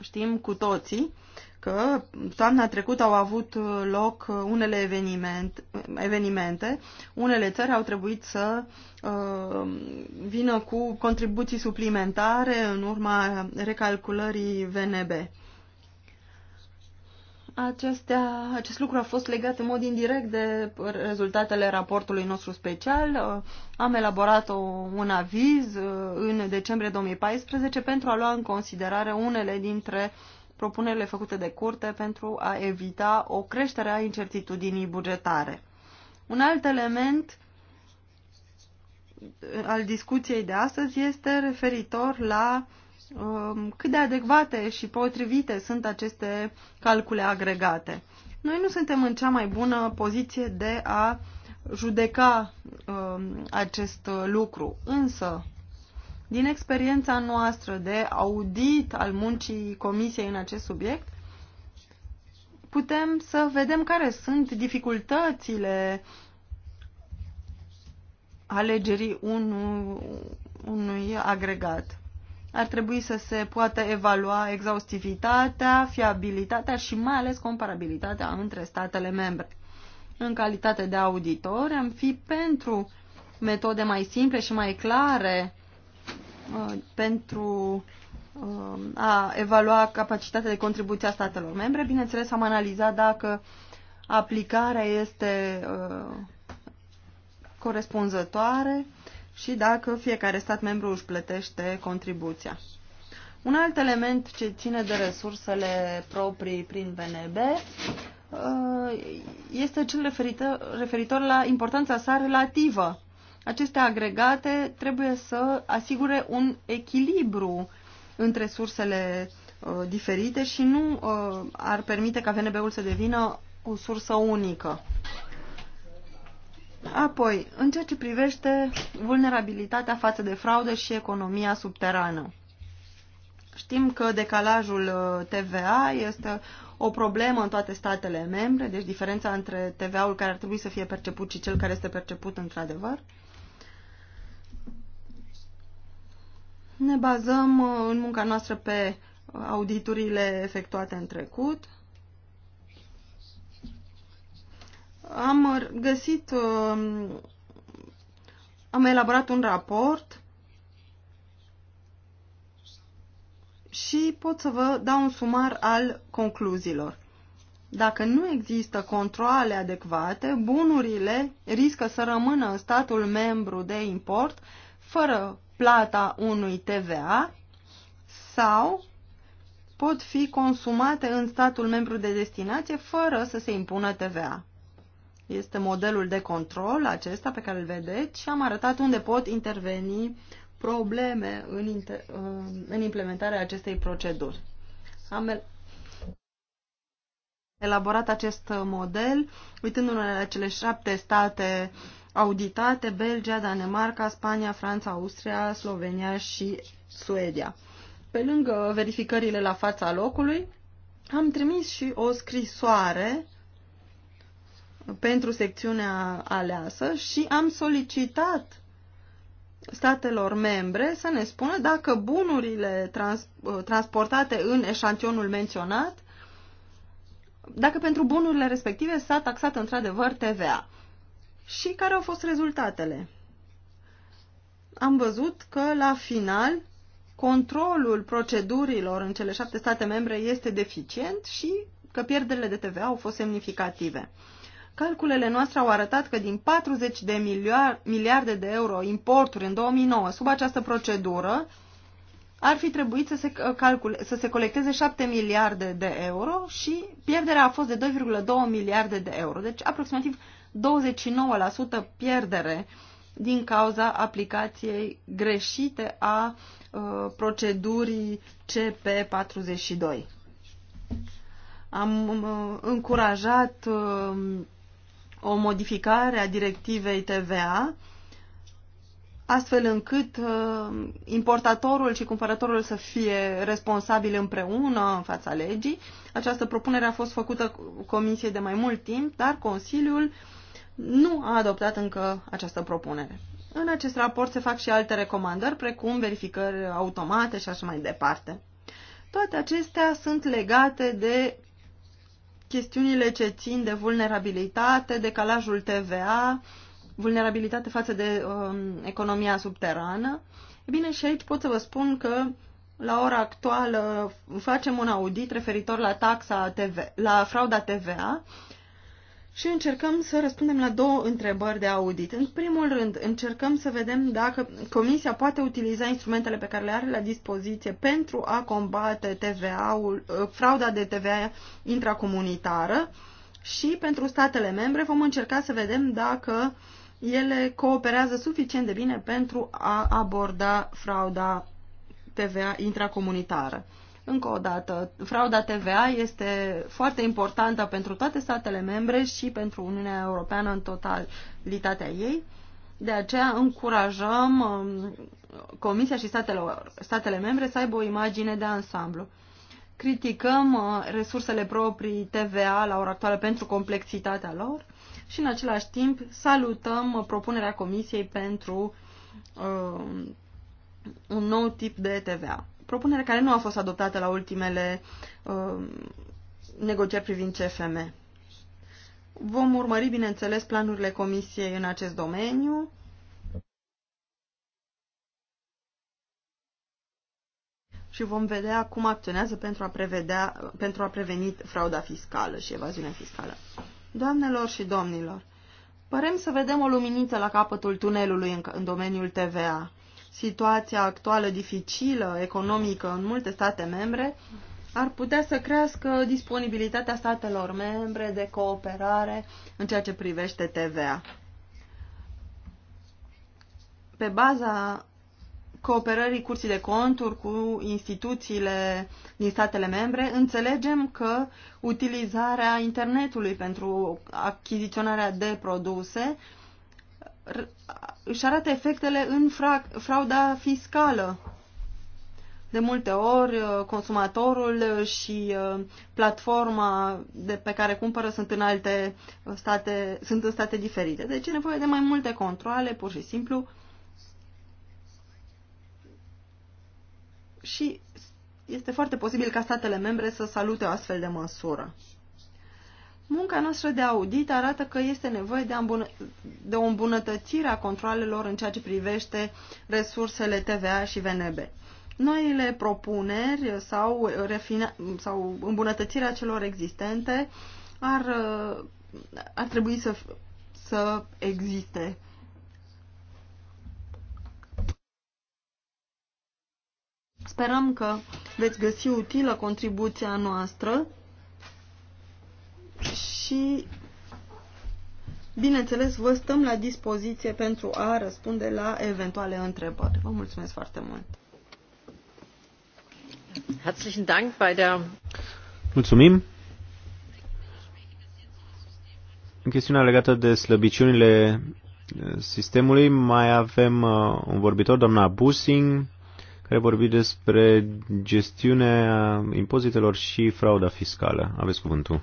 Știm cu toții că toamna trecută au avut loc unele eveniment, evenimente, unele țări au trebuit să uh, vină cu contribuții suplimentare în urma recalculării VNB. Acestea, acest lucru a fost legat în mod indirect de rezultatele raportului nostru special. Uh, am elaborat o, un aviz uh, în decembrie 2014 pentru a lua în considerare unele dintre propunerile făcute de curte pentru a evita o creștere a incertitudinii bugetare. Un alt element uh, al discuției de astăzi este referitor la uh, Um, cât de adecvate și potrivite sunt aceste calcule agregate. Noi nu suntem în cea mai bună poziție de a judeca um, acest lucru, însă din experiența noastră de audit al muncii comisiei în acest subiect, putem să vedem care sunt dificultățile alegerii unui, unui agregat ar trebui să se poată evalua exhaustivitatea, fiabilitatea și mai ales comparabilitatea între statele membre. În calitate de auditor, am fi pentru metode mai simple și mai clare uh, pentru uh, a evalua capacitatea de contribuție a statelor membre. Bineînțeles, am analizat dacă aplicarea este uh, corespunzătoare și dacă fiecare stat membru își plătește contribuția. Un alt element ce ține de resursele proprii prin VNB uh, este cel referitor la importanța sa relativă. Aceste agregate trebuie să asigure un echilibru între sursele uh, diferite și nu uh, ar permite ca VNB-ul să devină o sursă unică. Apoi, în ceea ce privește vulnerabilitatea față de fraudă și economia subterană. Știm că decalajul uh, TVA este o problemă în toate statele membre, deci diferența între TVA-ul care ar trebui să fie perceput și cel care este perceput într-adevăr. Ne bazăm uh, în munca noastră pe uh, auditurile efectuate în trecut am găsit, um, am elaborat un raport și pot să vă dau un sumar al concluziilor. Dacă nu există controle adecvate, bunurile riscă să rămână în statul membru de import fără plata unui TVA sau pot fi consumate în statul membru de destinație fără să se impună TVA. Este modelul de control acesta pe care îl vedeți și am arătat unde pot interveni probleme în, inter, uh, în implementarea acestei proceduri. Am elaborat acest model uitându-ne la cele șapte state auditate, Belgia, Danemarca, Spania, Franța, Austria, Slovenia și Suedia. Pe lângă verificările la fața locului, am trimis și o scrisoare pentru secțiunea aleasă și am solicitat statelor membre să ne spună dacă bunurile trans, transportate în eșantionul menționat, dacă pentru bunurile respective s-a taxat într-adevăr TVA. Și care au fost rezultatele? Am văzut că la final controlul procedurilor în cele șapte state membre este deficient și că pierderile de TVA au fost semnificative. Calculele noastre au arătat că din 40 de miliarde de euro importuri în 2009 sub această procedură, ar fi trebuit să se, uh, calcule, să se colecteze 7 miliarde de euro și pierderea a fost de 2,2 miliarde de euro. Deci aproximativ 29% pierdere din cauza aplicației greșite a uh, procedurii CP42. Am uh, încurajat uh, o modificare a directivei TVA, astfel încât uh, importatorul și cumpărătorul să fie responsabili împreună în fața legii. Această propunere a fost făcută Comisiei de mai mult timp, dar Consiliul nu a adoptat încă această propunere. În acest raport se fac și alte recomandări, precum verificări automate și așa mai departe. Toate acestea sunt legate de chestiunile ce țin de vulnerabilitate, decalajul TVA, vulnerabilitate față de um, economia subterană. E bine, și aici pot să vă spun că la ora actuală facem un audit referitor la taxa TV, la frauda TVA și încercăm să răspundem la două întrebări de audit. În primul rând, încercăm să vedem dacă Comisia poate utiliza instrumentele pe care le are la dispoziție pentru a combate TVA-ul, ă, frauda de TVA intracomunitară și pentru statele membre vom încerca să vedem dacă ele cooperează suficient de bine pentru a aborda frauda TVA intracomunitară. Încă o dată, frauda TVA este foarte importantă pentru toate statele membre și pentru Uniunea Europeană în totalitatea ei. De aceea încurajăm um, Comisia și statele, statele membre să aibă o imagine de ansamblu. Criticăm uh, resursele proprii TVA la ora actuală pentru complexitatea lor și în același timp salutăm uh, propunerea Comisiei pentru uh, un nou tip de TVA propunere care nu a fost adoptată la ultimele uh, negocieri privind CFM. Vom urmări, bineînțeles, planurile Comisiei în acest domeniu. și vom vedea cum acționează pentru a, prevedea, pentru a preveni frauda fiscală și evaziunea fiscală. Doamnelor și domnilor, părem să vedem o luminiță la capătul tunelului în, în domeniul TVA situația actuală dificilă, economică, în multe state membre, ar putea să crească disponibilitatea statelor membre de cooperare în ceea ce privește TVA. Pe baza cooperării curții de conturi cu instituțiile din statele membre, înțelegem că utilizarea internetului pentru achiziționarea de produse uh, își arată efectele în fra frauda fiscală. De multe ori, uh, consumatorul și uh, platforma de pe care cumpără sunt în alte state, sunt în state diferite. Deci e nevoie de mai multe controle, pur și simplu. Și este foarte posibil ca statele membre să salute o astfel de măsură. Munca noastră de audit arată că este nevoie de, de o îmbunătățire a controlelor în ceea ce privește resursele TVA și VNB. Noile propuneri sau, refina, sau îmbunătățirea celor existente ar, uh, ar trebui să, să existe. Sperăm că veți găsi utilă contribuția noastră și, bineînțeles, vă stăm la dispoziție pentru a răspunde la eventuale întrebări. Vă mulțumesc foarte mult! Herzlichen Dank bei der Mulțumim! În chestiunea legată de slăbiciunile eh, sistemului mai avem eh, un vorbitor, doamna Busing, care vorbi despre gestiunea impozitelor și frauda fiscală. Aveți cuvântul.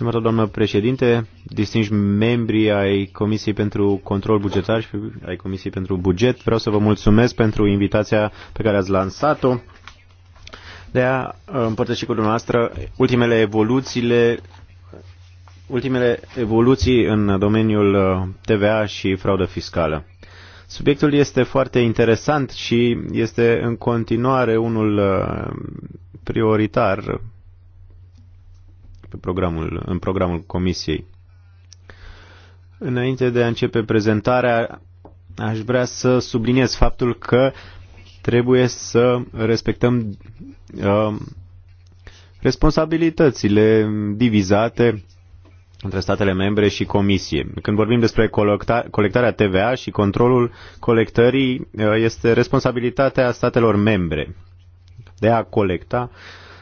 Stimată doamnă președinte, distinși membri ai Comisiei pentru Control Bugetar și ai Comisiei pentru Buget, vreau să vă mulțumesc pentru invitația pe care ați lansat-o de a uh, împărtăși cu dumneavoastră ultimele evoluțiile ultimele evoluții în domeniul uh, TVA și fraudă fiscală. Subiectul este foarte interesant și este în continuare unul uh, prioritar pe programul, în programul comisiei. Înainte de a începe prezentarea, aș vrea să subliniez faptul că trebuie să respectăm uh, responsabilitățile divizate între statele membre și comisie. Când vorbim despre colecta, colectarea TVA și controlul colectării, uh, este responsabilitatea statelor membre de a colecta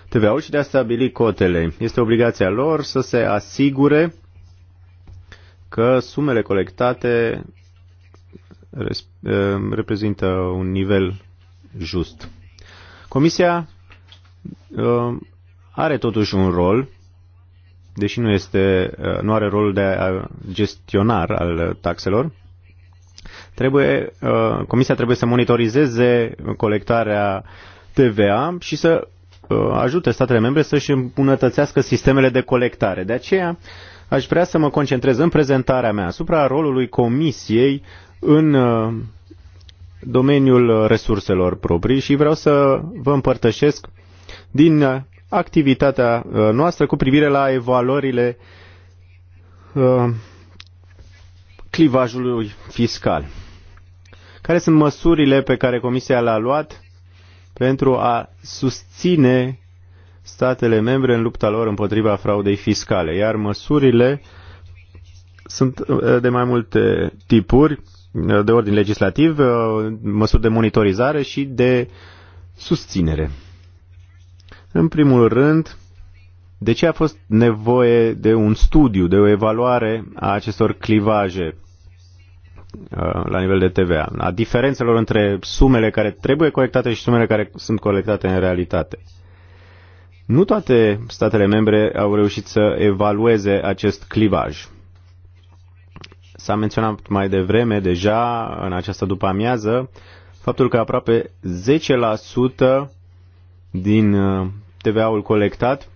TVA-ul și de a stabili cotele. Este obligația lor să se asigure că sumele colectate eh, reprezintă un nivel just. Comisia eh, are totuși un rol, deși nu, este, eh, nu are rolul de gestionar al taxelor, trebuie, Comisia trebuie să monitorizeze colectarea TVA și să Uh, ajute statele membre să-și îmbunătățească sistemele de colectare. De aceea aș vrea să mă concentrez în prezentarea mea asupra rolului Comisiei în uh, domeniul resurselor proprii și vreau să vă împărtășesc din activitatea uh, noastră cu privire la evaluările clivajului fiscal. Care sunt măsurile pe care Comisia le-a luat pentru a susține statele membre în lupta lor împotriva fraudei fiscale, iar măsurile sunt uh, de mai multe tipuri, uh, de ordin legislativ, uh, măsuri de monitorizare și de susținere. În primul rând, de ce a fost nevoie de un studiu, de o evaluare a acestor clivaje? la nivel de TVA, a diferențelor între sumele care trebuie colectate și sumele care sunt colectate în realitate. Nu toate statele membre au reușit să evalueze acest clivaj. S-a menționat mai devreme deja în această după-amiază faptul că aproape 10% din uh, TVA-ul colectat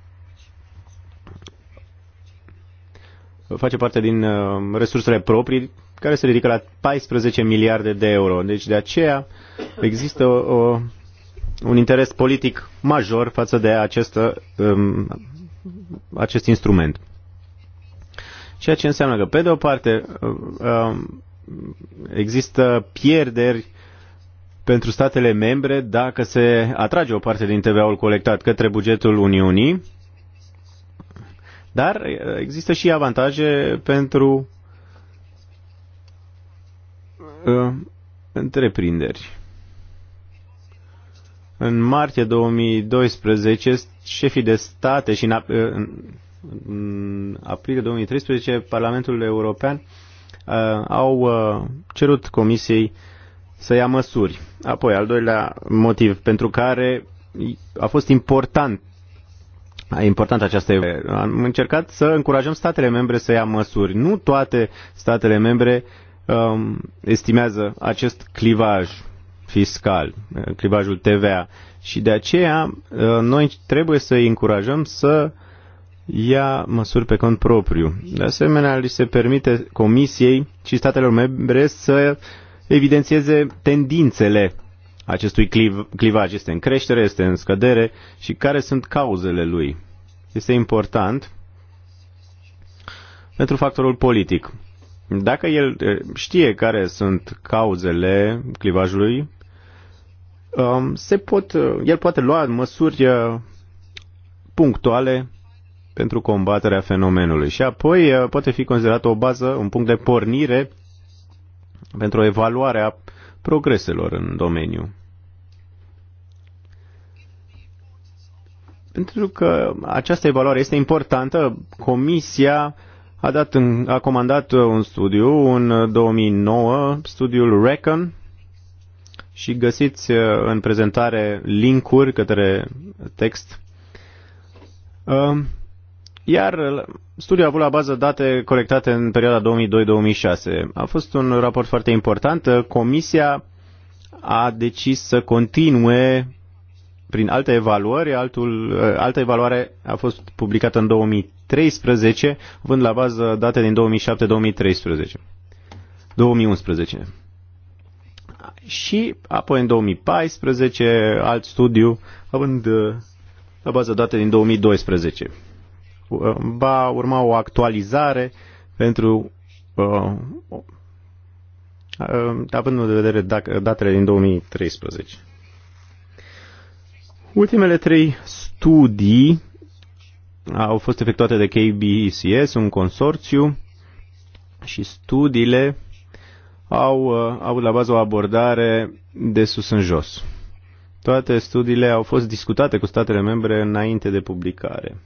face parte din uh, resursele proprii care se ridică la 14 miliarde de euro. Deci de aceea există o, o, un interes politic major față de acest, um, acest instrument. Ceea ce înseamnă că, pe de o parte, um, există pierderi pentru statele membre dacă se atrage o parte din TVA-ul colectat către bugetul Uniunii, dar există și avantaje pentru Uh, întreprinderi. În martie 2012, șefii de state și în, uh, în aprilie 2013, Parlamentul European uh, au cerut Comisiei să ia măsuri. Apoi, al doilea motiv pentru care a fost important important această Am încercat să încurajăm statele membre să ia măsuri. Nu toate statele membre uh, um, estimează acest clivaj fiscal, clivajul TVA. Și de aceea uh, noi trebuie să îi încurajăm să ia măsuri pe cont propriu. De asemenea, li se permite Comisiei și statelor membre să evidențieze tendințele acestui cliv, clivaj. Este în creștere, este în scădere și care sunt cauzele lui. Este important pentru factorul politic. Dacă el știe care sunt cauzele clivajului, um, se pot, uh, el poate lua măsuri uh, punctuale pentru combaterea fenomenului și apoi uh, poate fi considerat o bază, un punct de pornire pentru evaluarea progreselor în domeniu. Pentru că această evaluare este importantă, Comisia a, dat în, a comandat uh, un studiu în 2009, uh, studiul Recon, și găsiți uh, în prezentare linkuri către text. Um, iar studiul a avut la bază date colectate în perioada 2002-2006. A fost un raport foarte important. Comisia a decis să continue prin alte evaluări. Altul, alta evaluare a fost publicată în 2003. 2013, vând la bază date din 2007-2013. 2011. Și apoi în 2014, alt studiu, având uh, la bază date din 2012. Uh, va urma o actualizare pentru uh, uh având în vedere datele din 2013. Ultimele trei studii au fost efectuate de KBCS, un consorțiu, și studiile au, uh, au la bază o abordare de sus în jos. Toate studiile au fost discutate cu statele membre înainte de publicare.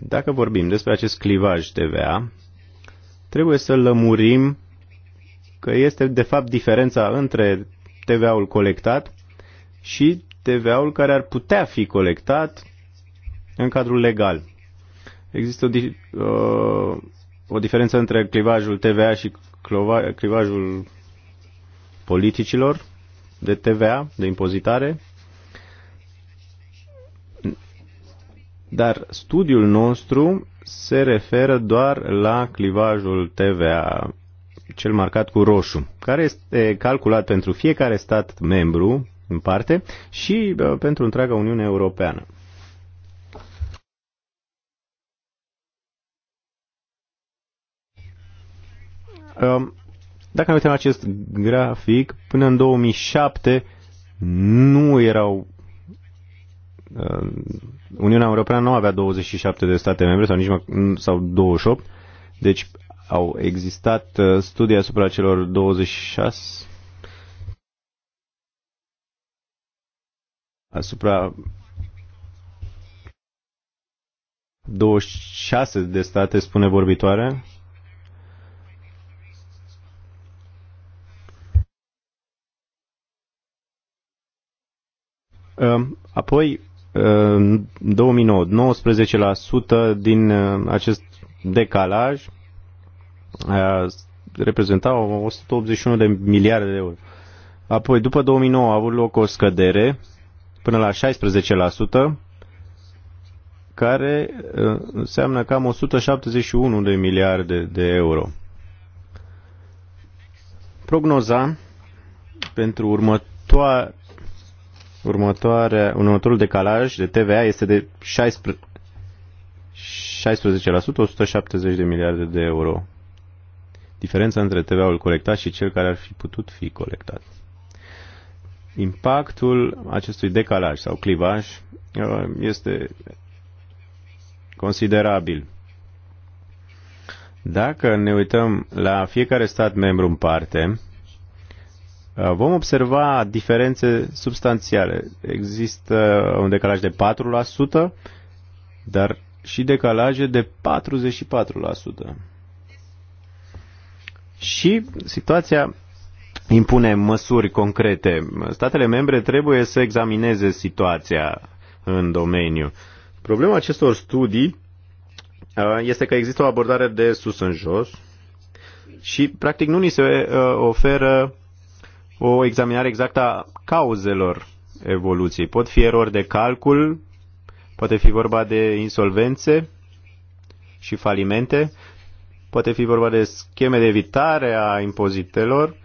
Dacă vorbim despre acest clivaj TVA, trebuie să lămurim că este de fapt diferența între TVA-ul colectat și TVA-ul care ar putea fi colectat în cadrul legal. Există o, uh, o diferență între clivajul TVA și clivajul politicilor de TVA, de impozitare. Dar studiul nostru se referă doar la clivajul TVA, cel marcat cu roșu, care este calculat pentru fiecare stat membru în parte și uh, pentru întreaga Uniune Europeană. Um, dacă ne uităm acest grafic, până în 2007 nu erau uh, Uniunea Europeană nu avea 27 de state membre sau nici sau 28, deci au existat uh, studii asupra celor 26 asupra 26 de state, spune vorbitoare. Apoi, 2009, 19% din uh, acest decalaj reprezenta 181 de miliarde de euro. Apoi, după 2009, a avut loc o scădere până la 16%, care uh, înseamnă cam 171 de miliarde de euro. Prognoza pentru următoare, următorul decalaj de TVA este de 16, 16%, 170 de miliarde de euro. Diferența între TVA-ul colectat și cel care ar fi putut fi colectat. Impactul acestui decalaj sau clivaj uh, este considerabil. Dacă ne uităm la fiecare stat membru în parte, uh, vom observa diferențe substanțiale. Există un decalaj de 4%, dar și decalaje de 44%. Și situația impune măsuri concrete. Statele membre trebuie să examineze situația în domeniu. Problema acestor studii uh, este că există o abordare de sus în jos și practic nu ni se uh, oferă o examinare exactă a cauzelor evoluției. Pot fi erori de calcul, poate fi vorba de insolvențe și falimente, poate fi vorba de scheme de evitare a impozitelor,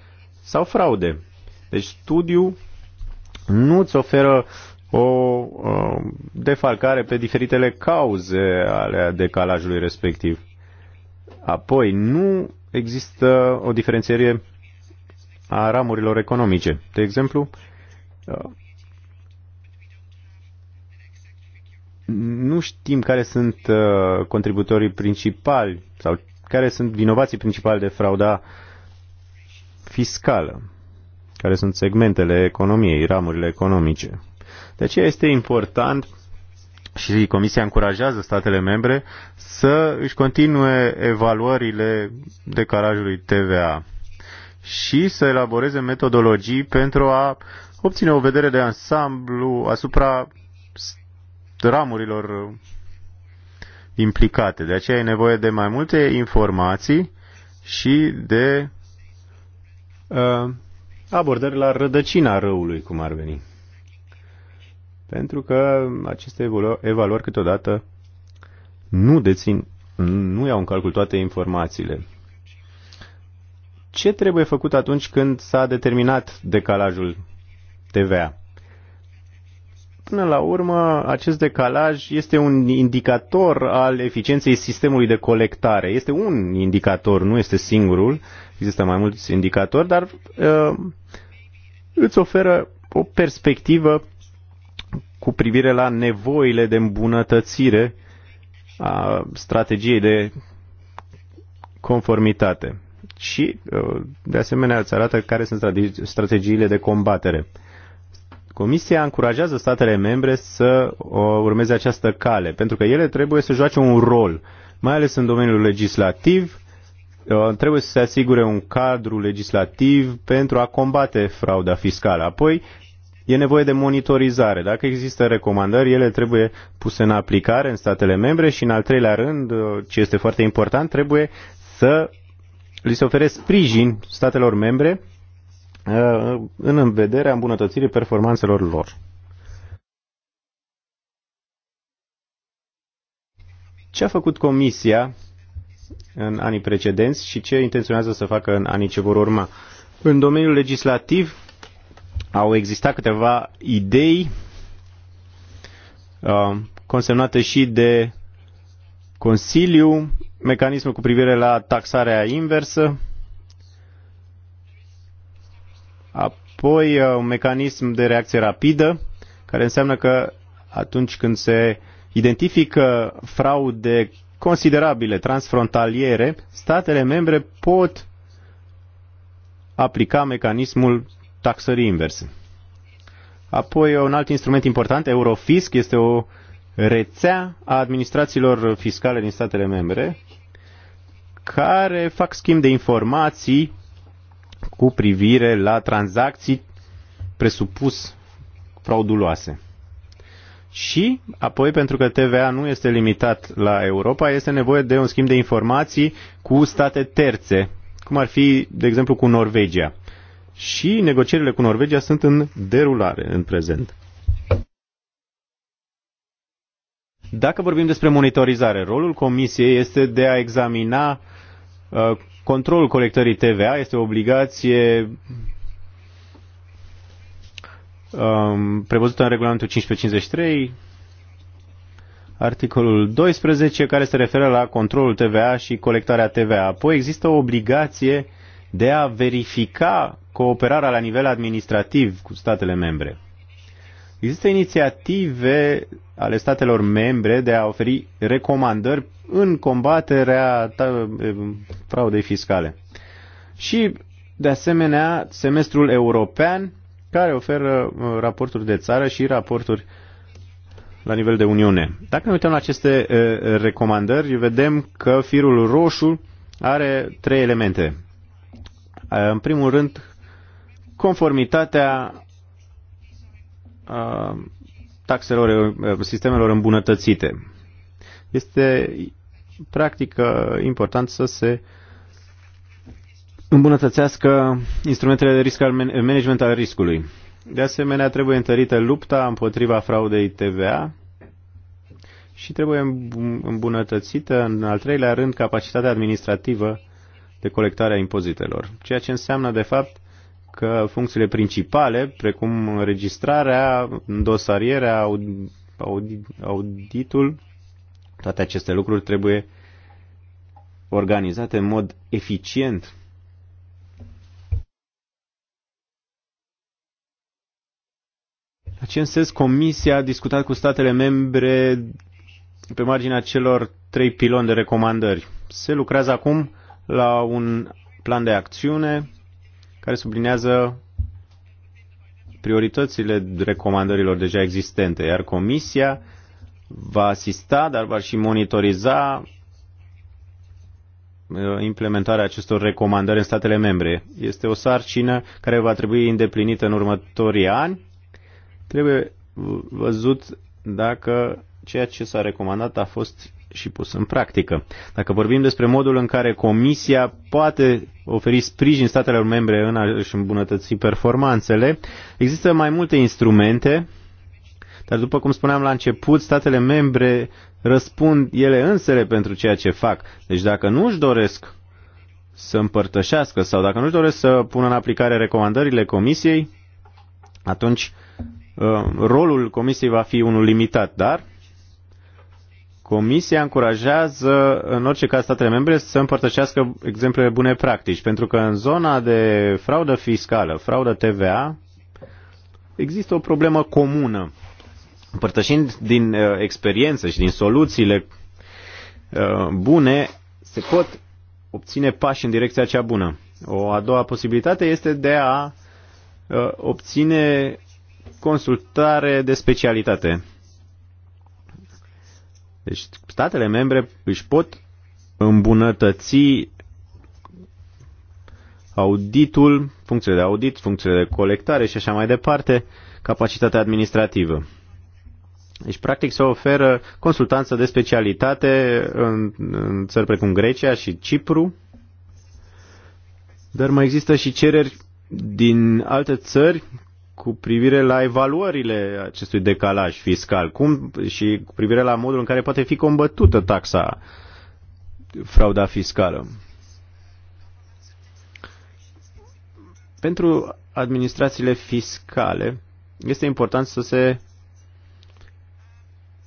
sau fraude. Deci studiul nu îți oferă o defalcare pe diferitele cauze ale decalajului respectiv. Apoi, nu există o diferențiere a ramurilor economice. De exemplu, nu știm care sunt uh, contributorii principali sau care sunt vinovații principali de frauda fiscală, care sunt segmentele economiei, ramurile economice. De aceea este important și Comisia încurajează statele membre să își continue evaluările decarajului TVA și să elaboreze metodologii pentru a obține o vedere de ansamblu asupra ramurilor implicate. De aceea e nevoie de mai multe informații și de Uh, abordări la rădăcina răului, cum ar veni. Pentru că aceste evaluări câteodată nu dețin, nu iau în calcul toate informațiile. Ce trebuie făcut atunci când s-a determinat decalajul TVA? Până la urmă, acest decalaj este un indicator al eficienței sistemului de colectare. Este un indicator, nu este singurul, există mai mulți indicatori, dar uh, îți oferă o perspectivă cu privire la nevoile de îmbunătățire a strategiei de conformitate. Și, uh, de asemenea, îți arată care sunt strategiile de combatere. Comisia încurajează statele membre să urmeze această cale, pentru că ele trebuie să joace un rol, mai ales în domeniul legislativ, Uh, trebuie să se asigure un cadru legislativ pentru a combate frauda fiscală. Apoi, e nevoie de monitorizare. Dacă există recomandări, ele trebuie puse în aplicare în statele membre și, în al treilea rând, uh, ce este foarte important, trebuie să li se ofere sprijin statelor membre uh, în vederea îmbunătățirii performanțelor lor. Ce a făcut Comisia în anii precedenți și ce intenționează să facă în anii ce vor urma. În domeniul legislativ au existat câteva idei uh, consemnate și de Consiliu, mecanismul cu privire la taxarea inversă, apoi uh, un mecanism de reacție rapidă, care înseamnă că atunci când se identifică fraude considerabile transfrontaliere, statele membre pot aplica mecanismul taxării inverse. Apoi, un alt instrument important, Eurofisc, este o rețea a administrațiilor fiscale din statele membre care fac schimb de informații cu privire la tranzacții presupus frauduloase și apoi pentru că TVA nu este limitat la Europa, este nevoie de un schimb de informații cu state terțe, cum ar fi, de exemplu, cu Norvegia. Și negocierile cu Norvegia sunt în derulare în prezent. Dacă vorbim despre monitorizare, rolul Comisiei este de a examina uh, controlul colectării TVA, este o obligație um, prevăzută în regulamentul 1553, articolul 12, care se referă la controlul TVA și colectarea TVA. Apoi există o obligație de a verifica cooperarea la nivel administrativ cu statele membre. Există inițiative ale statelor membre de a oferi recomandări în combaterea fraudei fiscale. Și, de asemenea, semestrul european care oferă uh, raporturi de țară și raporturi la nivel de Uniune. Dacă ne uităm la aceste uh, recomandări, vedem că firul roșu are trei elemente. Uh, în primul rând, conformitatea taxelor, sistemelor îmbunătățite. Este practic important să se uh, îmbunătățească instrumentele de risc al management al riscului. De asemenea, trebuie întărită lupta împotriva fraudei TVA și trebuie îmbunătățită, în al treilea rând, capacitatea administrativă de colectare a impozitelor, ceea ce înseamnă, de fapt, că funcțiile principale, precum înregistrarea, dosarierea, auditul, toate aceste lucruri trebuie organizate în mod eficient acest sens, Comisia a discutat cu statele membre pe marginea celor trei piloni de recomandări. Se lucrează acum la un plan de acțiune care sublinează prioritățile recomandărilor deja existente, iar Comisia va asista, dar va și monitoriza uh, implementarea acestor recomandări în statele membre. Este o sarcină care va trebui îndeplinită în următorii ani Trebuie văzut dacă ceea ce s-a recomandat a fost și pus în practică. Dacă vorbim despre modul în care Comisia poate oferi sprijin statelor membre în a-și îmbunătăți performanțele, există mai multe instrumente, dar după cum spuneam la început, statele membre răspund ele însele pentru ceea ce fac. Deci dacă nu își doresc să împărtășească sau dacă nu își doresc să pună în aplicare recomandările Comisiei, atunci Uh, rolul comisiei va fi unul limitat, dar Comisia încurajează în orice caz statele membre să împărtășească exemple bune practici, pentru că în zona de fraudă fiscală, fraudă TVA, există o problemă comună. Împărtășind din uh, experiență și din soluțiile uh, bune, se pot obține pași în direcția cea bună. O a doua posibilitate este de a uh, obține consultare de specialitate. Deci statele membre își pot îmbunătăți auditul, funcțiile de audit, funcțiile de colectare și așa mai departe, capacitatea administrativă. Deci, practic, se oferă consultanță de specialitate în, în țări precum Grecia și Cipru, dar mai există și cereri din alte țări cu privire la evaluările acestui decalaj fiscal cum, și cu privire la modul în care poate fi combătută taxa frauda fiscală. Pentru administrațiile fiscale este important să se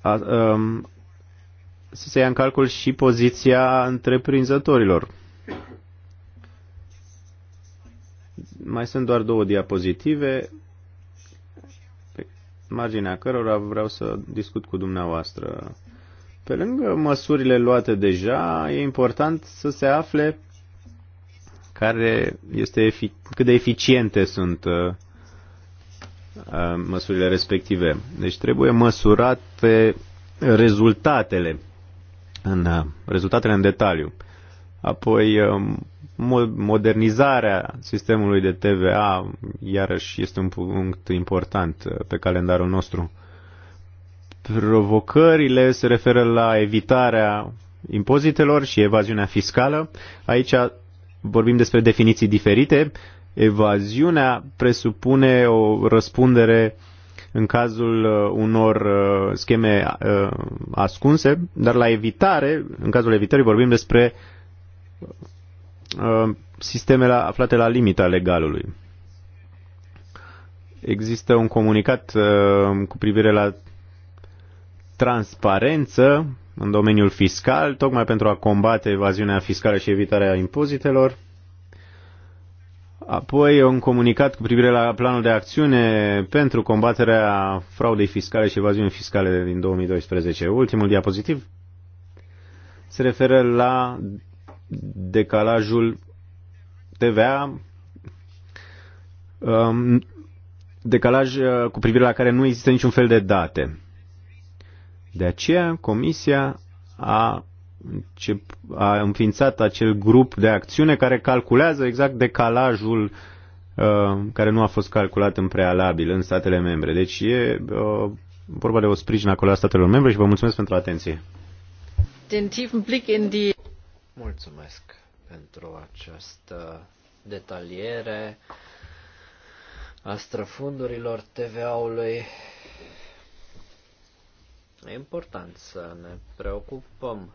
a, um, să se ia în calcul și poziția întreprinzătorilor. Mai sunt doar două diapozitive marginea cărora vreau să discut cu dumneavoastră. Pe lângă măsurile luate deja, e important să se afle care este efic- cât de eficiente sunt uh, uh măsurile respective. Deci trebuie măsurate rezultatele în, uh, rezultatele în detaliu. Apoi, um, modernizarea sistemului de TVA, iarăși, este un punct important uh, pe calendarul nostru. Provocările se referă la evitarea impozitelor și evaziunea fiscală. Aici vorbim despre definiții diferite. Evaziunea presupune o răspundere în cazul uh, unor uh, scheme ascunse, dar la evitare, în cazul evitării vorbim despre Uh, sistemele aflate la limita legalului. Există un comunicat uh, cu privire la transparență în domeniul fiscal, tocmai pentru a combate evaziunea fiscală și evitarea impozitelor. Apoi un comunicat cu privire la planul de acțiune pentru combaterea fraudei fiscale și evaziunii fiscale din 2012. Ultimul diapozitiv se referă la decalajul TVA, um, decalaj uh, cu privire la care nu există niciun fel de date. De aceea, Comisia a, încep, a înființat acel grup de acțiune care calculează exact decalajul uh, care nu a fost calculat în prealabil în statele membre. Deci e uh, vorba de o sprijină acolo a statelor membre și vă mulțumesc pentru atenție. Mulțumesc pentru această detaliere a străfundurilor TVA-ului. E important să ne preocupăm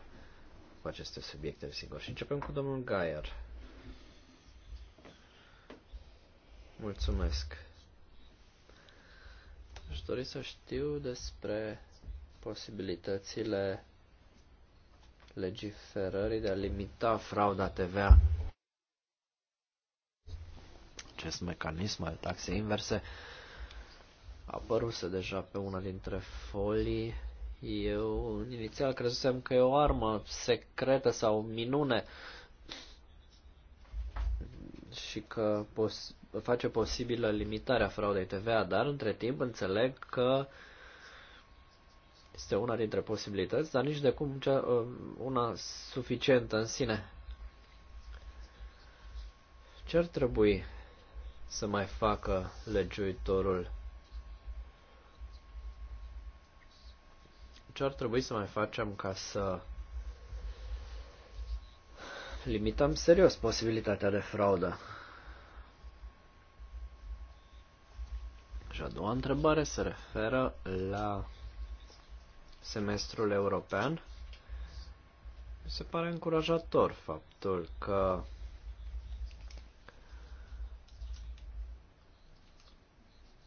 cu aceste subiecte, sigur. Și începem cu domnul Gaier. Mulțumesc. Aș dori să știu despre posibilitățile legiferării de a limita frauda TVA. Acest mecanism al taxei inverse apărut deja pe una dintre folii. Eu inițial crezusem că e o armă secretă sau minune și că pos- face posibilă limitarea fraudei TVA, dar între timp înțeleg că uh, este una dintre posibilități, dar nici de cum cea, uh, una suficientă în sine. Ce ar trebui să mai facă legiuitorul? Ce ar trebui să mai facem ca să limităm serios posibilitatea de fraudă? Și a doua întrebare se referă la semestrul european. Mi se pare încurajator faptul că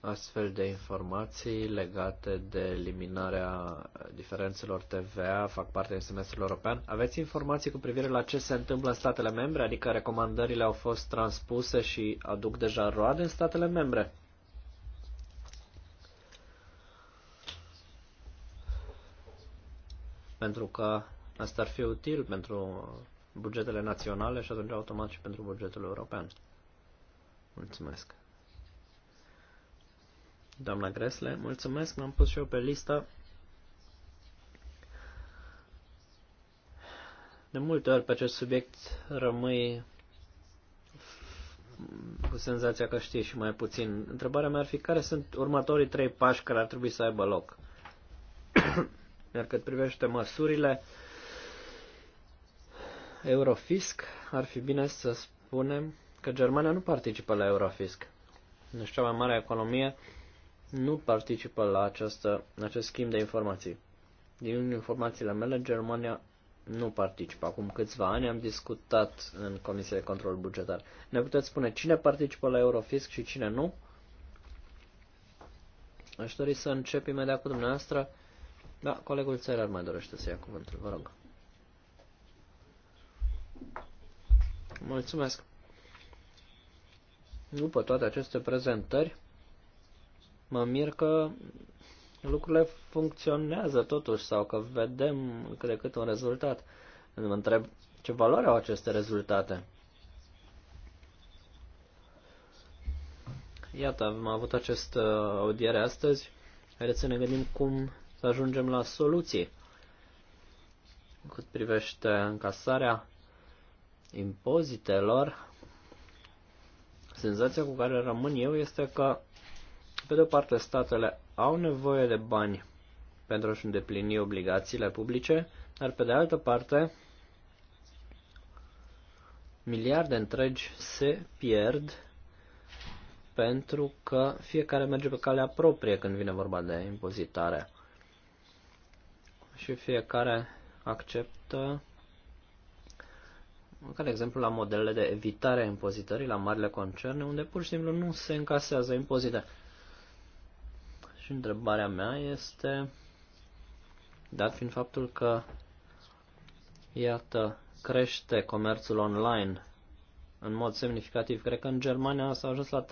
astfel de informații legate de eliminarea diferențelor TVA fac parte din semestrul european. Aveți informații cu privire la ce se întâmplă în statele membre? Adică recomandările au fost transpuse și aduc deja roade în statele membre? pentru că asta ar fi util pentru bugetele naționale și atunci automat și pentru bugetul european. Mulțumesc. Doamna Gresle, mulțumesc, m-am pus și eu pe listă. De multe ori pe acest subiect rămâi cu senzația că știi și mai puțin. Întrebarea mea ar fi care sunt următorii trei pași care ar trebui să aibă loc. Iar cât privește măsurile, Eurofisc, ar fi bine să spunem că Germania nu participă la Eurofisc. Deci cea mai mare economie nu participă la această, acest schimb de informații. Din informațiile mele, Germania nu participă. Acum câțiva ani am discutat în Comisia de Control Bugetar. Ne puteți spune cine participă la Eurofisc și cine nu? Aș dori să încep imediat cu dumneavoastră da, colegul Țărar mai dorește să ia cuvântul, vă rog. Mulțumesc. După toate aceste prezentări, mă mir că lucrurile funcționează totuși sau că vedem cât de cât un rezultat. Mă întreb ce valoare au aceste rezultate. Iată, am avut această uh, audiere astăzi. Haideți să ne gândim cum să ajungem la soluții. Cât privește încasarea impozitelor, senzația cu care rămân eu este că, pe de o parte, statele au nevoie de bani pentru a-și îndeplini obligațiile publice, dar pe de altă parte, miliarde întregi se pierd pentru că fiecare merge pe calea proprie când vine vorba de impozitare și fiecare acceptă ca de exemplu la modelele de evitare a impozitării la marile concerne, unde pur și simplu nu se încasează impozite. Și întrebarea mea este, dat fiind faptul că, iată, crește comerțul online în mod semnificativ, cred că în Germania s-a ajuns la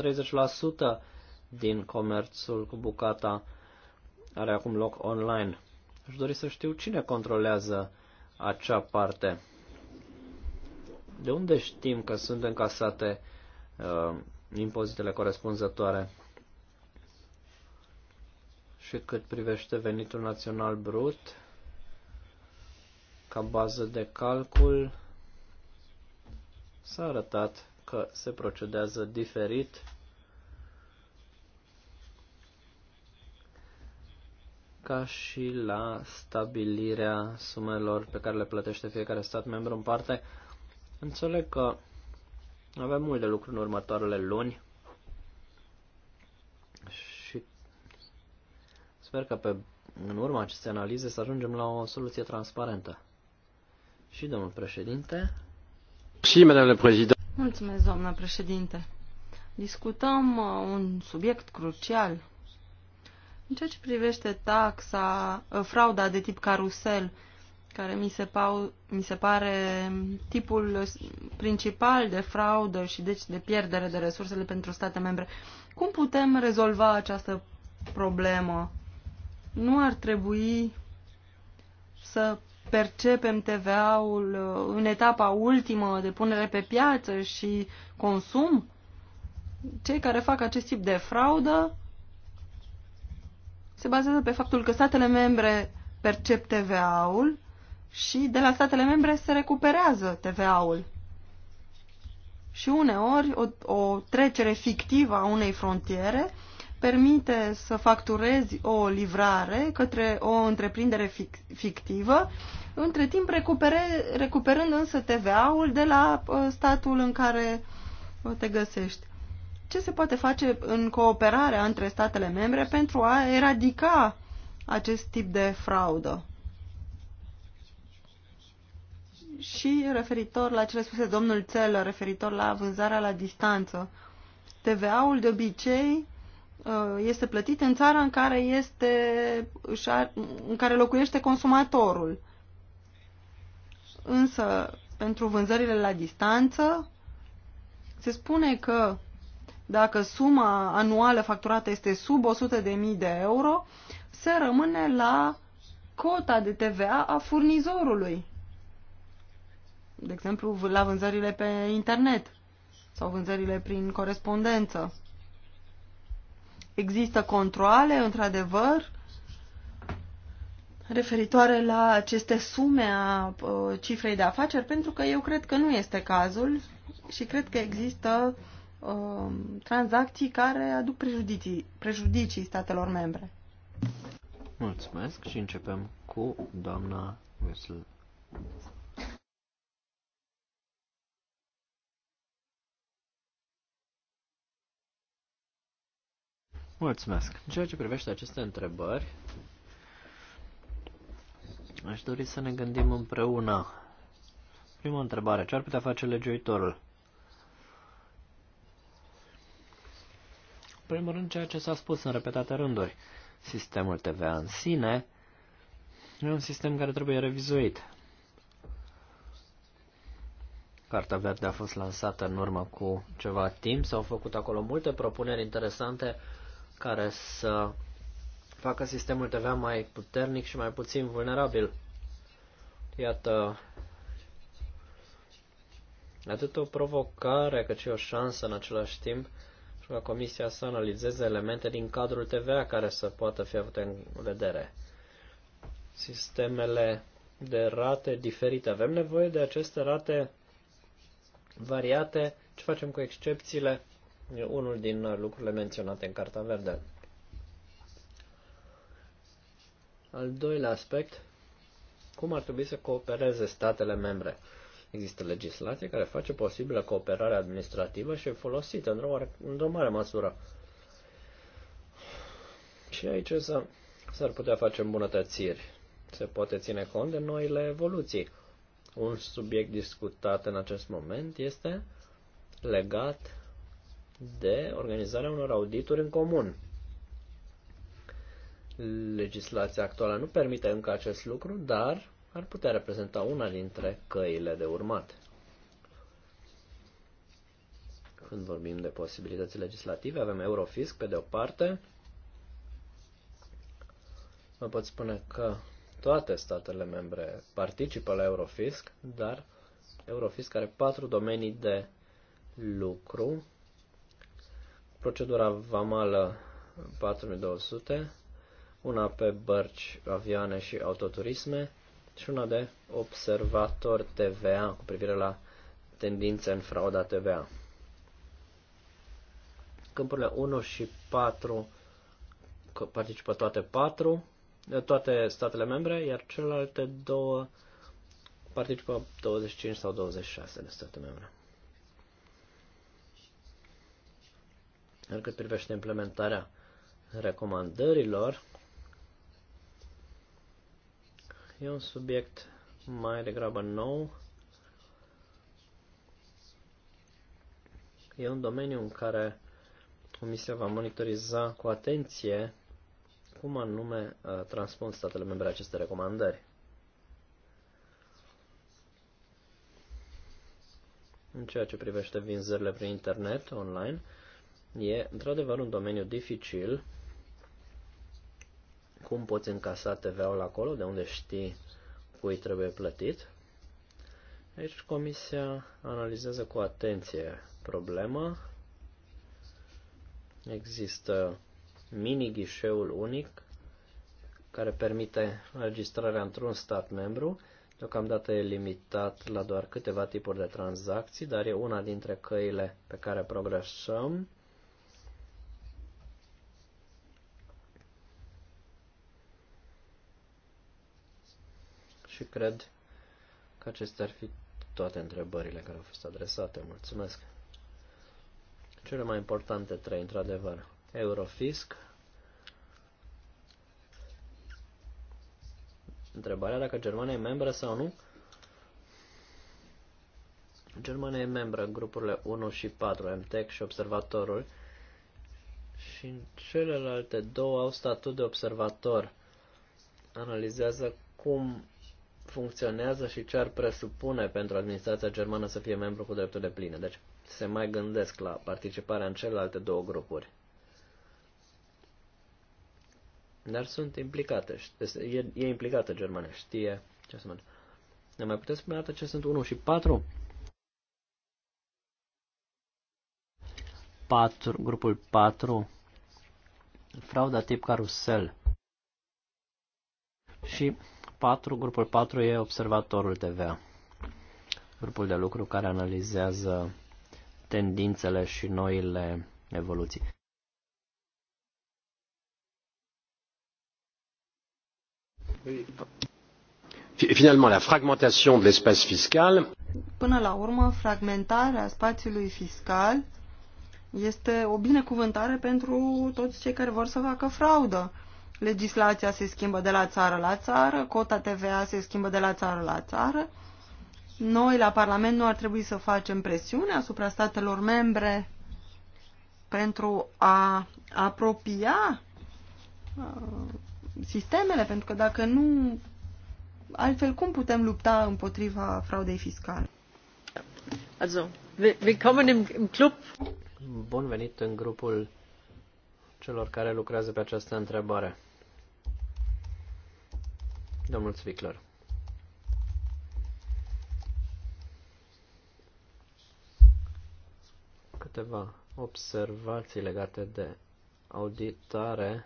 30% din comerțul cu bucata are acum loc online. Aș dori să știu cine controlează acea parte. De unde știm că sunt încasate uh, impozitele corespunzătoare? Și cât privește venitul național brut, ca bază de calcul, s-a arătat că se procedează diferit ca și la stabilirea sumelor pe care le plătește fiecare stat membru în parte. Înțeleg că avem mult de lucru în următoarele luni și sper că pe, în urma acestei analize să ajungem la o soluție transparentă. Și domnul președinte. Și, domnule președinte. Mulțumesc, domnule președinte. Discutăm uh, un subiect crucial în ceea ce privește taxa, ă, frauda de tip carusel, care mi se, pau, mi se pare tipul principal de fraudă și deci de pierdere de resursele pentru state membre, cum putem rezolva această problemă? Nu ar trebui să percepem TVA-ul ă, în etapa ultimă de punere pe piață și consum? Cei care fac acest tip de fraudă se bazează pe faptul că statele membre percep TVA-ul și de la statele membre se recuperează TVA-ul. Și uneori o, o trecere fictivă a unei frontiere permite să facturezi o livrare către o întreprindere fic, fictivă, între timp recupere, recuperând însă TVA-ul de la uh, statul în care uh, te găsești ce se poate face în cooperarea între statele membre pentru a eradica acest tip de fraudă? Și referitor la cele spuse domnul Țelă, referitor la vânzarea la distanță, TVA-ul de obicei uh, este plătit în țara în care, este, în care locuiește consumatorul. Însă, pentru vânzările la distanță, se spune că dacă suma anuală facturată este sub 100.000 de euro, se rămâne la cota de TVA a furnizorului. De exemplu, la vânzările pe internet sau vânzările prin corespondență. Există controle, într-adevăr, referitoare la aceste sume a uh, cifrei de afaceri, pentru că eu cred că nu este cazul și cred că există Um, tranzacții care aduc prejudicii, prejudicii statelor membre. Mulțumesc și începem cu doamna Wessel. Mulțumesc. În ceea ce privește aceste întrebări, aș dori să ne gândim împreună. Prima întrebare, ce ar putea face legiuitorul? primul rând, ceea ce s-a spus în repetate rânduri. Sistemul TVA în sine e un sistem care trebuie revizuit. Carta verde a fost lansată în urmă cu ceva timp, s-au făcut acolo multe propuneri interesante care să facă sistemul TVA mai puternic și mai puțin vulnerabil. Iată, atât o provocare cât și o șansă în același timp ca Comisia să analizeze elemente din cadrul TVA care să poată fi avute în vedere. Sistemele de rate diferite. Avem nevoie de aceste rate variate. Ce facem cu excepțiile? E unul din lucrurile menționate în Carta Verde. Al doilea aspect, cum ar trebui să coopereze statele membre? Există legislație care face posibilă cooperarea administrativă și e folosită într-o, mare, într mare măsură. Și aici s-ar putea face îmbunătățiri. Se poate ține cont de noile evoluții. Un subiect discutat în acest moment este legat de organizarea unor audituri în comun. Legislația actuală nu permite încă acest lucru, dar ar putea reprezenta una dintre căile de urmat. Când vorbim de posibilități legislative, avem Eurofisc pe de o parte. Vă pot spune că toate statele membre participă la Eurofisc, dar Eurofisc are patru domenii de lucru. Procedura vamală 4200, una pe bărci, avioane și autoturisme, și una de observator TVA cu privire la tendințe în frauda TVA. Câmpurile 1 și 4 participă toate 4, toate statele membre, iar celelalte două participă 25 sau 26 de state membre. Iar cât privește implementarea recomandărilor, E un subiect mai degrabă nou. E un domeniu în care Comisia va monitoriza cu atenție cum anume uh, transpun statele membre aceste recomandări. În ceea ce privește vânzările prin internet, online, e într-adevăr un domeniu dificil cum poți încasa TVA-ul acolo, de unde știi cui trebuie plătit. Aici comisia analizează cu atenție problema. Există mini-ghișeul unic care permite înregistrarea într-un stat membru. Deocamdată e limitat la doar câteva tipuri de tranzacții, dar e una dintre căile pe care progresăm. și cred că acestea ar fi toate întrebările care au fost adresate. Mulțumesc! Cele mai importante trei, într-adevăr, Eurofisc, întrebarea dacă Germania e membră sau nu. Germania e membră în grupurile 1 și 4, MTEC și Observatorul, și în celelalte două au statut de observator. Analizează cum funcționează și ce ar presupune pentru administrația germană să fie membru cu drepturi de pline. Deci se mai gândesc la participarea în celelalte două grupuri. Dar sunt implicate. E, e implicată Germania, știe ce se Ne mai puteți spune ce sunt 1 și 4? 4, grupul 4, frauda tip carusel. Și 4, grupul 4 e observatorul TV, grupul de lucru care analizează tendințele și noile evoluții. Finalement, la fragmentation de l'espace fiscal. Până la urmă, fragmentarea spațiului fiscal este o binecuvântare pentru toți cei care vor să facă fraudă legislația se schimbă de la țară la țară, cota TVA se schimbă de la țară la țară. Noi la Parlament nu ar trebui să facem presiune asupra statelor membre pentru a apropia uh, sistemele, pentru că dacă nu, altfel cum putem lupta împotriva fraudei fiscale? Also, willkommen im, im club. Bun venit în grupul celor care lucrează pe această întrebare. Domnul Zwickler. Câteva observații legate de auditare,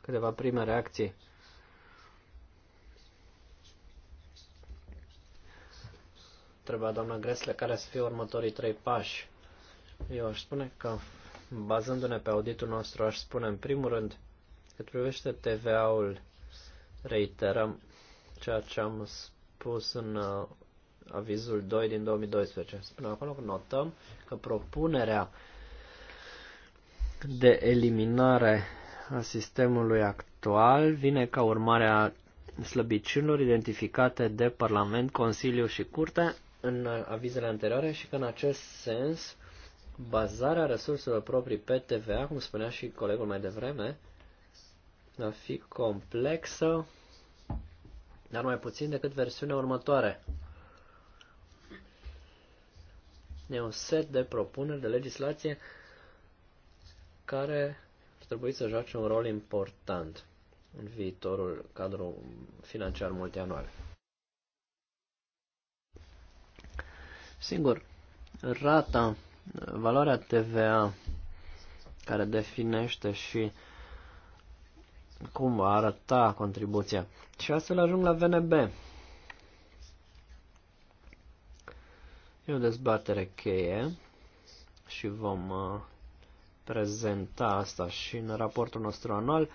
câteva prime reacții. Trebuia doamna Gresle care să fie următorii trei pași. Eu aș spune că bazându-ne pe auditul nostru, aș spune în primul rând, cât privește TVA-ul, reiterăm ceea ce am spus în uh, avizul 2 din 2012. Spune acolo că notăm că propunerea de eliminare a sistemului actual vine ca urmare a slăbiciunilor identificate de Parlament, Consiliu și Curte în uh, avizele anterioare și că în acest sens bazarea resurselor proprii pe TVA, cum spunea și colegul mai devreme, va fi complexă, dar mai puțin decât versiunea următoare. E un set de propuneri de legislație care ar trebui să joace un rol important în viitorul cadru financiar multianual. Singur, rata Valoarea TVA care definește și cum va arăta contribuția. Și astfel ajung la VNB. E o dezbatere cheie și vom uh, prezenta asta și în raportul nostru anual.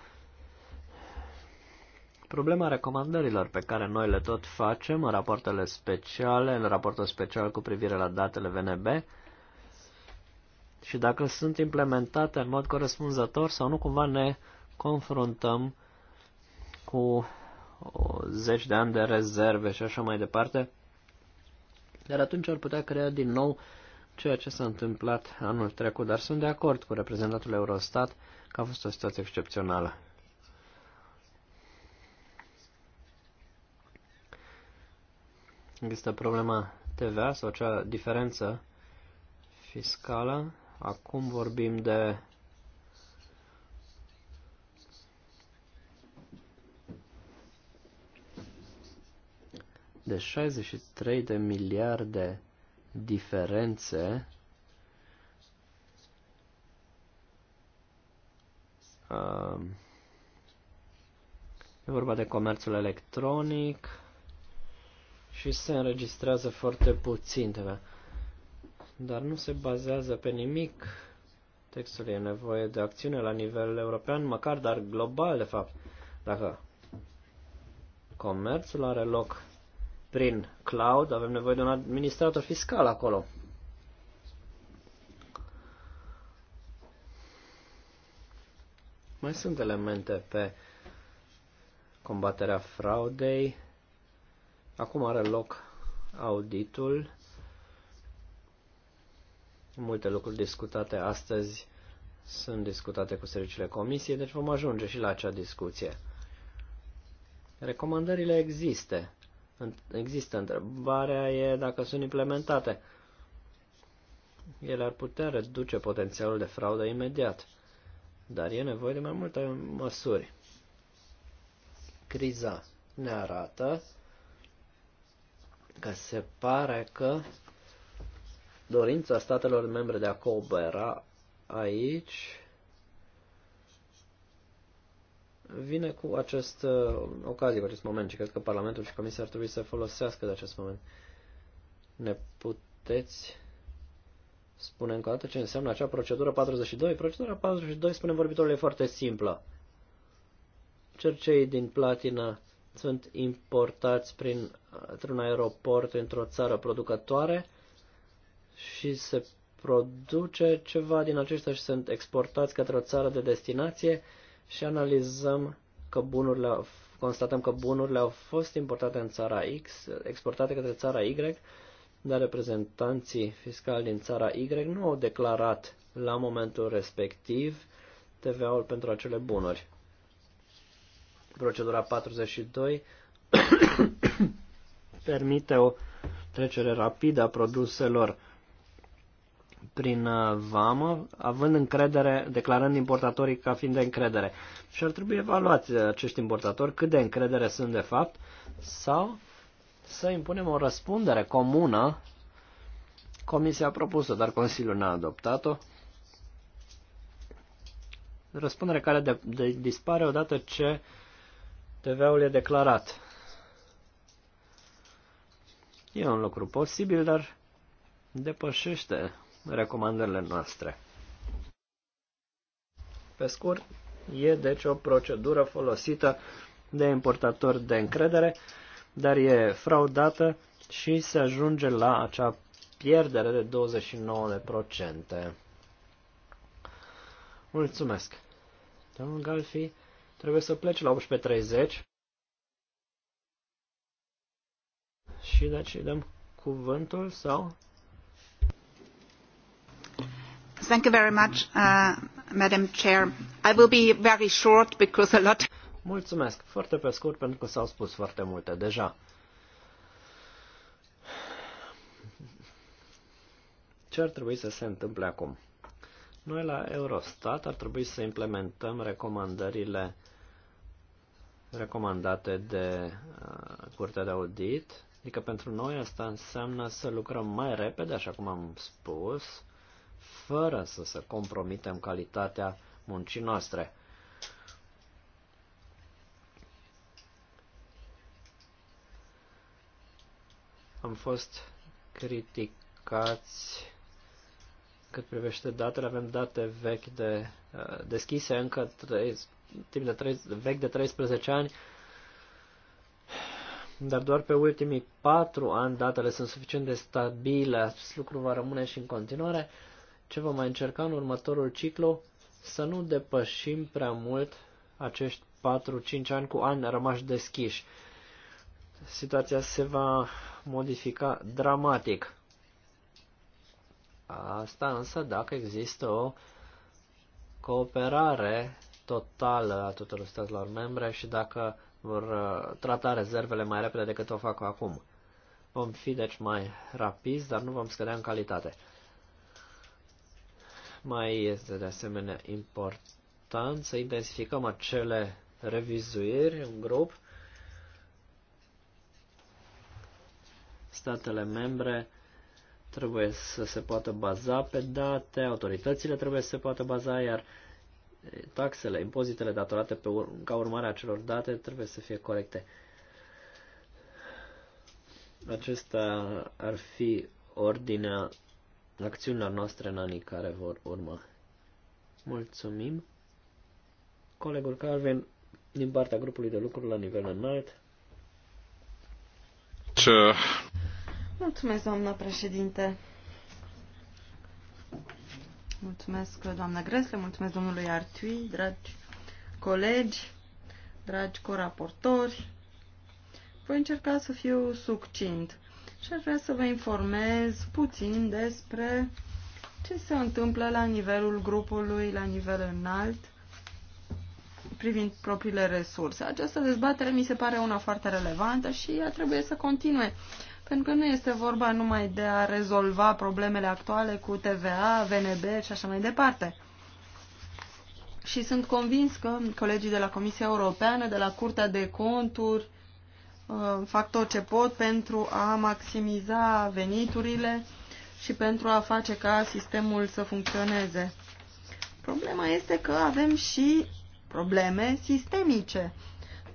Problema recomandărilor pe care noi le tot facem în rapoartele speciale, în raportul special cu privire la datele VNB, și dacă sunt implementate în mod corespunzător sau nu cumva ne confruntăm cu o zeci de ani de rezerve și așa mai departe, dar atunci ar putea crea din nou ceea ce s-a întâmplat anul trecut, dar sunt de acord cu reprezentantul Eurostat că a fost o situație excepțională. Există problema TVA sau acea diferență fiscală Acum vorbim de de 63 de miliarde diferențe E vorba de comerțul electronic și se înregistrează foarte puțin dar nu se bazează pe nimic. Textul e nevoie de acțiune la nivel european, măcar, dar global, de fapt. Dacă comerțul are loc prin cloud, avem nevoie de un administrator fiscal acolo. Mai sunt elemente pe combaterea fraudei. Acum are loc auditul Multe lucruri discutate astăzi sunt discutate cu serviciile comisiei, deci vom ajunge și la acea discuție. Recomandările există. Există întrebarea e dacă sunt implementate. Ele ar putea reduce potențialul de fraudă imediat, dar e nevoie de mai multe măsuri. Criza ne arată că se pare că dorința statelor membre de a coopera aici vine cu acest uh, ocazie, cu acest moment și cred că Parlamentul și Comisia ar trebui să folosească de acest moment. Ne puteți spune încă o dată ce înseamnă acea procedură 42? Procedura 42, spune vorbitorul, e foarte simplă. Cercei din platină sunt importați prin, uh, într-un aeroport într-o țară producătoare, și se produce ceva din aceștia și sunt exportați către o țară de destinație și analizăm că bunurile, constatăm că bunurile au fost importate în țara X, exportate către țara Y, dar reprezentanții fiscali din țara Y nu au declarat la momentul respectiv TVA-ul pentru acele bunuri. Procedura 42 permite o trecere rapidă a produselor prin uh, vamă, având încredere, declarând importatorii ca fiind de încredere. Și ar trebui evaluați uh, acești importatori cât de încredere sunt de fapt sau să impunem o răspundere comună. Comisia a propus-o, dar Consiliul n-a adoptat-o. Răspundere care de, de, dispare odată ce TVA-ul e declarat. E un lucru posibil, dar depășește recomandările noastre. Pe scurt, e deci o procedură folosită de importatori de încredere, dar e fraudată și se ajunge la acea pierdere de 29%. Mulțumesc! Domnul Galfi trebuie să pleci la 18.30 și deci îi dăm cuvântul sau Thank you very much, uh, Madam Chair. I will be very short because a lot... Mulțumesc. Foarte pe scurt pentru că s-au spus foarte multe deja. Ce ar trebui să se întâmple acum? Noi la Eurostat ar trebui să implementăm recomandările recomandate de uh, Curtea de Audit. Adică pentru noi asta înseamnă să lucrăm mai repede, așa cum am spus, fără să se compromitem calitatea muncii noastre. Am fost criticați cât privește datele, avem date vechi de uh, deschise încă trei, timp de trei, vechi de 13 ani, dar doar pe ultimii 4 ani datele sunt suficient de stabile, acest lucru va rămâne și în continuare. Uh, ce vom mai încerca în următorul ciclu, să nu depășim prea mult acești 4-5 ani cu ani rămași deschiși. Situația se va modifica dramatic. Asta însă dacă există o cooperare totală a tuturor statelor membre și dacă vor uh, trata rezervele mai repede decât o fac acum. Vom fi deci mai rapizi, dar nu vom scădea în calitate. Mai este de asemenea important să identificăm acele revizuiri în grup. Statele membre trebuie să se poată baza pe date, autoritățile trebuie să se poată baza, iar taxele, impozitele datorate pe ur- ca urmare a celor date trebuie să fie corecte. Acesta ar fi ordinea acțiunile noastre în anii care vor urma. Mulțumim! Colegul Calvin, din partea grupului de lucru la nivel înalt. Ce? Mulțumesc, doamnă președinte! Mulțumesc, doamna Gresle, mulțumesc domnului Artui, dragi colegi, dragi coraportori. Voi încerca să fiu succint și aș vrea să vă informez puțin despre ce se întâmplă la nivelul grupului, la nivel înalt, privind propriile resurse. Această dezbatere mi se pare una foarte relevantă și ea trebuie să continue, pentru că nu este vorba numai de a rezolva problemele actuale cu TVA, VNB și așa mai departe. Și sunt convins că colegii de la Comisia Europeană, de la Curtea de Conturi, Uh, fac tot ce pot pentru a maximiza veniturile și pentru a face ca sistemul să funcționeze. Problema este că avem și probleme sistemice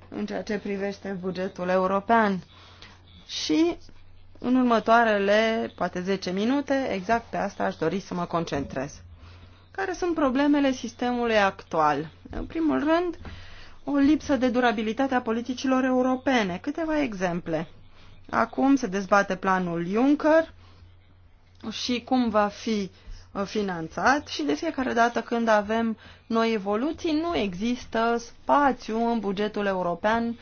în ceea ce privește bugetul european. Și în următoarele, poate 10 minute, exact pe asta aș dori să mă concentrez. Care sunt problemele sistemului actual? În primul rând, o lipsă de durabilitate a politicilor europene. Câteva exemple. Acum se dezbate planul Juncker și cum va fi uh, finanțat și de fiecare dată când avem noi evoluții nu există spațiu în bugetul european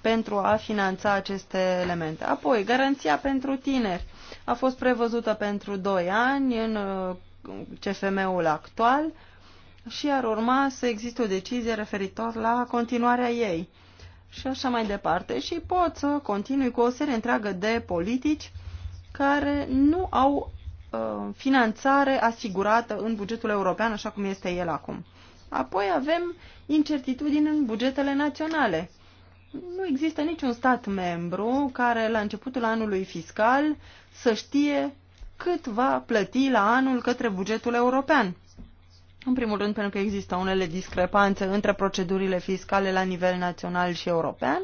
pentru a finanța aceste elemente. Apoi, garanția pentru tineri a fost prevăzută pentru 2 ani în uh, CFM-ul actual și ar urma să existe o decizie referitor la continuarea ei și așa mai departe și pot să continui cu o serie întreagă de politici care nu au uh, finanțare asigurată în bugetul european așa cum este el acum. Apoi avem incertitudini în bugetele naționale. Nu există niciun stat membru care la începutul anului fiscal să știe cât va plăti la anul către bugetul european. În primul rând, pentru că există unele discrepanțe între procedurile fiscale la nivel național și european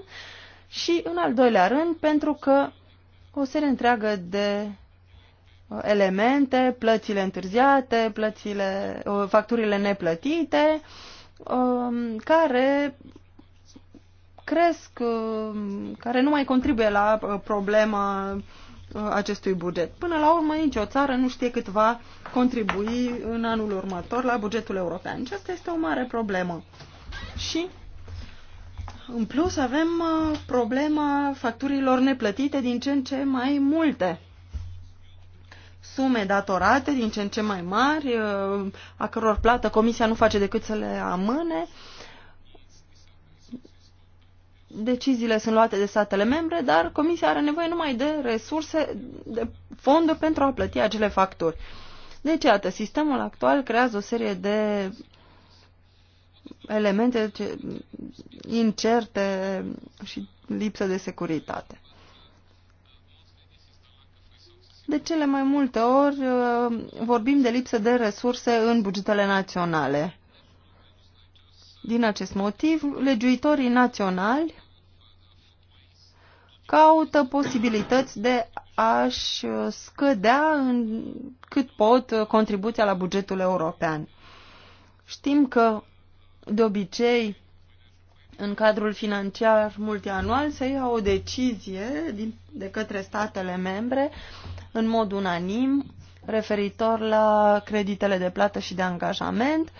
și, în al doilea rând, pentru că o serie întreagă de uh, elemente, plățile întârziate, plățile, uh, facturile neplătite, um, care cresc, um, care nu mai contribuie la uh, problema Uh, acestui buget. Până la urmă, nicio țară nu știe cât va contribui în anul următor la bugetul european. Și asta este o mare problemă. Și, în plus, avem uh, problema facturilor neplătite din ce în ce mai multe. Sume datorate din ce în ce mai mari, uh, a căror plată Comisia nu face decât să le amâne deciziile sunt luate de statele membre, dar Comisia are nevoie numai de resurse, de fonduri pentru a plăti acele facturi. Deci, iată, sistemul actual creează o serie de elemente incerte și lipsă de securitate. De cele mai multe ori uh, vorbim de lipsă de resurse în bugetele naționale. Din acest motiv, legiuitorii naționali caută posibilități de a-și scădea în cât pot contribuția la bugetul european. Știm că, de obicei, în cadrul financiar multianual se ia o decizie din, de către statele membre în mod unanim referitor la creditele de plată și de angajament.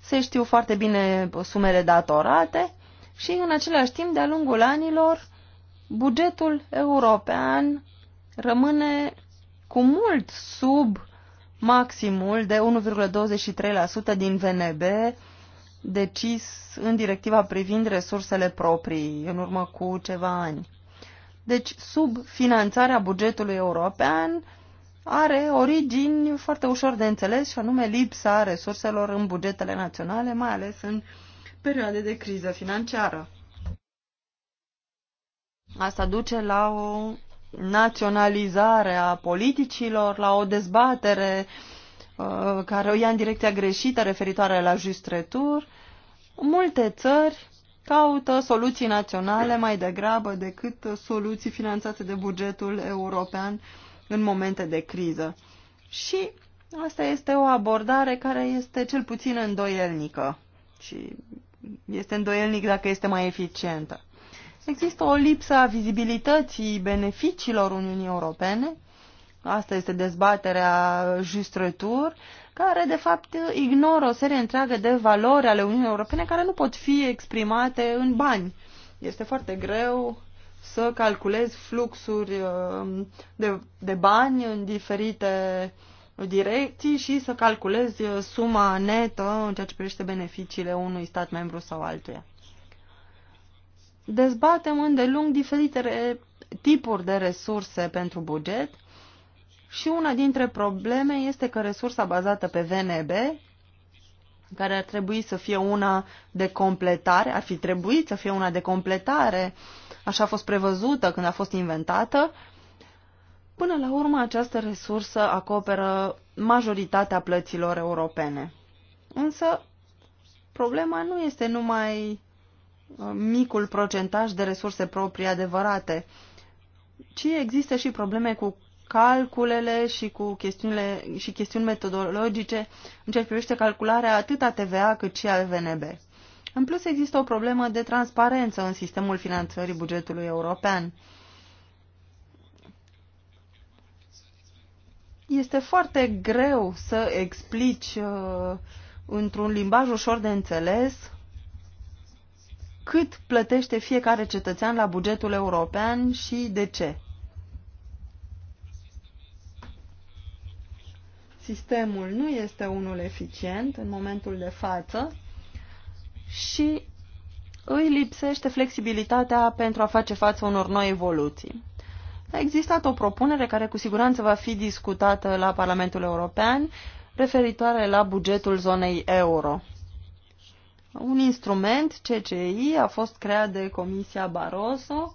Se știu foarte bine sumele datorate și în același timp, de-a lungul anilor, bugetul european rămâne cu mult sub maximul de 1,23% din VNB decis în directiva privind resursele proprii în urmă cu ceva ani. Deci, sub finanțarea bugetului european are origini foarte ușor de înțeles și anume lipsa resurselor în bugetele naționale, mai ales în perioade de criză financiară. Asta duce la o naționalizare a politicilor, la o dezbatere uh, care o ia în direcția greșită referitoare la justretur. Multe țări caută soluții naționale mai degrabă decât soluții finanțate de bugetul european în momente de criză. Și asta este o abordare care este cel puțin îndoielnică și este îndoielnic dacă este mai eficientă. Există o lipsă a vizibilității beneficiilor Uniunii Europene. Asta este dezbaterea justrătur, care de fapt ignoră o serie întreagă de valori ale Uniunii Europene care nu pot fi exprimate în bani. Este foarte greu să calculezi fluxuri um, de, de bani în diferite direcții și să calculezi suma netă în ceea ce privește beneficiile unui stat membru sau altuia dezbatem îndelung diferite tipuri de resurse pentru buget și una dintre probleme este că resursa bazată pe VNB, care ar trebui să fie una de completare, ar fi trebuit să fie una de completare, așa a fost prevăzută când a fost inventată, până la urmă această resursă acoperă majoritatea plăților europene. Însă, problema nu este numai micul procentaj de resurse proprii adevărate, ci există și probleme cu calculele și cu chestiunile și chestiuni metodologice în ce privește calcularea atât a TVA cât și a VNB. În plus, există o problemă de transparență în sistemul finanțării bugetului european. Este foarte greu să explici uh, într-un limbaj ușor de înțeles cât plătește fiecare cetățean la bugetul european și de ce. Sistemul nu este unul eficient în momentul de față și îi lipsește flexibilitatea pentru a face față unor noi evoluții. A existat o propunere care cu siguranță va fi discutată la Parlamentul European referitoare la bugetul zonei euro un instrument, CCI, a fost creat de Comisia Barroso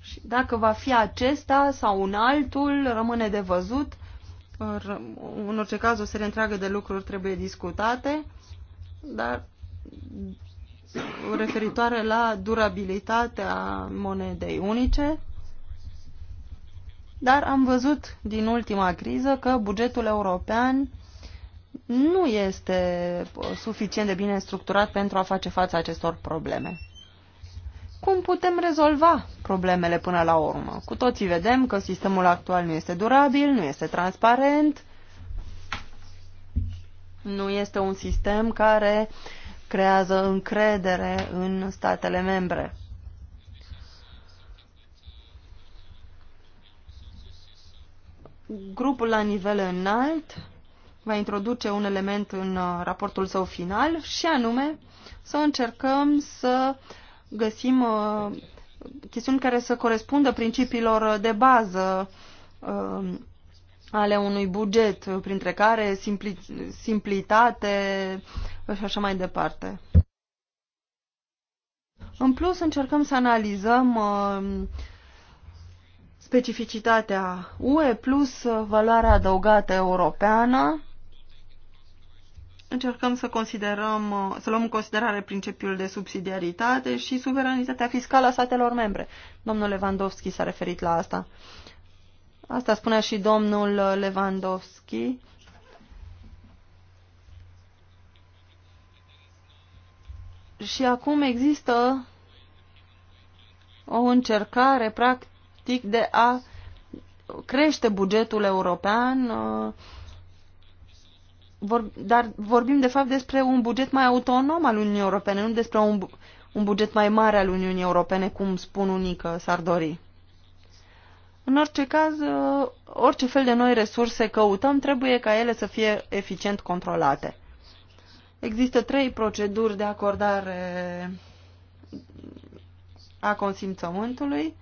și dacă va fi acesta sau un altul, rămâne de văzut. În orice caz, o serie întreagă de lucruri trebuie discutate, dar referitoare la durabilitatea monedei unice, dar am văzut din ultima criză că bugetul european nu este uh, suficient de bine structurat pentru a face față acestor probleme. Cum putem rezolva problemele până la urmă? Cu toții vedem că sistemul actual nu este durabil, nu este transparent, nu este un sistem care creează încredere în statele membre. Grupul la nivel înalt va introduce un element în uh, raportul său final și anume să încercăm să găsim uh, chestiuni care să corespundă principiilor de bază uh, ale unui buget, printre care simpli, simplitate și așa mai departe. În plus, încercăm să analizăm specificitatea UE plus valoarea adăugată europeană încercăm să considerăm, uh, să luăm în considerare principiul de subsidiaritate și suveranitatea fiscală a statelor membre. Domnul Lewandowski s-a referit la asta. Asta spunea și domnul Lewandowski. Și acum există o încercare, practic, de a crește bugetul european uh, vor, dar vorbim de fapt despre un buget mai autonom al Uniunii Europene, nu despre un, un buget mai mare al Uniunii Europene, cum spun unii că s-ar dori. În orice caz, uh, orice fel de noi resurse căutăm, trebuie ca ele să fie eficient controlate. Există trei proceduri de acordare a consimțământului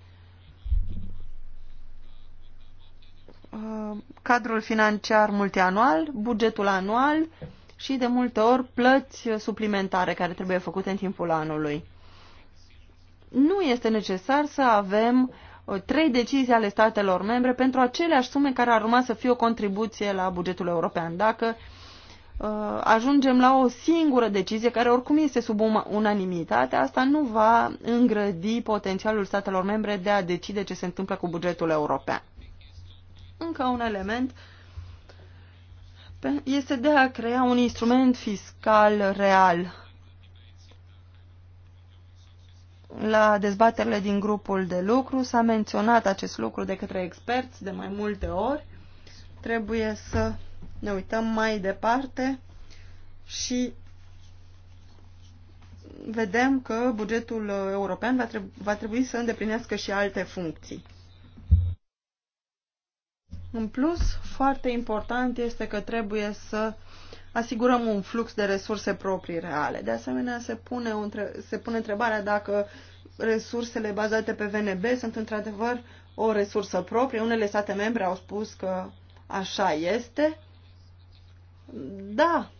Uh, cadrul financiar multianual, bugetul anual și de multe ori plăți suplimentare care trebuie făcute în timpul anului. Nu este necesar să avem uh, trei decizii ale statelor membre pentru aceleași sume care ar urma să fie o contribuție la bugetul european. Dacă uh, ajungem la o singură decizie care oricum este sub unanimitate, asta nu va îngrădi potențialul statelor membre de a decide ce se întâmplă cu bugetul european. Încă un element este de a crea un instrument fiscal real. La dezbaterile din grupul de lucru s-a menționat acest lucru de către experți de mai multe ori. Trebuie să ne uităm mai departe și vedem că bugetul european va, trebui să îndeplinească și alte funcții. În plus, foarte important este că trebuie să asigurăm un flux de resurse proprii reale. De asemenea, se pune, între se pune întrebarea dacă resursele bazate pe VNB sunt într-adevăr o resursă proprie. Unele state membre au spus că așa este. Da,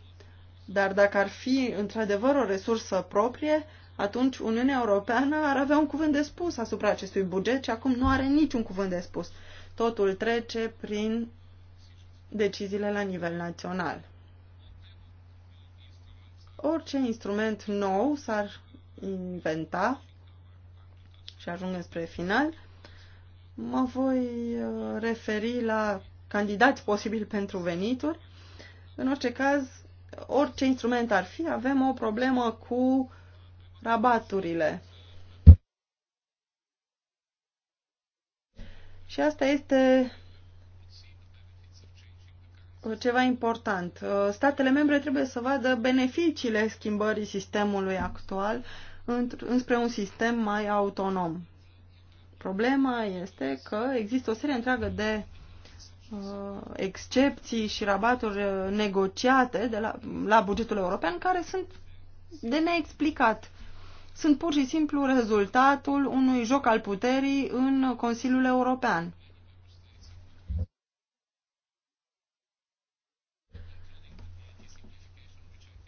dar dacă ar fi într-adevăr o resursă proprie, atunci Uniunea Europeană ar avea un cuvânt de spus asupra acestui buget și acum nu are niciun cuvânt de spus. Totul trece prin deciziile la nivel național. Orice instrument nou s-ar inventa și ajung spre final, mă voi uh, referi la candidați posibili pentru venituri. În orice caz, orice instrument ar fi, avem o problemă cu rabaturile. Și asta este uh, ceva important. Uh, statele membre trebuie să vadă beneficiile schimbării sistemului actual înspre un sistem mai autonom. Problema este că există o serie întreagă de uh, excepții și rabaturi uh, negociate de la, la bugetul european care sunt de neexplicat sunt pur și simplu rezultatul unui joc al puterii în Consiliul European.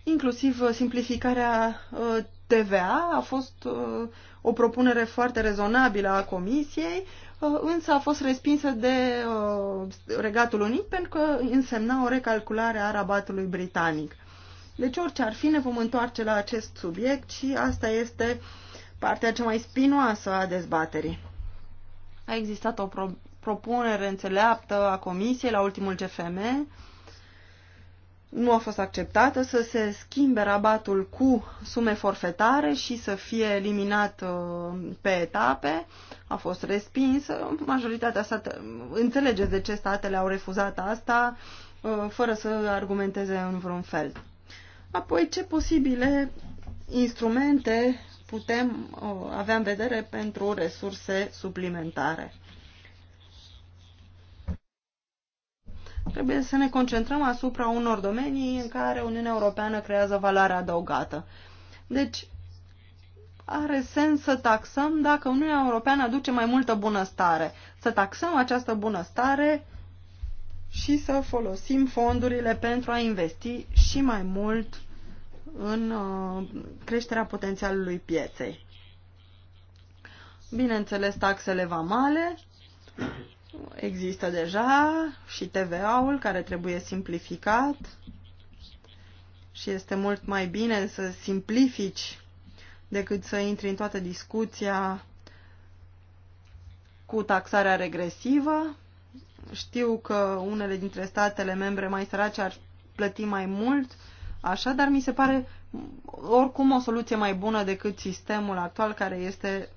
Inclusiv simplificarea uh, TVA a fost uh, o propunere foarte rezonabilă a Comisiei, uh, însă a fost respinsă de Regatul Unit pentru că însemna o recalculare a rabatului britanic. Deci orice ar fi, ne vom întoarce la acest subiect și asta este partea cea mai spinoasă a dezbaterii. A existat o pro propunere înțeleaptă a Comisiei la ultimul CFM. Nu a fost acceptată să se schimbe rabatul cu sume forfetare și să fie eliminat uh, pe etape. A fost respinsă. Majoritatea state... Înțelegeți de ce statele au refuzat asta uh, fără să argumenteze în vreun fel. Apoi, ce posibile instrumente putem uh, avea în vedere pentru resurse suplimentare? Trebuie să ne concentrăm asupra unor domenii în care Uniunea Europeană creează valoare adăugată. Deci, are sens să taxăm dacă Uniunea Europeană aduce mai multă bunăstare. Să taxăm această bunăstare și să folosim fondurile pentru a investi și mai mult în uh, creșterea potențialului pieței. Bineînțeles, taxele vamale există deja și TVA-ul care trebuie simplificat și este mult mai bine să simplifici decât să intri în toată discuția cu taxarea regresivă. Știu că unele dintre statele membre mai sărace ar plăti mai mult, așa, dar mi se pare oricum o soluție mai bună decât sistemul actual care este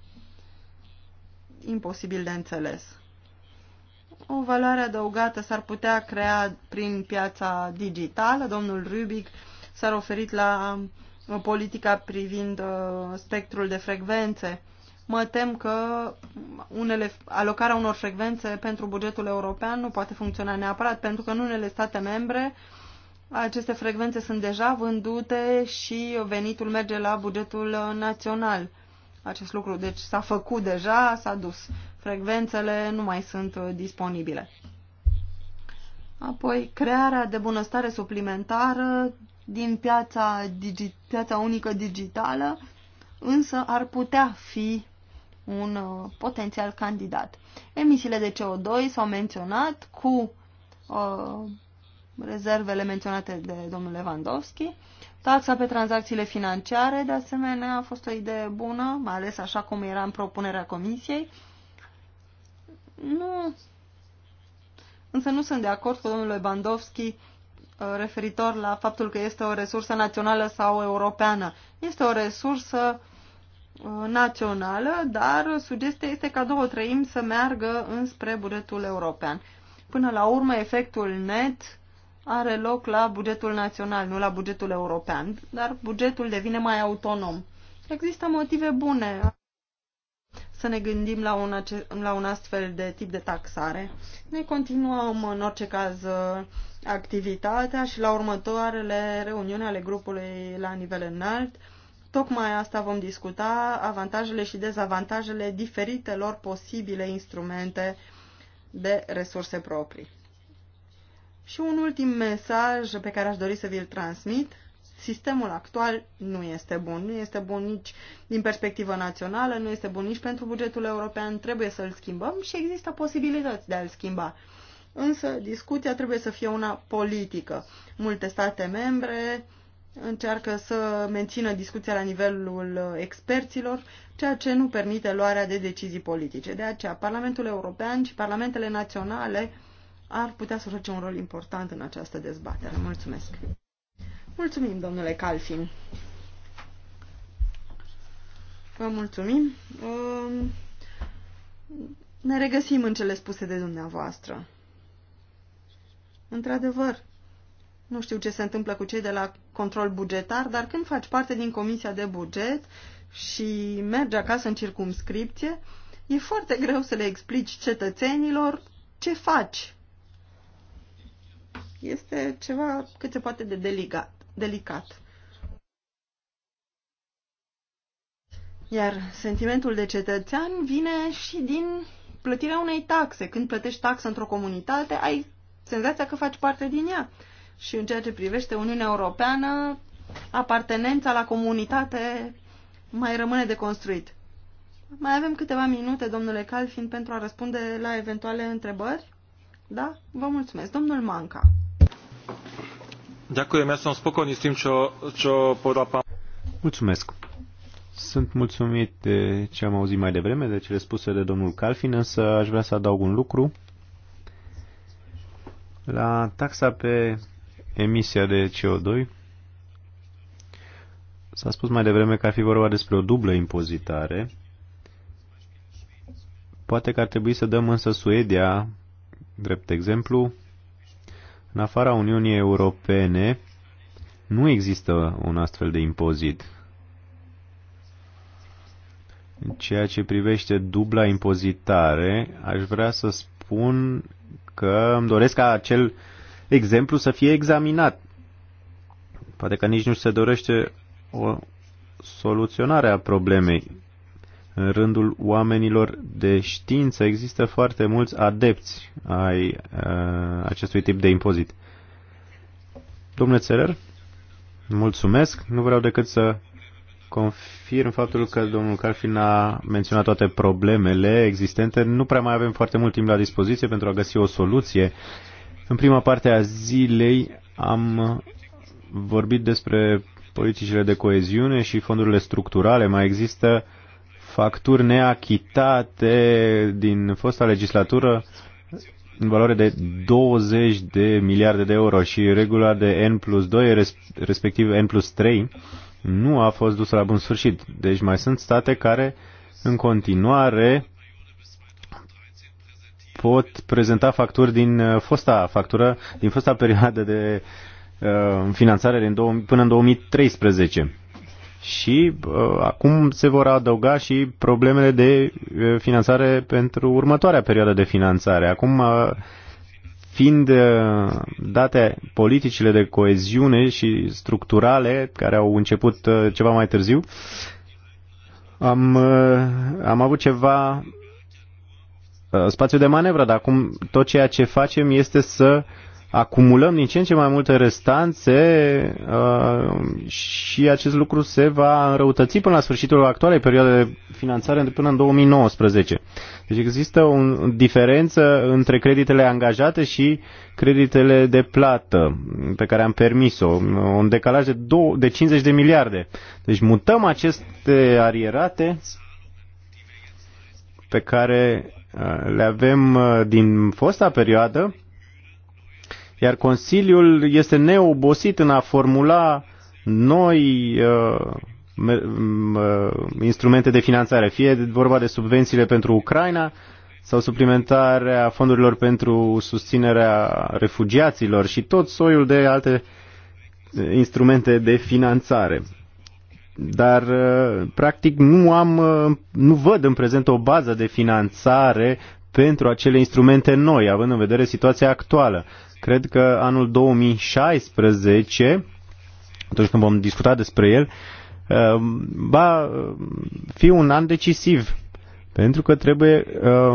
imposibil de înțeles. O valoare adăugată s-ar putea crea prin piața digitală. Domnul Rubic s-ar oferit la politica privind uh, spectrul de frecvențe mă tem că unele, alocarea unor frecvențe pentru bugetul european nu poate funcționa neapărat, pentru că în unele state membre aceste frecvențe sunt deja vândute și venitul merge la bugetul național. Acest lucru, deci s-a făcut deja, s-a dus. Frecvențele nu mai sunt uh, disponibile. Apoi, crearea de bunăstare suplimentară din piața, digi, piața unică digitală, însă ar putea fi un uh, potențial candidat. Emisiile de CO2 s-au menționat cu uh, rezervele menționate de domnul Lewandowski. Taxa pe tranzacțiile financiare, de asemenea, a fost o idee bună, mai ales așa cum era în propunerea comisiei. Nu. Însă nu sunt de acord cu domnul Lewandowski uh, referitor la faptul că este o resursă națională sau europeană. Este o resursă Uh, națională, dar sugestia este ca două treimi să meargă înspre bugetul european. Până la urmă, efectul net are loc la bugetul național, nu la bugetul european, dar bugetul devine mai autonom. Există motive bune să ne gândim la un, ace- la un astfel de tip de taxare. Ne continuăm în orice caz activitatea și la următoarele reuniuni ale grupului la nivel înalt Tocmai asta vom discuta, avantajele și dezavantajele diferitelor posibile instrumente de resurse proprii. Și un ultim mesaj pe care aș dori să vi-l transmit. Sistemul actual nu este bun. Nu este bun nici din perspectivă națională, nu este bun nici pentru bugetul european. Trebuie să-l schimbăm și există posibilități de a-l schimba. Însă discuția trebuie să fie una politică. Multe state membre încearcă să mențină discuția la nivelul uh, experților, ceea ce nu permite luarea de decizii politice. De aceea, Parlamentul European și Parlamentele Naționale ar putea să joace un rol important în această dezbatere. Mulțumesc! Mulțumim, domnule Calfin! Vă mulțumim! Um, ne regăsim în cele spuse de dumneavoastră. Într-adevăr, nu știu ce se întâmplă cu cei de la control bugetar, dar când faci parte din comisia de buget și mergi acasă în circumscripție, e foarte greu să le explici cetățenilor ce faci. Este ceva cât se poate de delicat. delicat. Iar sentimentul de cetățean vine și din plătirea unei taxe. Când plătești taxă într-o comunitate, ai senzația că faci parte din ea și în ceea ce privește Uniunea Europeană, apartenența la comunitate mai rămâne de construit. Mai avem câteva minute, domnule Calfin, pentru a răspunde la eventuale întrebări? Da? Vă mulțumesc. Domnul Manca. Ďakujem, ja som spokojný s tým, čo, čo povedal pán. Mulțumesc. Sunt mulțumit de ce am auzit mai devreme, de cele spuse de domnul Calfin, însă aș vrea să adaug un lucru. La taxa pe emisia de CO2. S-a spus mai devreme că ar fi vorba despre o dublă impozitare. Poate că ar trebui să dăm însă Suedia, drept exemplu, în afara Uniunii Europene nu există un astfel de impozit. În ceea ce privește dubla impozitare, aș vrea să spun că îmi doresc ca acel exemplu să fie examinat. Poate că nici nu se dorește o soluționare a problemei. În rândul oamenilor de știință există foarte mulți adepți ai uh, acestui tip de impozit. Domnule Țeler, mulțumesc. Nu vreau decât să confirm faptul că domnul Carfin a menționat toate problemele existente. Nu prea mai avem foarte mult timp la dispoziție pentru a găsi o soluție în prima parte a zilei am vorbit despre politicile de coeziune și fondurile structurale. Mai există facturi neachitate din fosta legislatură în valoare de 20 de miliarde de euro și regula de N plus 2, respectiv N plus 3, nu a fost dusă la bun sfârșit. Deci mai sunt state care în continuare pot prezenta facturi din uh, fosta factură, din fosta perioadă de uh, finanțare din 2000, până în 2013. Și uh, acum se vor adăuga și problemele de uh, finanțare pentru următoarea perioadă de finanțare. Acum, uh, fiind uh, date politicile de coeziune și structurale, care au început uh, ceva mai târziu, am, uh, am avut ceva Uh, spațiu de manevră, dar acum tot ceea ce facem este să acumulăm din ce în ce mai multe restanțe uh, și acest lucru se va înrăutăți până la sfârșitul actualei perioade de finanțare până în 2019. Deci există o diferență între creditele angajate și creditele de plată pe care am permis-o, un decalaj de, dou- de 50 de miliarde. Deci mutăm aceste arierate pe care Uh, le avem uh, din fosta perioadă, iar Consiliul este neobosit în a formula noi uh, instrumente de finanțare, fie vorba de subvențiile pentru Ucraina sau suplimentarea fondurilor pentru susținerea refugiaților și tot soiul de alte instrumente de finanțare dar uh, practic nu am, uh, nu văd în prezent o bază de finanțare pentru acele instrumente noi, având în vedere situația actuală. Cred că anul 2016, atunci când vom discuta despre el, uh, va fi un an decisiv, pentru că trebuie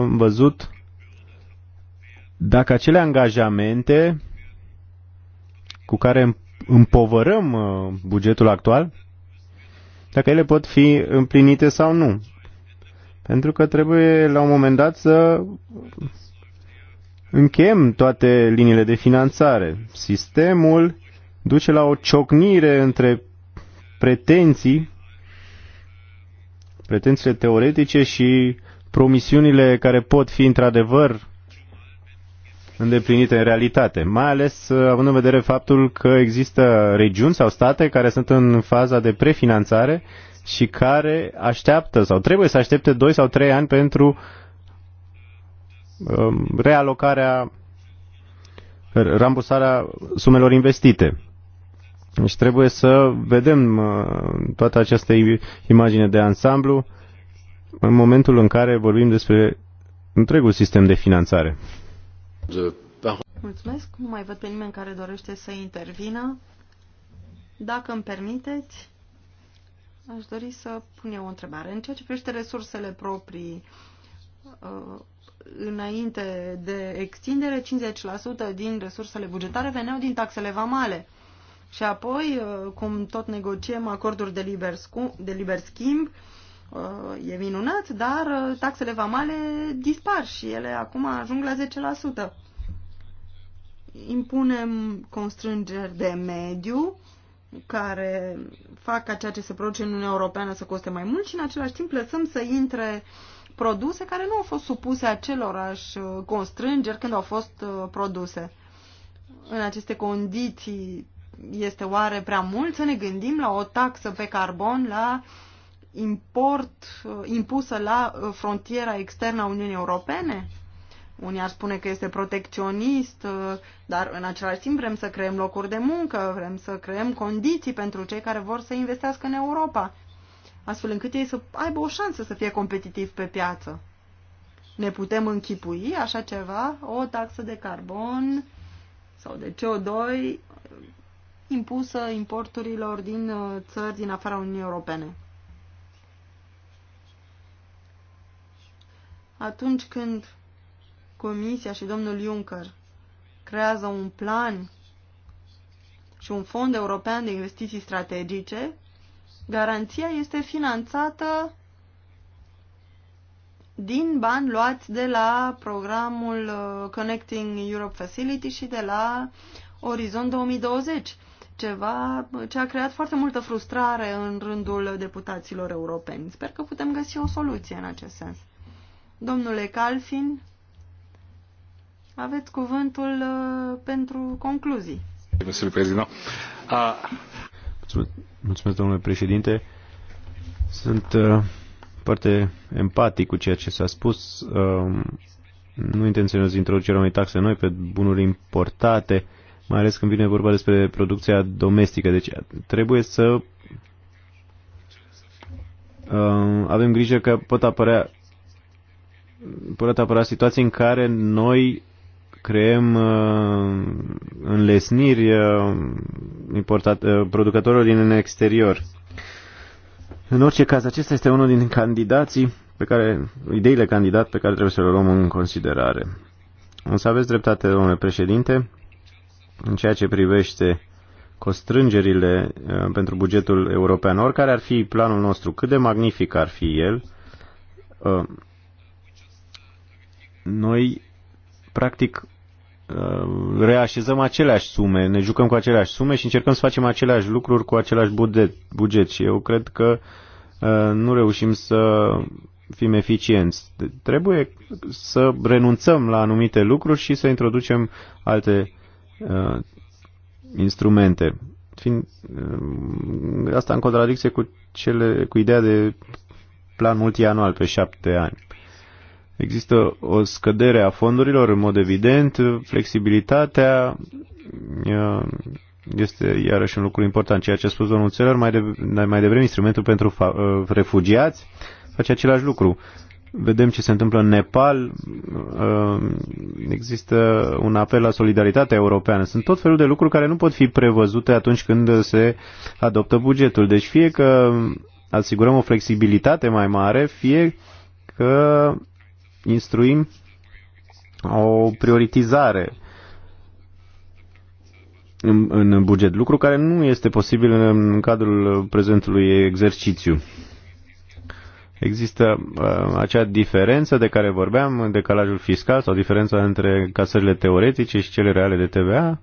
văzut dacă acele angajamente cu care împovărăm bugetul actual dacă ele pot fi împlinite sau nu. Pentru că trebuie la un moment dat să închem toate liniile de finanțare. Sistemul duce la o ciocnire între pretenții, pretențiile teoretice și promisiunile care pot fi într-adevăr îndeplinite în realitate, mai ales uh, având în vedere faptul că există regiuni sau state care sunt în faza de prefinanțare și care așteaptă sau trebuie să aștepte 2 sau 3 ani pentru um, realocarea, rambursarea sumelor investite. Deci trebuie să vedem uh, toată această imagine de ansamblu în momentul în care vorbim despre întregul sistem de finanțare. Mulțumesc. Nu mai văd pe nimeni care dorește să intervină. Dacă îmi permiteți, aș dori să pun eu o întrebare. În ceea ce privește resursele proprii, uh, înainte de extindere, 50% din resursele bugetare veneau din taxele vamale. Și apoi, uh, cum tot negociem acorduri de liber, de liber schimb, e minunat, dar uh, taxele vamale dispar și ele acum ajung la 10%. Impunem constrângeri de mediu care fac ca ceea ce se produce în Uniunea Europeană să coste mai mult și în același timp lăsăm să intre produse care nu au fost supuse acelorași uh, constrângeri când au fost uh, produse. În aceste condiții este oare prea mult să ne gândim la o taxă pe carbon la uh, import uh, impusă la uh, frontiera externă a Uniunii Europene? Unii ar spune că este protecționist, uh, dar în același timp vrem să creăm locuri de muncă, vrem să creăm condiții pentru cei care vor să investească în Europa, astfel încât ei să aibă o șansă să fie competitivi pe piață. Ne putem închipui așa ceva, o taxă de carbon sau de CO2 impusă importurilor din țări din afara Uniunii Europene. atunci când Comisia și domnul Juncker creează un plan și un fond european de investiții strategice, garanția este finanțată din bani luați de la programul uh, Connecting Europe Facility și de la Orizont 2020, ceva uh, ce a creat foarte multă frustrare în rândul deputaților europeni. Sper că putem găsi o soluție în acest sens. Domnule Calfin, aveți cuvântul uh, pentru concluzii. Mulțumesc, mulțumesc domnule președinte. Sunt uh, empatic cu ceea ce s-a spus. Uh, nu intenționez introducerea unei taxe noi pe bunuri importate, mai ales când vine vorba despre producția domestică. Deci trebuie să uh, avem grijă că pot apărea pot apăra situații în care noi creăm uh, înlesniri uh, importat, uh, producătorilor din exterior. În orice caz, acesta este unul din candidații pe care, ideile candidat pe care trebuie să le luăm în considerare. Însă aveți dreptate, domnule președinte, în ceea ce privește uh, pentru bugetul european, oricare ar fi planul nostru, cât de magnific ar fi el, uh, noi practic uh, reașezăm aceleași sume, ne jucăm cu aceleași sume și încercăm să facem aceleași lucruri cu același buget, buget. și eu cred că uh, nu reușim să fim eficienți. Trebuie să renunțăm la anumite lucruri și să introducem alte uh, instrumente. Fiind, uh, asta în contradicție cu, cele, cu ideea de plan multianual pe șapte ani. Există o scădere a fondurilor, în mod evident, flexibilitatea este iarăși un lucru important. Ceea ce a spus domnul Țelăr mai, de, mai devreme, instrumentul pentru uh, refugiați face același lucru. Vedem ce se întâmplă în Nepal, uh, există un apel la solidaritatea europeană. Sunt tot felul de lucruri care nu pot fi prevăzute atunci când se adoptă bugetul. Deci fie că asigurăm o flexibilitate mai mare, fie că instruim o prioritizare în, în buget, lucru care nu este posibil în cadrul prezentului exercițiu. Există uh, acea diferență de care vorbeam, decalajul fiscal sau diferența între casările teoretice și cele reale de TVA.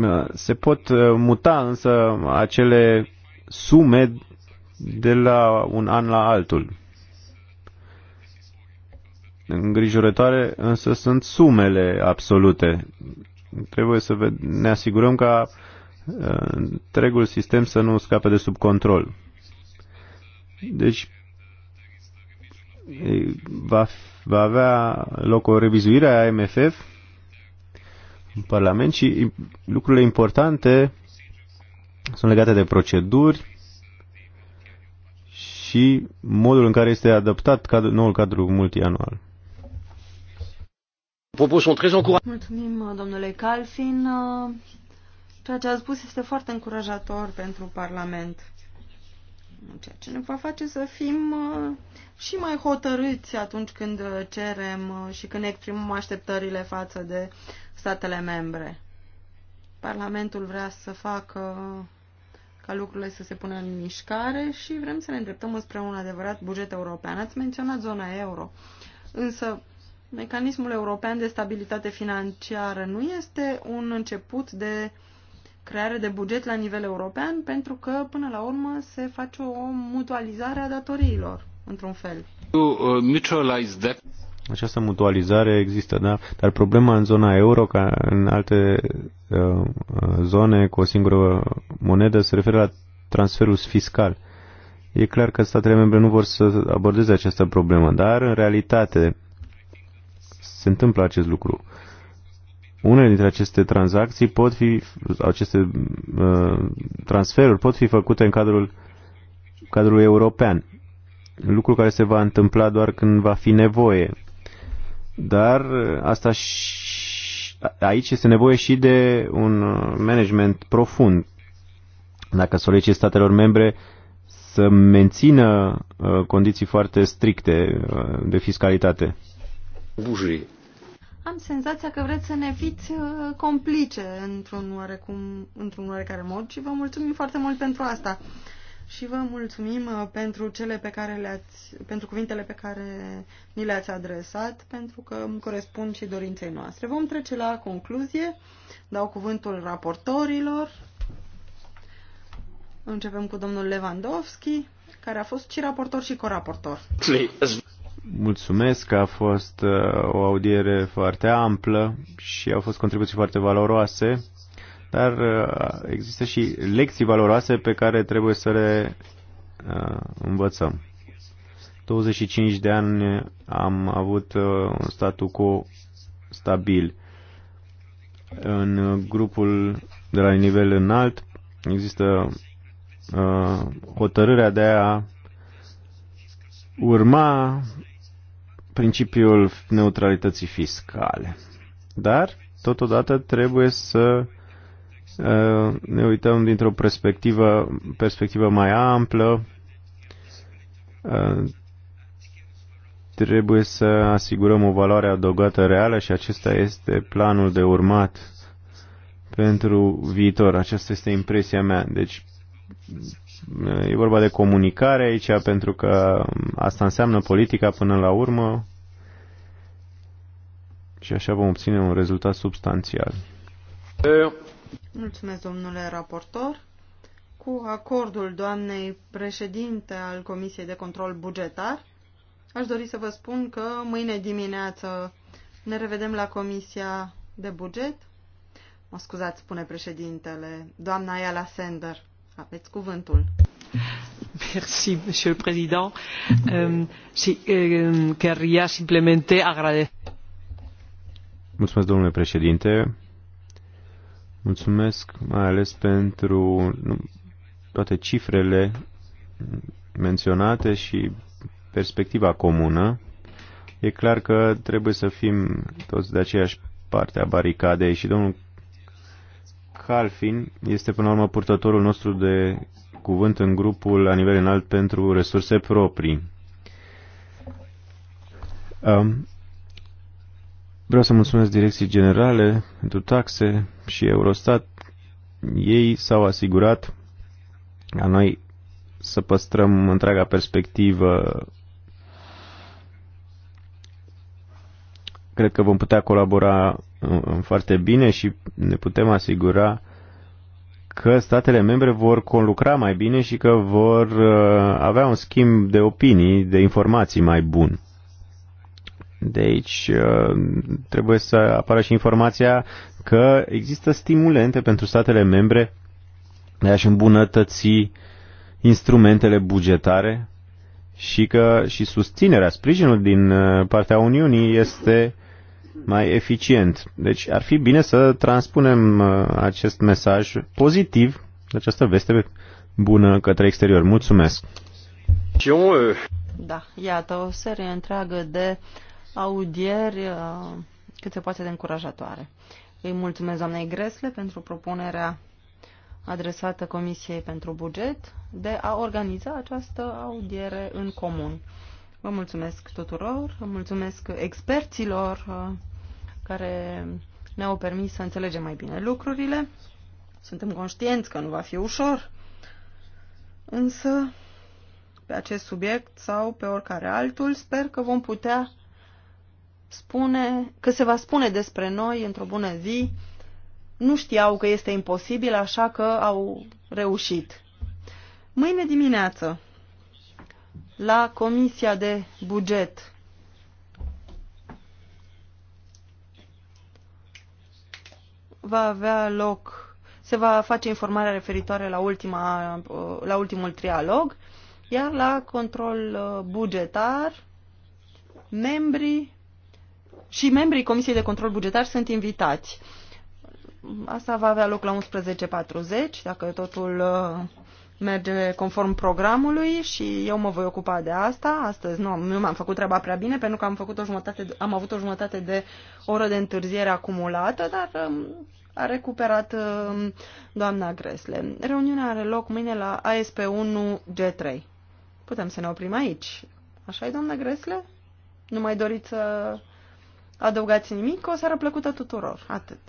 Uh, se pot uh, muta însă acele sume de la un an la altul. Îngrijorătoare însă sunt sumele absolute. Trebuie să ne asigurăm ca uh, întregul sistem să nu scape de sub control. Deci va, va avea loc o revizuire a MFF în Parlament și lucrurile importante sunt legate de proceduri și modul în care este adaptat cadru, noul cadru multianual propos sunt très encourageants. Mulțumim, domnule Calfin. Ceea ce a spus este foarte încurajator pentru Parlament. Ceea ce ne va face să fim uh, și mai hotărâți atunci când cerem uh, și când exprimăm așteptările față de statele membre. Parlamentul vrea să facă uh, ca lucrurile să se pună în mișcare și vrem să ne îndreptăm spre un adevărat buget european. Ați menționat zona euro, însă Mecanismul European de Stabilitate Financiară nu este un început de creare de buget la nivel european, pentru că, până la urmă, se face o mutualizare a datoriilor, într-un fel. Uh, această mutualizare există, da? Dar problema în zona euro, ca în alte uh, uh, zone cu o singură monedă, se referă la transferul fiscal. E clar că statele membre nu vor să abordeze această problemă, dar, în realitate, se întâmplă acest lucru. Unele dintre aceste tranzacții pot fi, aceste uh, transferuri pot fi făcute în cadrul, cadrul european, lucru care se va întâmpla doar când va fi nevoie. Dar uh, asta și, aici este nevoie și de un uh, management profund. Dacă solicit statelor membre să mențină uh, condiții foarte stricte uh, de fiscalitate. Bouger. Am senzația că vreți să ne fiți uh, complice într-un, oarecum, într-un oarecare mod și vă mulțumim foarte mult pentru asta. Și vă mulțumim uh, pentru, cele pe care le-ați, pentru cuvintele pe care ni le-ați adresat, pentru că îmi corespund și dorinței noastre. Vom trece la concluzie. Dau cuvântul raportorilor. Începem cu domnul Lewandowski, care a fost și raportor și coraportor mulțumesc că a fost uh, o audiere foarte amplă și au fost contribuții foarte valoroase, dar uh, există și lecții valoroase pe care trebuie să le uh, învățăm. 25 de ani am avut un statu quo stabil. În grupul de la nivel înalt există hotărârea de a urma principiul neutralității fiscale. Dar, totodată, trebuie să uh, ne uităm dintr-o perspectivă, perspectivă mai amplă. Uh, trebuie să asigurăm o valoare adăugată reală și acesta este planul de urmat pentru viitor. Aceasta este impresia mea. Deci e vorba de comunicare aici pentru că asta înseamnă politica până la urmă și așa vom obține un rezultat substanțial. Mulțumesc, domnule raportor. Cu acordul doamnei președinte al Comisiei de Control Bugetar, aș dori să vă spun că mâine dimineață ne revedem la Comisia de Buget. Mă scuzați, spune președintele, doamna Ayala Sender. Aveți cuvântul. Merci, monsieur le président. Um, si, um, simplemente agradecer. Mulțumesc, domnule președinte. Mulțumesc mai ales pentru toate cifrele menționate și perspectiva comună. E clar că trebuie să fim toți de aceeași parte a baricadei și domnul Calfin este până la urmă purtătorul nostru de cuvânt în grupul la nivel înalt pentru resurse proprii. Um, Vreau să mulțumesc direcții Generale pentru Taxe și Eurostat. Ei s-au asigurat a noi să păstrăm întreaga perspectivă. Cred că vom putea colabora foarte bine și ne putem asigura că statele membre vor conlucra mai bine și că vor uh, avea un schimb de opinii, de informații mai bun. De aici uh, trebuie să apară și informația că există stimulente pentru statele membre de a-și îmbunătăți instrumentele bugetare și că și susținerea, sprijinul din uh, partea Uniunii este mai eficient. Deci ar fi bine să transpunem uh, acest mesaj pozitiv, această veste bună către exterior. Mulțumesc! Da, iată o serie întreagă de uh, audieri uh, cât se poate de încurajatoare. Îi mulțumesc doamnei Gresle pentru propunerea adresată Comisiei pentru Buget de a organiza această audiere în comun. Vă mulțumesc tuturor, vă mulțumesc experților uh, care ne-au permis să înțelegem mai bine lucrurile. Suntem conștienți că nu va fi ușor, însă pe acest subiect sau pe oricare altul sper că vom putea spune, că se va spune despre noi într-o bună zi, nu știau că este imposibil, așa că au reușit. Mâine dimineață, la Comisia de Buget, va avea loc, se va face informarea referitoare la, ultima, la ultimul trialog, iar la control uh, bugetar, membrii și membrii Comisiei de Control Bugetar sunt invitați. Asta va avea loc la 11.40, dacă totul uh, merge conform programului și eu mă voi ocupa de asta. Astăzi nu, nu m-am făcut treaba prea bine pentru că am, făcut o jumătate, am avut o jumătate de oră de întârziere acumulată, dar um, a recuperat um, doamna Gresle. Reuniunea are loc mâine la ASP1G3. Putem să ne oprim aici. Așa e, doamna Gresle? Nu mai doriți să adăugați nimic, o seară plăcută tuturor. Atât.